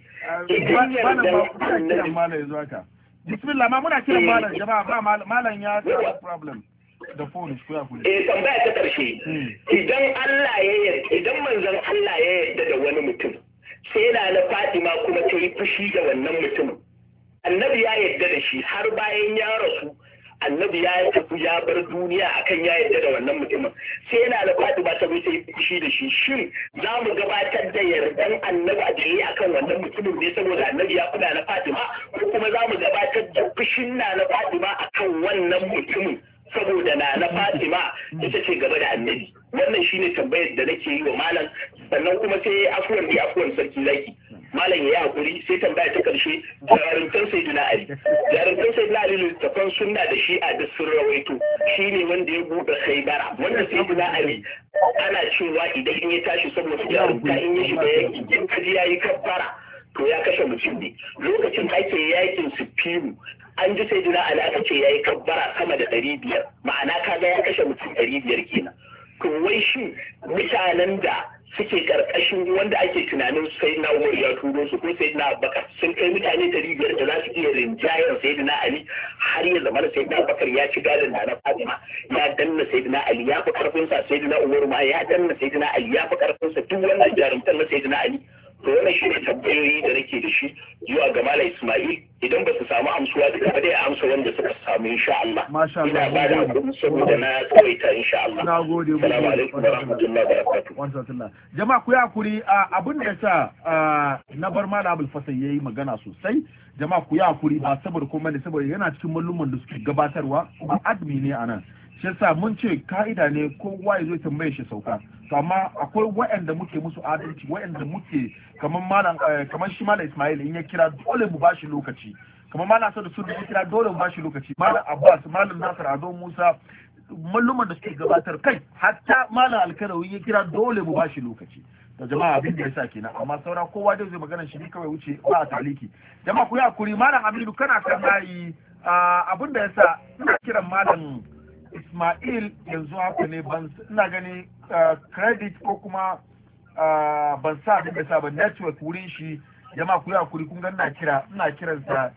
eh, da malam ya zo haka bismillah ma muna kiran eh. malam jama'a ba malam ya problem eh tambaya ta karshe hmm. idan Allah ya yarda idan manzon Allah ya yarda da wani mutum sai na na Fatima kuma ta yi fushi da wannan mutumin annabi ya yarda da shi har bayan ya rasu annabi ya tafi ya bar duniya akan ya yarda da wannan mutumin sai yana da fadi ba ta bi sai fushi da shi shin za mu gabatar da yardan annabi a jiri akan wannan mutumin ne saboda annabi ya kula na Fatima ko kuma za mu gabatar da fushin na na Fatima akan wannan mutumin saboda na na Fatima ita ce gaba da annabi wannan shine tambayar da nake yi wa malam sannan kuma sai afuwan bi afuwan sarki zaki malam ya yi hakuri sai tambaya ta karshe jarumtar duna ali jarumtar sayyidina ali littafan sunna da shi da sun rawaito shine wanda ya buɗe khaybara sai duna ali ana cewa idan ya tashi saboda jarumta in ya shiga yaki in kaji yayi kabbara to ya kashe mutum ne lokacin ake yakin sifiru an ji sai duna ali aka ce ya yi kabbara sama da ɗari biyar ma'ana kaga ya kashe mutum ɗari biyar kenan to wai shi mutanen da suke karkashin wanda ake tunanin sai na umar ya turo su ko sai na sun kai mutane ɗari biyar da za su iya rinjayen sai ali har ya zama sai na ya ci gadon da na fatima ya danna sai ali ya fi ƙarfinsa sai na umar ma ya danna sai ali ya fi ƙarfinsa duk wannan jarumtar na sai ali to wannan shi ne tambayoyi da nake da shi zuwa ga Malam Ismail idan ba su samu amsuwa duka ba dai a amsa wanda suka samu insha Allah ina ba da hakuri saboda na tsawaita insha Allah nagode mu salamu alaikum wa rahmatullahi wa barakatuh jama'a ku yi hakuri abin da sa na bar Malam Abdul Fasal yayi magana sosai jama'a ku ya hakuri ba saboda kuma ne saboda yana cikin malluman da suke gabatarwa ba admin ne anan shi sa mun ce ka'ida ne ko waye zai tambaye shi sauka to amma akwai wa'anda muke musu adalci wa'anda muke kamar malam eh, kamar shi malam Ismail in ya kira dole mu bashi lokaci kamar malam Asad Sulu ya kira dole mu bashi lokaci malam Abbas malam Nasir Ado Musa malluman da suke gabatar kai hatta malam Alkarawi ya kira dole mu bashi lokaci To jama'a abin da yasa kenan amma saura kowa dai zai magana shi ne kawai wuce ba taliki jama'a ku yi hakuri malam Aminu kana kan nayi ah, abin da yasa ina kiran malam Ismail yanzu haka ne ina gani uh, credit ko kuma uh, ban sa da sa ba network wurin shi jama ku ya kuri kun ga ina kira ina kiran sa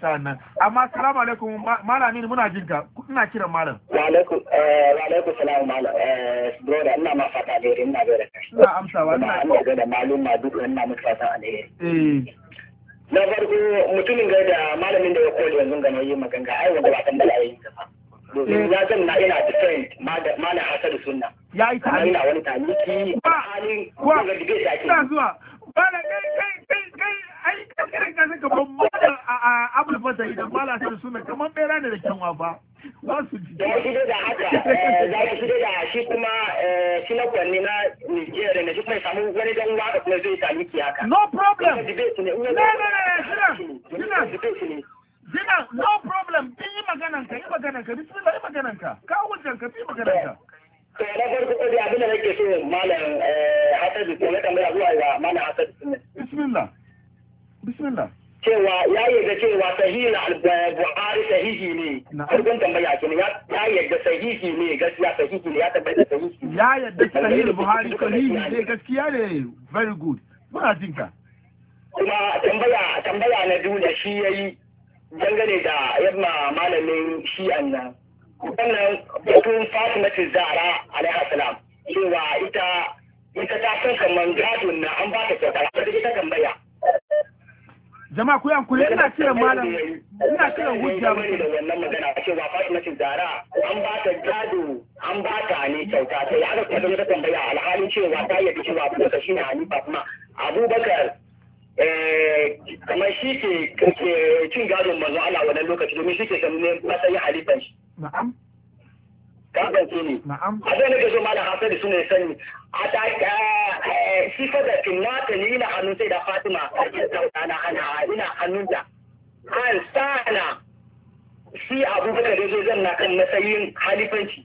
sannan amma salamu alaikum malamin muna jin ka ina kiran malam wa alaikum eh, wa alaikum salam malam eh, brother ina ma fata alheri ina gaira ina wa ina ina gaira malum ma duk ina mu fata ne eh na farko mutumin gaida malamin da ya koyi yanzu ga nayi maganga ai wanda ba kan da layin ba domin ya zan na ina defend mana hasar sunna ya yi ta ina wani taliki ba halin daga dibe da ake zuwa ba da kai kai kai kai ai kankanin ka saka bambam a abul fata idan ba lasar sunna kamar bera ne da kyanwa ba wasu ji ya shi da haka za ki shigo da shi kuma shi na kwanne na Nigeria ne shi kuma samu wani dan waka kuma zai taliki haka no problem ne ne ne shina shina Dina, no problem, din yi magananka yi magananka ka, bismillah yi maganan ka, ka hujjan ka, yi maganan ka. To, na farko ko abin da nake so malam eh, Hassan ko na tambaya zuwa ga malam Hassan. Bismillah. Bismillah. Cewa ya yadda cewa sahihin na eh, bukhari sahihi ne. Farkon tambaya kenan ya yadda sahihi ne gaskiya sahihi ne ya tabbata sahihi. Ya yarda sahihin Bukhari sahihi ne gaskiya ne very good. Muna jinka. Kuma tambaya tambaya na biyu da shi yayi dangane da yamma malamin shi'an nan wannan batun fatimatu zara alaiha salam cewa ita ita ta san kamar gadon na an ba ta kyauta ba ta ita tambaya jama'a ku yankuri ina kiran malam ina kiran hujja ba da wannan magana cewa fatimatu zara an ba ta gado an ba ta ne kyauta sai aka kuma ta tambaya alhalin cewa ta yadda cewa abubakar shine hanifa kuma abubakar Eh, kamar shi ke cin gadon manzo Allah wannan lokaci domin shi ke ne matsayin halittar shi na'am ka ɗauke ni na'am abin da ke ma da hasan da suna sani a ta eh, eh, shi fa da kinnata ni ina hannun sai da Fatima a cikin ana ina hannunta an sana shi abubakar da zai na kan matsayin halifanci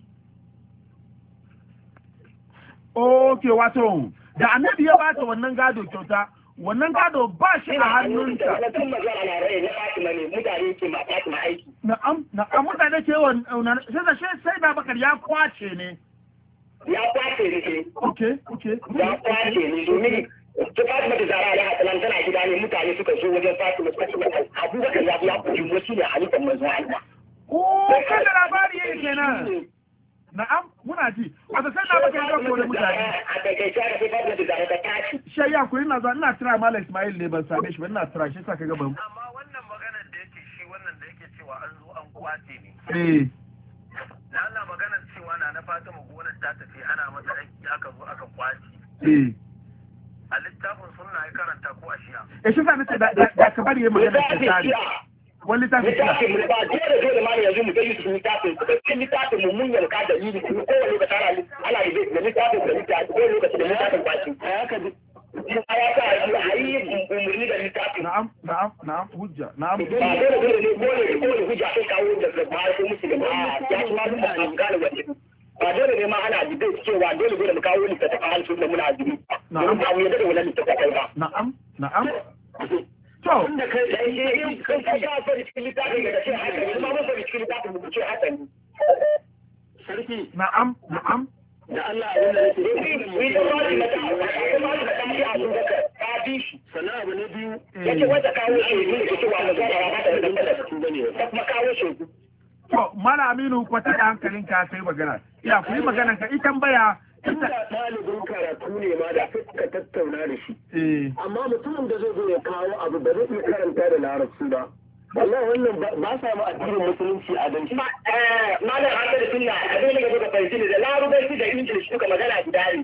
Ok, wato, da annabi ya ba ta wannan gado kyauta, wannan gado ba shi a hannunta na'am na'am mutane ke wannan sai da sai da bakar ya kwace ne ya kwace ne okay okay ya kwace ne domin ta fatima da zara alaiha salam tana gida ne mutane suka zo wajen fatima suka ce mata abubakar ya ya kuji wasu ne halifan manzon Allah ko oh, kada labari yake kenan na'am muna ji wato sai na baka yadda kore mutane shi ya kuri na zuwa ina tira mala ismail ne ban same shi ba ina tira shi sa ka gaba amma wannan maganar da yake shi wannan da yake cewa an zo an kwace ne na eh. ana maganar cewa na na fata mu ta tafi ana masa aiki aka zo aka kwace eh. a littafin suna ya karanta ko a shiya eh shi sa nace da ka bari yayin magana ta tsari wani littafi ne ba dole dole ma yanzu mu ga Yusuf littafin da cikin littafin mu mun yarda da yi ko wani da ana yi da littafin da littafin ko lokacin da littafin ba shi haka a ya sa a yi umarni da littafin na'am na'am na'am hujja na'am ba dole dole ne dole dole hujja sai kawo da da da ba ya ci ma mun da muna azumi na'am ba mu na'am na'am To. Da kai Sarki. Na'am, na'am. Da Allah da yake. da ba na ta ba ni ta abin da ka bi shi. Sannan abu na biyu. Mm. wanda kawo cewa ba za a da bane. kuma kawo To, Aminu da hankalinka sai magana. Ya ku yi magana ka ita tambaya. tunda ɗalibin karatu ne ma da ka tattauna da shi eh. amma mutumin da zai zo ya kawo abu ba zai iya karanta da larabci ba wallahi wannan ba sa ma addinin musulunci a dan malam eh, an da sunna abin da ka fahimci ne da larabci da ingilishi kuka magana guda ne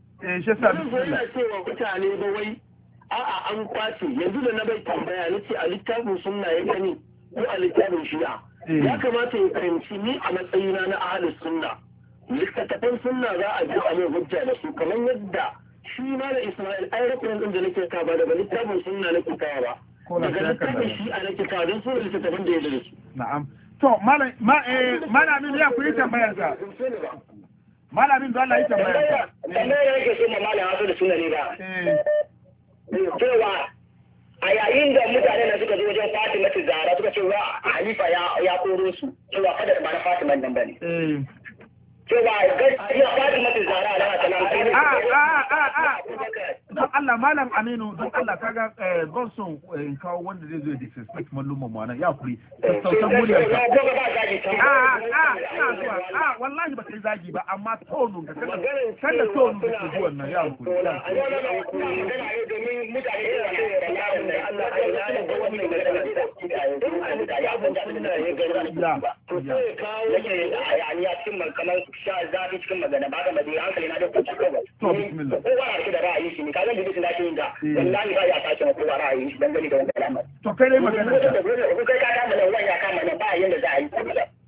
eh shi sa bismillah cewa mutane ba wai a'a an kwace yanzu da na bai tambaya nace a littafin sunna ya gani ko a littafin shi'a eh. ya kamata ya fahimci ni a matsayina na ahlus sunna littattafan sunna za a ji a mai hujja da su kamar yadda shi ma da Isma'il ai rakunan din da nake ka ba daga littafin sunna nake kawa ba daga littafin shi'a nake kawa don su littattafan da ya da su na'am to mana mana eh, min ya kuyi tambayar sa. malamin dole ya tambaya tambaya ne nake so ma hasu da suna ba eh. cewa a yayin da mutane na suka zo wajen Fatima Zara suka ce wa Halifa ya koro su cewa kada ba na Fatima nan bane eh. cewa gaskiya Fatima zara alaiha salam sai ne ah, ah, ah, don Allah malam Aminu don Allah kaga eh, ban son eh, kawo wanda zai zo disrespect malluman mu ya kuri a a ina a wallahi ba kai zagi ba amma tonun ka kada kada tonun da ke nan ya kuri ya kuri ya ya ya sha zafi cikin magana ba ga madina hankali na da kwanci kawai kowa na da ra'ayi shi ne kaga jibitin da ake yin da eh. wallahi ba ya tashi na kowa ra'ayi shi dangane da wannan al'amari to kai dai magana ko kai ka kama nan wannan ya kama nan ba yanda za a yi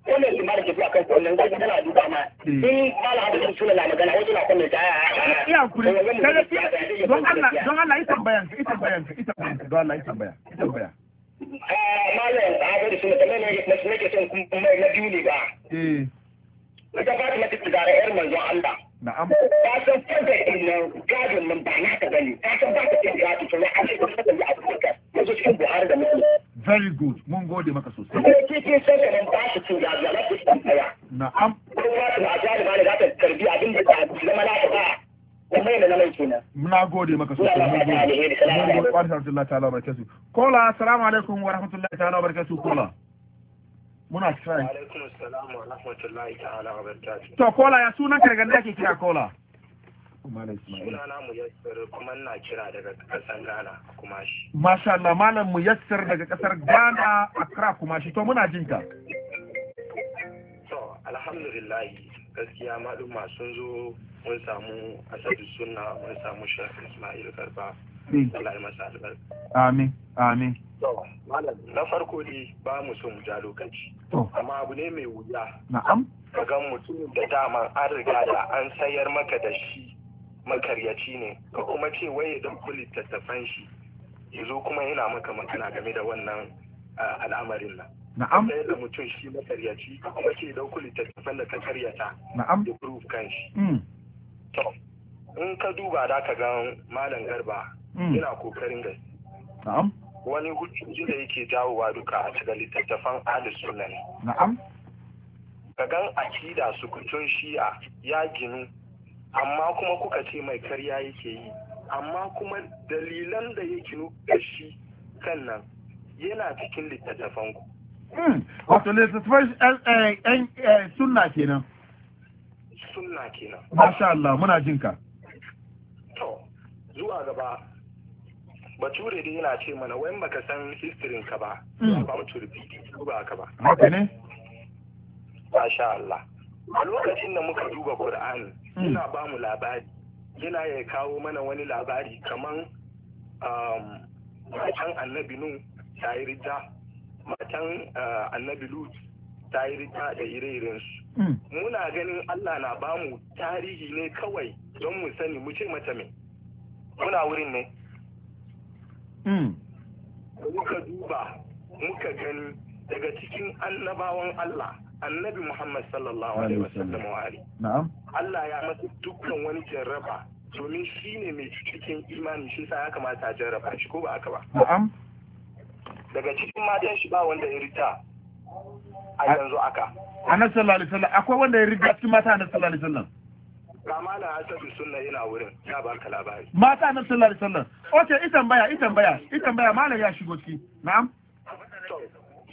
wannan su mara tafiya kan kwallon zai tana duba ma eh. in mala hadisin suna na magana wajen na kwallon ta yaya iya kuri don Allah don Allah yi tambayan ka yi tambayan ka yi tambayan ka don Allah yi tambaya yi tambaya eh, malam a hadisin suna kamar na ke, son kuma na biyu ne ba ita ba ta zara yar manzo Allah na'am ta san kanta ina gadon nan ba ka bane ta san ba ta cin gado to ne an ce ta da Abubakar yanzu cikin Buhari da Muslim very good mun gode maka sosai ko ke ke san ka nan ba ta cin na ku ta ya. na'am ko Fatima a jari ba ne za ta tarbi abin da ta zama malaka ba Muna gode maka sosai Muna gode. maka Muna gode. sosai. Muna gode maka sosai. Muna wa maka muna tsaye alaikum assalamu wa ta'ala wa to kola ya sunan ka daga ake kira kola sunana muyassir kuma na kira daga kasar ghana kuma shi masha Allah malam muyassir daga kasar ghana accra kuma shi to muna jin ka to alhamdulillah gaskiya maluma sun zo mun samu asadu sunna mun samu shafi ismail karba Allah amin amin na farko ne ba mu so mu ja lokaci amma abu ne mai wuya na'am ka ga mutumin da dama an riga da an sayar maka da shi makaryaci ne ka kuma ce wai ya dauko littattafan shi ya zo kuma yana maka magana game da wannan al'amarin nan na'am sai da mutum shi makaryaci ka kuma ce ya dauko littattafan da ka karyata na'am da proof kan shi mm. to in ka duba da ka ga malam garba Hmm. ina kokarin gai na'am wani hujjoji da yake dawowa duka a cikin littattafan ahlus sunna ne na'am a akida su kucin shi'a ya ginu amma kuma kuka ce mai karya yake yi amma kuma dalilan da ya ginu da shi kan nan yana cikin littattafan ku hmm. wato littattafan yan eh, eh, eh, sunna kenan sunna kenan masha Allah muna jinka to zuwa gaba bature dai yana ce mana wayan baka san history ka ba hmm. ba mu turbi ko ba ka ba haka ne masha Allah a lokacin da muka duba Qur'ani yana hmm. ba mu labari yana ya kawo mana wani labari kaman um, matan annabi nu ta yi rita matan uh, annabi lut ta da ire-irensu hmm. muna ganin Allah na ba mu tarihi ne kawai don mu sani mu ce mata me muna wurin ne Mm. muka duba muka gani daga cikin annabawan Allah annabi Muhammad sallallahu alaihi wasallam wa na'am Allah ya masa dukkan wani jarraba domin shi ne mai cikin imani shi sa ya kamata a jarraba shi ko ba haka ba na'am daga cikin matan shi ba wanda ya rita a yanzu aka annabi sallallahu alaihi wasallam akwai wanda ya rita cikin mata annabi sallallahu alaihi wasallam kama na asadu sunna yana wurin ya ba ka labari mata annabi sallallahu alaihi wasallam okay i tambaya i tambaya i tambaya malam ya shigo ciki na'am to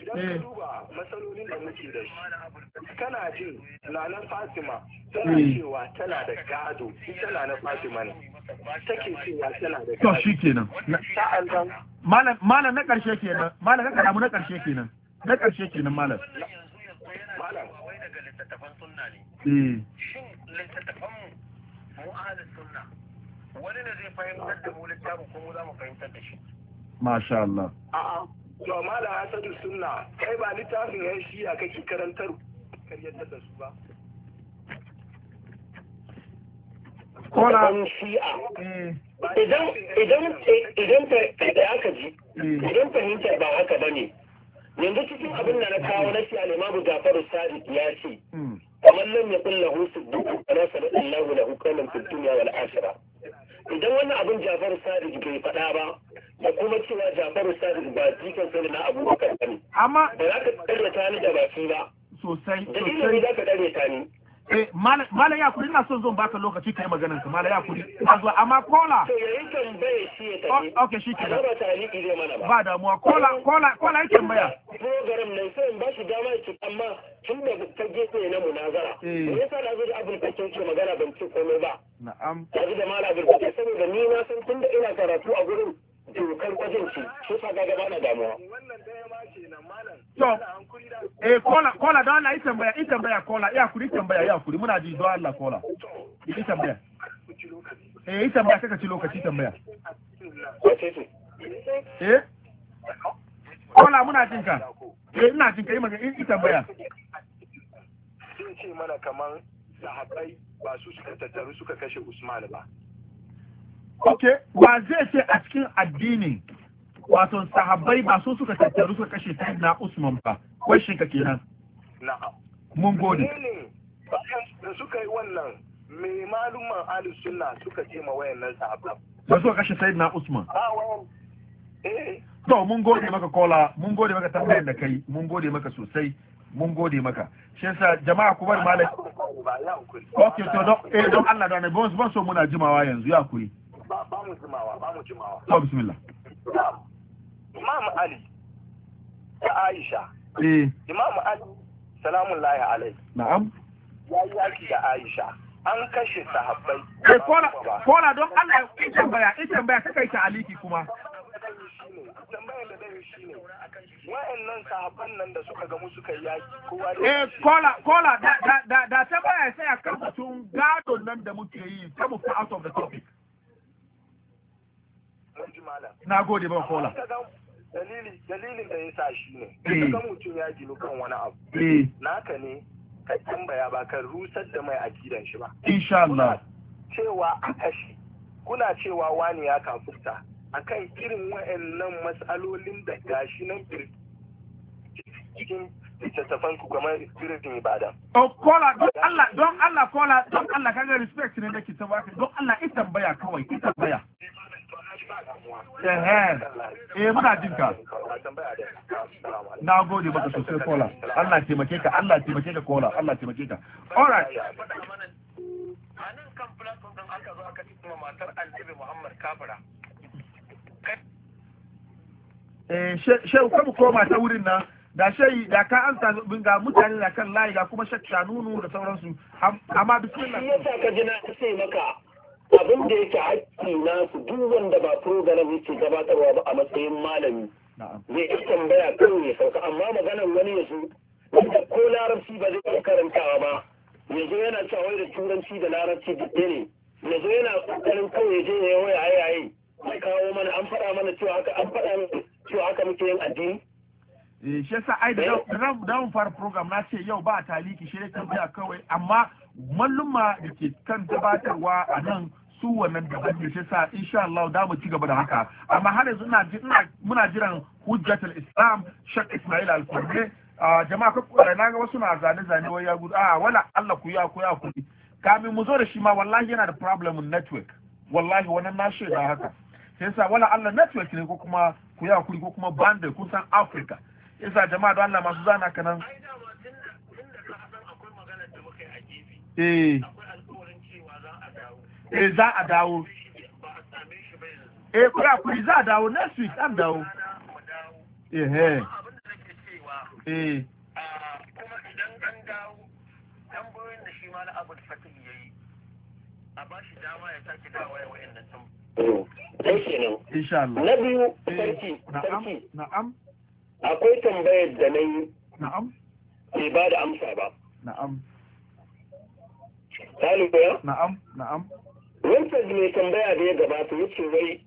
idan ka eh. duba masalolin da muke da shi kana jin nanan fatima tana eh. cewa tana da gado ita na fatima ne take cewa tana da gado to shikenan sa'an nan malam malam na karshe kenan malam ka karamu na karshe kenan na karshe kenan malam malam wai daga littattafan sunna ne eh. shin littattafan mu ahalin sunna wani ne zai fahimtar da mu littafin ko mu za mu fahimtar da shi masha Allah a'a to amma da hasadu sunna kai ba littafin yan a kake karantar karyatar da su ba shi'a hmm. idan idan idan da aka ji hmm. idan fahimtar ba haka ne, yanzu cikin abin da na kawo na shi al-Imam Ja'far Sadiq ya ce hmm. kamar lam yakul lahu siddiqu fala na Allahu lahu qawlan fid dunya wal akhirah idan wannan abin Jafaru Sadiq bai faɗa ba da kuma cewa Jafaru Sadiq ba jikan sai na Abubakar bane amma ba za ka tsare ta ni da baki ba sosai sosai da za ka tsare ta ni eh mala ya kuri ina son zon baka lokaci kai maganar ka mala ya kuri amma kola shi okay shi ke ba ba damuwa kola kola kola yake tambaya program dama amma na munazara eh. me yasa na zo abin da magana ban ci komai ba na'am kaji da mala saboda ni na san tun ina karatu a gurin dokar gwajin ce su sa ga gaba na damuwa. To, eh kola kola don Allah yi tambaya yi tambaya kola ya kuri tambaya ya kuri muna ji don Allah kola. Yi tambaya. Eh yi tambaya kaka ci lokaci tambaya. Eh? Kola muna jin ka. Eh ina jin ka yi magana yi tambaya. Sun ce mana kaman sahabbai ba su suka tattaru suka kashe Usman ba. okay wa zai ce a cikin addini wato sahabbai ba su suka tattaru suka kashe ta na Usman ba kwashin ka kenan na'am mun gode da suka yi wannan mai malumman ahlus sunna suka ce ma wayannan sahabban ba suka kashe sai na Usman ah, eh to mun gode maka kola mun gode maka tambayar da kai mun gode maka sosai mun gode maka shi yasa jama'a ku bar malam okay to don eh don Allah da ne bon so muna jimawa yanzu ya kuri ba mu jimawa ba mu jimawa to bismillah imam ali da aisha eh imam ali salamun lahi alai na'am ya yi yaki da aisha an kashe sahabbai eh kona kona don Allah ya tambaya ya tambaya kai ta aliki kuma tambayar da zai shi ne wa'annan sahabban nan da suka gamu suka yaki kowa da eh kola kola da da da ta baya sai akan batun gado nan da muke yi ta mu out of the topic na gode ba kola dalili dalilin da ya sa shi ne eh. kan mutum ya gino kan wani abu eh. naka ne ka baya ba kan rusar da mai akidan shi ba insha Allah cewa aka shi kuna cewa wani ya kafurta akan irin wa'annan matsalolin da gashi nan cikin littattafan ku kamar spiritin ibada. Oh, kola, don Allah, don Allah, kola, don Allah, kaga respect ne nake ta baka, don Allah, ita baya kawai, ita baya. eh muna jin na gode maka sosai kola Allah taimake ka Allah taimake ka kola Allah taimake ka all right a nan kan platform din aka zo aka cikin matar annabi Muhammad kafira eh shehu kamu koma ta wurin nan da shai da ka an sami ga mutane da kan layi ga kuma shakka nunu da sauransu amma bismillah yasa ka ji na ce maka abin da yake haƙƙi nasu duk wanda ba program yake gabatarwa ba a matsayin malami zai yi tambaya kan ya sauka amma maganar wani ya zo wanda ko larabci ba zai iya karantawa ba ya zo yana cewa da turanci da larabci duk ne ya zo yana ƙoƙarin kawai ya je ya waya yayi ya kawo mana an faɗa mana cewa haka an faɗa mana cewa haka muke yin addini eh, shi yasa ai da ran eh? fara program na ce yau ba taliki shi ne kawai amma malluma da ke kan gabatarwa a nan su wannan da ne shi sa insha Allah da mu ci gaba da haka amma har yanzu muna jiran hujjatul islam shak ismail al-kurdi jama'a ka eh, na ga wasu na zane zane wai ya gudu a wala Allah ku ya ku ya ku kamin mu zo da shi ma wallahi yana da problem network wallahi wannan na shaida haka sai sa wala Allah network ne ko kuma ku ya ku ko kuma band kun san Africa sa jama'a da Allah masu zana kanan eh E za a dawo E eh, kura kuri za a dawo next week an dawo eh eh kuma idan an dawo tambayoyin da shi ma na abu fatih yayi a ba shi dama ya sake dawo ya wayannan tambayoyi sai insha Allah na biyu eh, sarki sarki na'am akwai tambayar da nayi na'am bai ba da amsa ba na'am ta lura na'am na'am wancan mai tambaya da ya gabata ya ce wai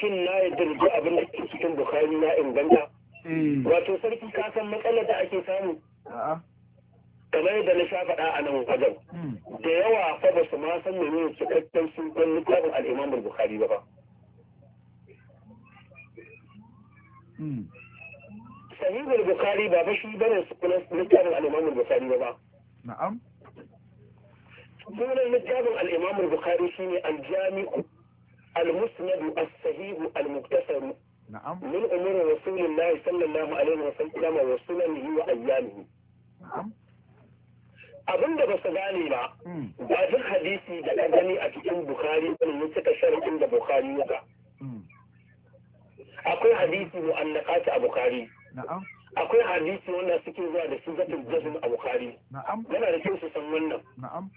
shin na yadda da abin da ke cikin bukari na inganta hmm. wato sarki ka san matsalar da ake samu kamar da na sha faɗa a nan wajen hmm. da yawa fa ba su ma san mene cikakken sunan littafin al-Imam al-Bukhari ba hmm. Sahih al-Bukhari ba shi bane sunan littafin al-Imam al ba na'am sunan littafin al bukhari shine al-jami'u al-musnad as sahihu al-muktasar na'am min umur rasulillah sallallahu alaihi wa sallam wa sunanihi wa ayyamihi na'am abinda ba su gane ba hmm. ba duk hadisi da ka gani a cikin bukhari wani ya cika sharadin da bukhari ya hmm. akwai hadisi mu'allaqat a bukhari na'am akwai hadisi wanda suke zuwa da sigatul jazm a bukhari na'am yana da kyau su san wannan na'am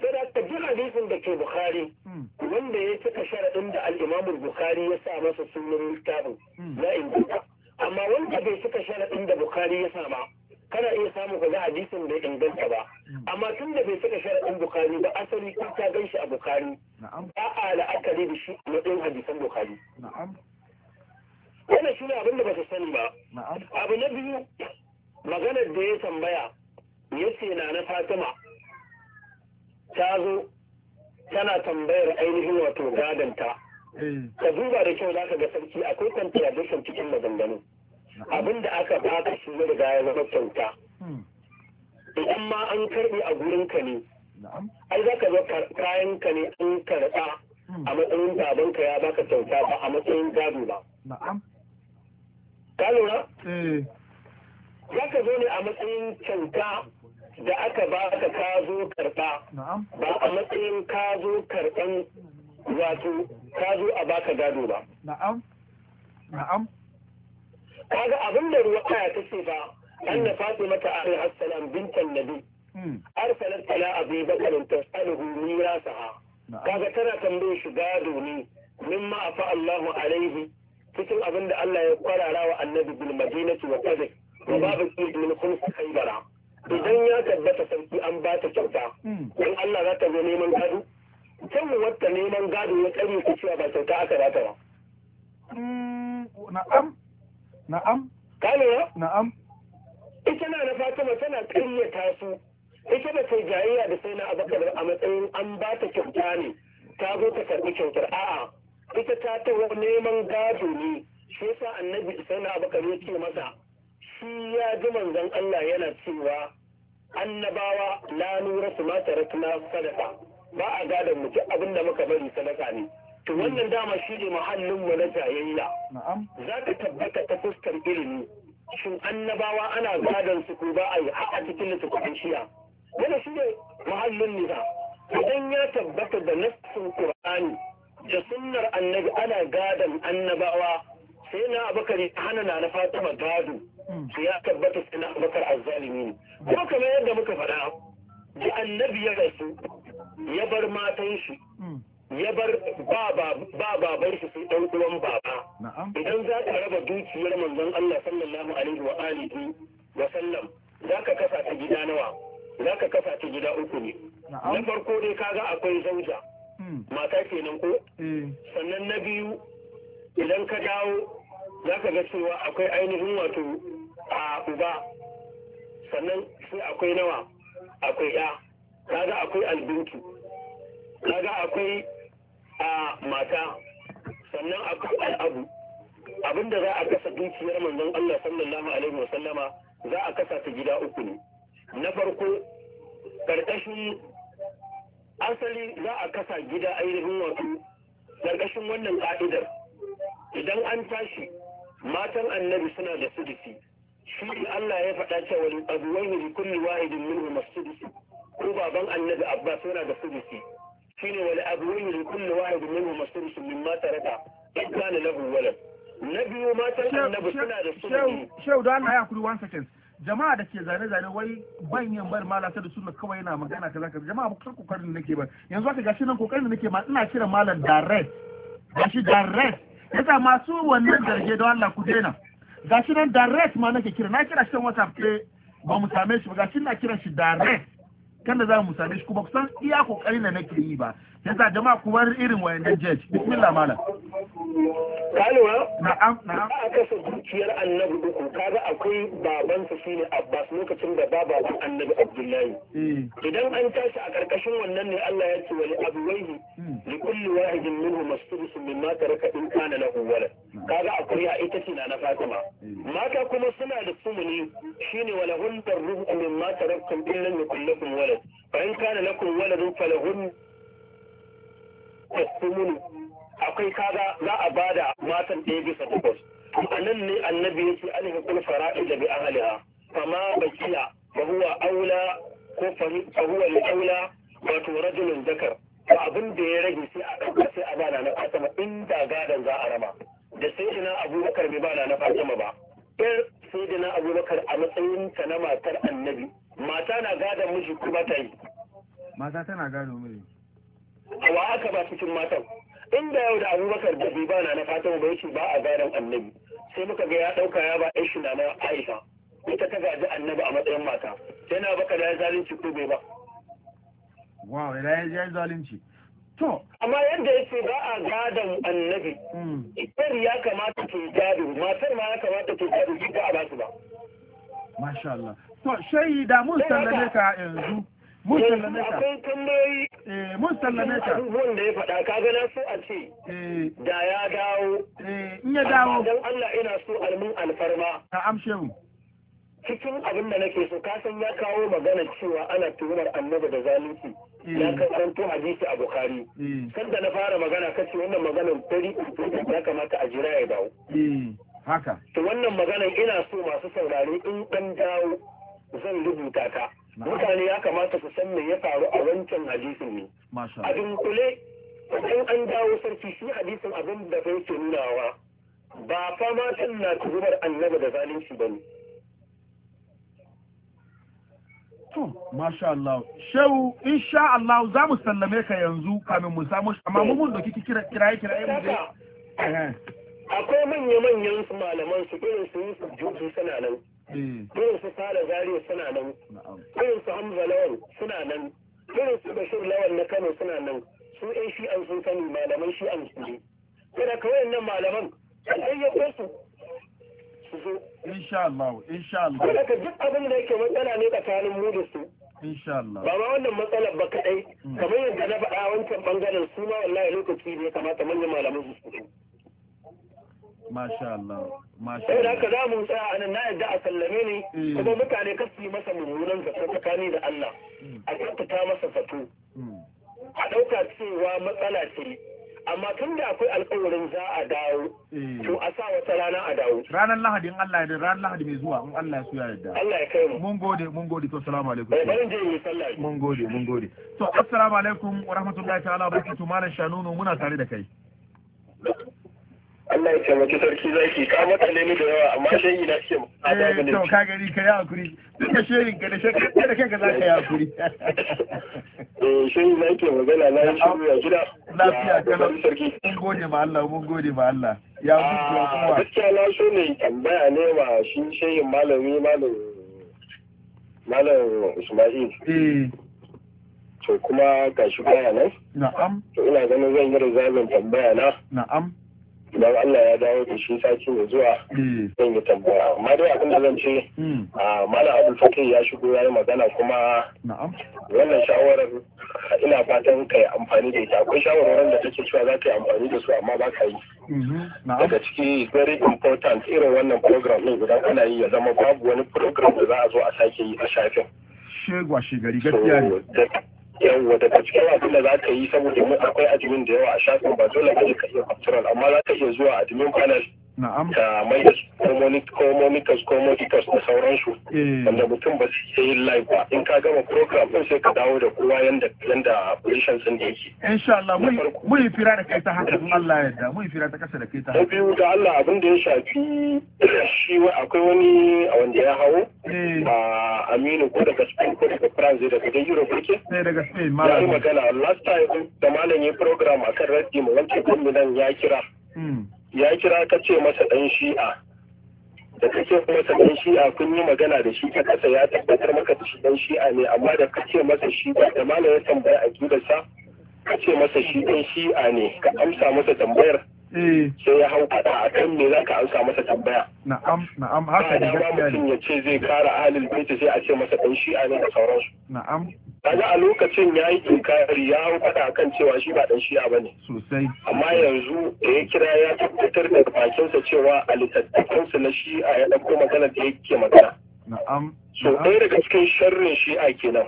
sai da ka duk hadisin da ke bukhari hmm. wanda ya cika sharaɗin da al'imamu bukhari ya sa masa sunan littafin na hmm. inganta amma wanda bai cika sharaɗin da bukhari ya sa ba kana iya samun ka ga hadisin bai inganta ba hmm. amma tun da bai cika sharaɗin bukhari ba asali kun ta gan shi a bukhari ba a la'akari da shi matsayin hadisan bukhari wannan shi ne abin da ba su sani ba abu na biyu maganar da ya tambaya ya ce na na fatima ta zo tana tambayar ainihin wato gadanta ka duba da kyau zaka ga sarki akwai contradiction cikin maganganu abin da aka baka shi ne da ya zama kyauta idan ma an karbe a gurinka ne ai zaka zo kayan ka ne an karɓa a matsayin babanka ya baka kyauta ba a matsayin gado ba ka lura eh. zaka zo ne a matsayin kyauta da aka ba ka ka zo karɓa ba a matsayin ka zo karɓan wato ka zo a baka gado ba. Na'am. Na'am. Kaga abin da ruwa kaya ta ce ba an na fati mata alaihi assalam bintan nabi. Hmm. Arsalat ala abi bakarin tasaluhu mirasaha. Kaga tana tambayar shi gado ne mimma afa Allahu alaihi cikin abin da Allah ya kwarara wa annabi bil madinati wa qadr wa babu ibn kai bara. idan ya tabbata sarki an ba ta kyauta hmm. don Allah za ta zo neman gado can wata neman gado ya karye ta cewa ba kyauta aka ba ta ba hmm, na'am na'am kalewa na'am ita na na fatima tana su ita da ta jayayya da sai na abakar a matsayin an ba ta kyauta ne ta zo ta karɓi kyautar a'a ita ta taho neman gado ne shi yasa annabi sai na abakar ya ce masa shi ya ji manzon Allah yana cewa annabawa la nura su ma tarakna sadaka ba a gadon mu duk abin da muka bari sadaka ne to wannan dama shi ne muhallin mu na jayayya za ka tabbata ta fuskar ilimi shin annabawa ana gadon su ko ba a yi a cikin littattafan shiya wannan shi ne muhallin nisa idan ya tabbata da nassin qur'ani da sunnar annabi ana gadon annabawa sai na abakar ya hana na na fatima gado hmm. su ya tabbata sai na abakar azzalimi ne kuma kamar yadda muka faɗa da annabi ya rasu ya bar matansu. Hmm. ya bar ba baban shi sai ɗan uwan baba idan za ka raba dukiyar manzon Allah sallallahu alaihi wa alihi wa sallam za ka kasa ta gida nawa za ka kasa ta gida uku ne na farko dai kaga akwai zauja hmm. mata kenan ko eh. sannan na biyu idan ka dawo za ka ga cewa akwai ainihin wato a uba sannan sai akwai nawa akwai ya kaga akwai albintu kaga akwai a mata sannan akwai al'abu abinda za a kasa dukiyar manzon Allah sallallahu alaihi wasallama za a kasa ta gida uku ne na farko karkashin asali za a kasa gida ainihin wato karkashin wannan ka'idar idan an tashi matan annabi suna da sudisi shi Allah ya faɗa cewa abuwan yi kulli wahidin minhu masudisi ko baban annabi Abbas yana da sudusi shine wal abuwan yi kulli wahidin minhu masudisi min ma taraka in kana lahu walad na biyu matan annabi suna da sudisi. shehu da haya ya kuri one second jama'a da ke zane-zane wai ban yin bar mala ta da suna kawai yana magana kaza kaza jama'a ba kusan kokarin da nake ba yanzu aka gashi nan kokarin da nake ma ina cire malam direct gashi direct yasa masu wannan zarge da Allah ku daina gashi nan direct ma nake kira na kira shi whatsapp ɗaya ba mu same shi ba shi na kira shi direct kan da za mu same shi kuma kusan iya kokarin da nake yi ba yasa jama'a ku bar irin wayannan jet bismillah malam na am na ba aka sa zuciyar annabi uku kaga akwai baban sa shine abbas lokacin da baba ku annabi abdullahi eh. idan an tashi a karkashin wannan ne Allah ya ce wali abuwaihi hmm. li kulli wahidin minhu min ma taraka in kana lahu wala hmm. kaga akwai a ita ce na fatima hmm. mata kuma suna da sumuni shine wala hun darruhu mimma taraktum illa lakum wala fa in kana lakum waladun falahun munu akwai kaga za a bada matan ɗaya bisa takwas a nan ne annabi ya ce an fara'i da bi ahliha fama bakiya fa huwa aula ko fa huwa aula wato rajulun zakar to abin da ya rage sai a ɗauka sai a bana na fatima inda gadon za a rama. da sai ina abubakar bai bana na fatima ba ɗan sai da abubakar a matsayin ta na matar annabi mata na gadon miji kuma ta yi mata tana gadon miji wa aka ba cikin matan inda yau da abubakar da bai na na fatan, bai yake ba a gadon annabi sai muka ga ya ɗauka ya ba aishi na na aisha ita ta gaji annabi a matsayin mata sai na baka da zalunci ko bai ba wow ila ya zalunci To. Amma yadda ya ce ba a gadon annabi, itar hmm. ya kamata ke jabi, matar ma ya kamata ke gado, ba a ba su ba. Masha Allah. To, shayi da mun sallame ka yanzu. mun sallame ta akwai tambayoyi eh mun sallame ta abubuwan da ya faɗa ka na so a ce eh. da ya dawo eh in ya dawo dan Allah ina so almun alfarma ta amshe mu cikin abin da nake so kasan ya kawo magana cewa ana tuhumar annabi da zalunci eh. ya karanto hadisi a bukari eh. sanda na fara magana kace wannan maganar tari ya kamata a jira ya dawo haka to wannan maganar ina so masu saurare in dan dawo zan rubuta ta mutane ya kamata su san me ya faru a wancan hadisin ne a dunkule in an dawo sarki shi hadisin abin da kai ke nunawa ba fa matan na tuhumar annaba da zalunci ba ne masha Allah. Shehu, insha Allah za mu sallame ka yanzu kamin mu samu shi. amma mun da kiki kira kira kira mu dai. Akwai manya-manyan su malaman su irin su Yusuf Juju suna nan. Eh. irin su fara zariya suna nan irin su hamza lawan suna nan irin su bashir lawan na kano suna nan su yan an sun sani malaman an su ne yana kawai nan malaman kan ya su su zo insha Allah insha Allah duk abin da yake matsala ne tsakanin mu da su insha Allah ba ma wannan matsalar ba kaɗai hmm. kamar yadda na faɗa wancan ɓangaren su ma wallahi lokaci ne kamata manyan malaman su su Masha Allah. Masha Allah. Sai da za mu tsaya a nan na yadda a sallame ni mm. kuma mutane kasu yi masa mummunan zato tsakani da Allah. Mm. A kyautata masa zato. Mm. A ɗauka cewa matsala ce. Amma tun da akwai alƙawarin za a dawo, eh. to a sa wata rana a dawo. Ranar Lahadi in Allah ya yarda, ranar Lahadi mai zuwa in Allah ya so ya yarda. Allah ya kai mu. Mun gode, mun gode to assalamu alaikum. Eh bari je yi sallah. Mun gode, mun gode. To assalamu alaikum wa rahmatullahi ta'ala wa barakatuh malam Shanunu muna tare da kai. Allah ya taimaki sarki zaki ka mata ni da yawa amma shehi na ce a da eh, gani to ka gari ka yi hakuri duk da shehin ka da shehin da kanka za ka yi hakuri eh shehi na ke magana na yi shiru ya gida lafiya kana mun gode ma Allah mun gode ma Allah ya mutu ah, kuwa. kuma gaskiya na so ne tambaya ne ma shi shehin malami malam malam Ismail eh to kuma gashi baya nan na'am to ina ganin zan yi rizalin tambaya na na'am idan Allah ya dawo da shi sati mai zuwa hmm. zan yi tambaya amma dai abin da zan ce hmm. a mala abul fakir ya shigo ya yi magana kuma wannan shawarar ina fatan ka yi amfani da ita akwai shawarwarin da take cewa za ka yi amfani da su amma ba ka yi mhm. daga ciki very important irin wannan program ne idan kana yi ya zama babu wani program da za a zo a sake yi a shafin shegwa gaskiya ne yawwa daga cikin abin da za ka yi saboda akwai admin da yawa a shafin ba dole ne ka iya control amma za ka iya zuwa admin panel na'am da mai da communicas communicas da sauransu eh. wanda mutum ba su yin live ba in ka gama program din sai ka dawo da kowa yanda yanda position sun da yake insha Allah mu yi fira da kai ta haka in Allah ya yarda mu yi fira ta kasa da kai ta haka biyu da Allah abin da ya shafi shi akwai wani a wanda ya hawo eh. a Aminu ko daga Spain ko daga France daga da Europe yake sai eh, daga Spain ma ya magana last time da malam ya program akan radio mu wancan nan ya kira hmm. ya kira ka ce masa ɗan shi'a da kake masa ɗan shi'a kun yi magana da shi ta ƙasa ya tabbatar maka da shi ɗan shi'a ne amma da ce masa shi ba da malam ya tambaya a gidansa kace masa shi ɗan shi'a ne ka amsa masa tambayar Eh. sai ya hau kada a kan me za ka amsa masa tambaya na'am na'am haka da gaskiya ne ya ce zai kara ahalin baiti sai a ce masa ɗan shi'a ne da sauransu na'am kaga a lokacin ya yi kinkari ya hau a kan cewa shi ba ɗan shi'a ne. sosai amma yanzu da ya kira ya tabbatar da bakinsa cewa a littattafansa na shi'a ya ɗauko magana da yake magana na'am so ɗaya daga cikin sharrin shi'a kenan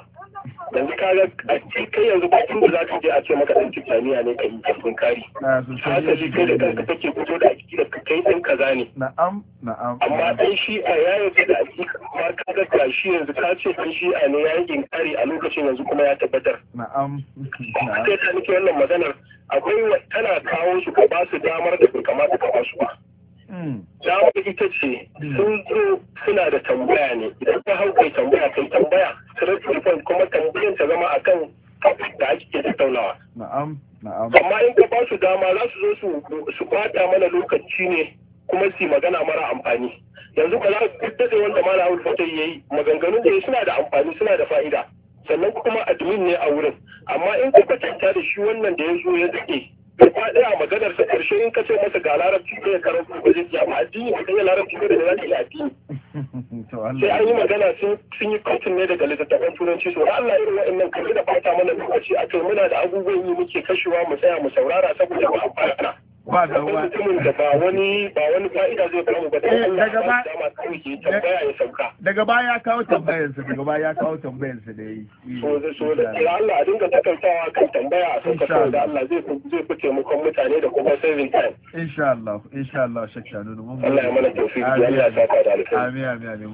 yanzu kaga a kai yanzu ba inda za ka je a ce maka dan tijaniya ne kai kafin kari hasali kai da kanka take fito da akida ka kai din kaza ne na'am na'am amma dan shi a yayin da a ma ka ga gashi yanzu ka ce dan shi a ne yayin kari a lokacin yanzu kuma ya tabbatar na'am na'am sai ka nake wannan maganar akwai tana kawo su ka ba su damar da bai kamata ka ba su ba mu ita ce sun zo suna da tambaya ne idan ka hau kai tambaya kai tambaya straight kuma tambayan ta zama akan kan da ake tattaunawa. Na'am, na'am. Amma in ka ba su dama za su zo su su bata mana lokaci ne kuma su magana mara amfani. Yanzu ka za ku dade wanda mala Abdul ya yayi maganganun da suna da amfani suna da fa'ida. Sannan kuma admin ne a wurin. Amma in ka kwatanta da shi wannan da ya zo ya dade gaba daya maganar sa karshe in kace masa ga larabci ne ya karanta ko zai addini ko ya larabci ne da za yi addini sai an yi magana sun yi kotun ne daga littattafan turanci so Allah irin wa'annan kalli da fata mana lokaci a kai muna da abubuwan yi muke kashewa mu tsaya mu saurara saboda mu amfana ba da ruwa da ba wani ba wani fa'ida zai kawo ba eh, daga ba daga baya ya kawo tambayar sa daga ba ya kawo tambayar sa da yi so da so da Allah a dinga takantawa kan tambaya a kan da Allah zai zai fi taimakon mutane da kuma saving time insha Allah insha Allah shakka nuna mun Allah ya mana tawfiki Allah ya saka da alheri amin amin amin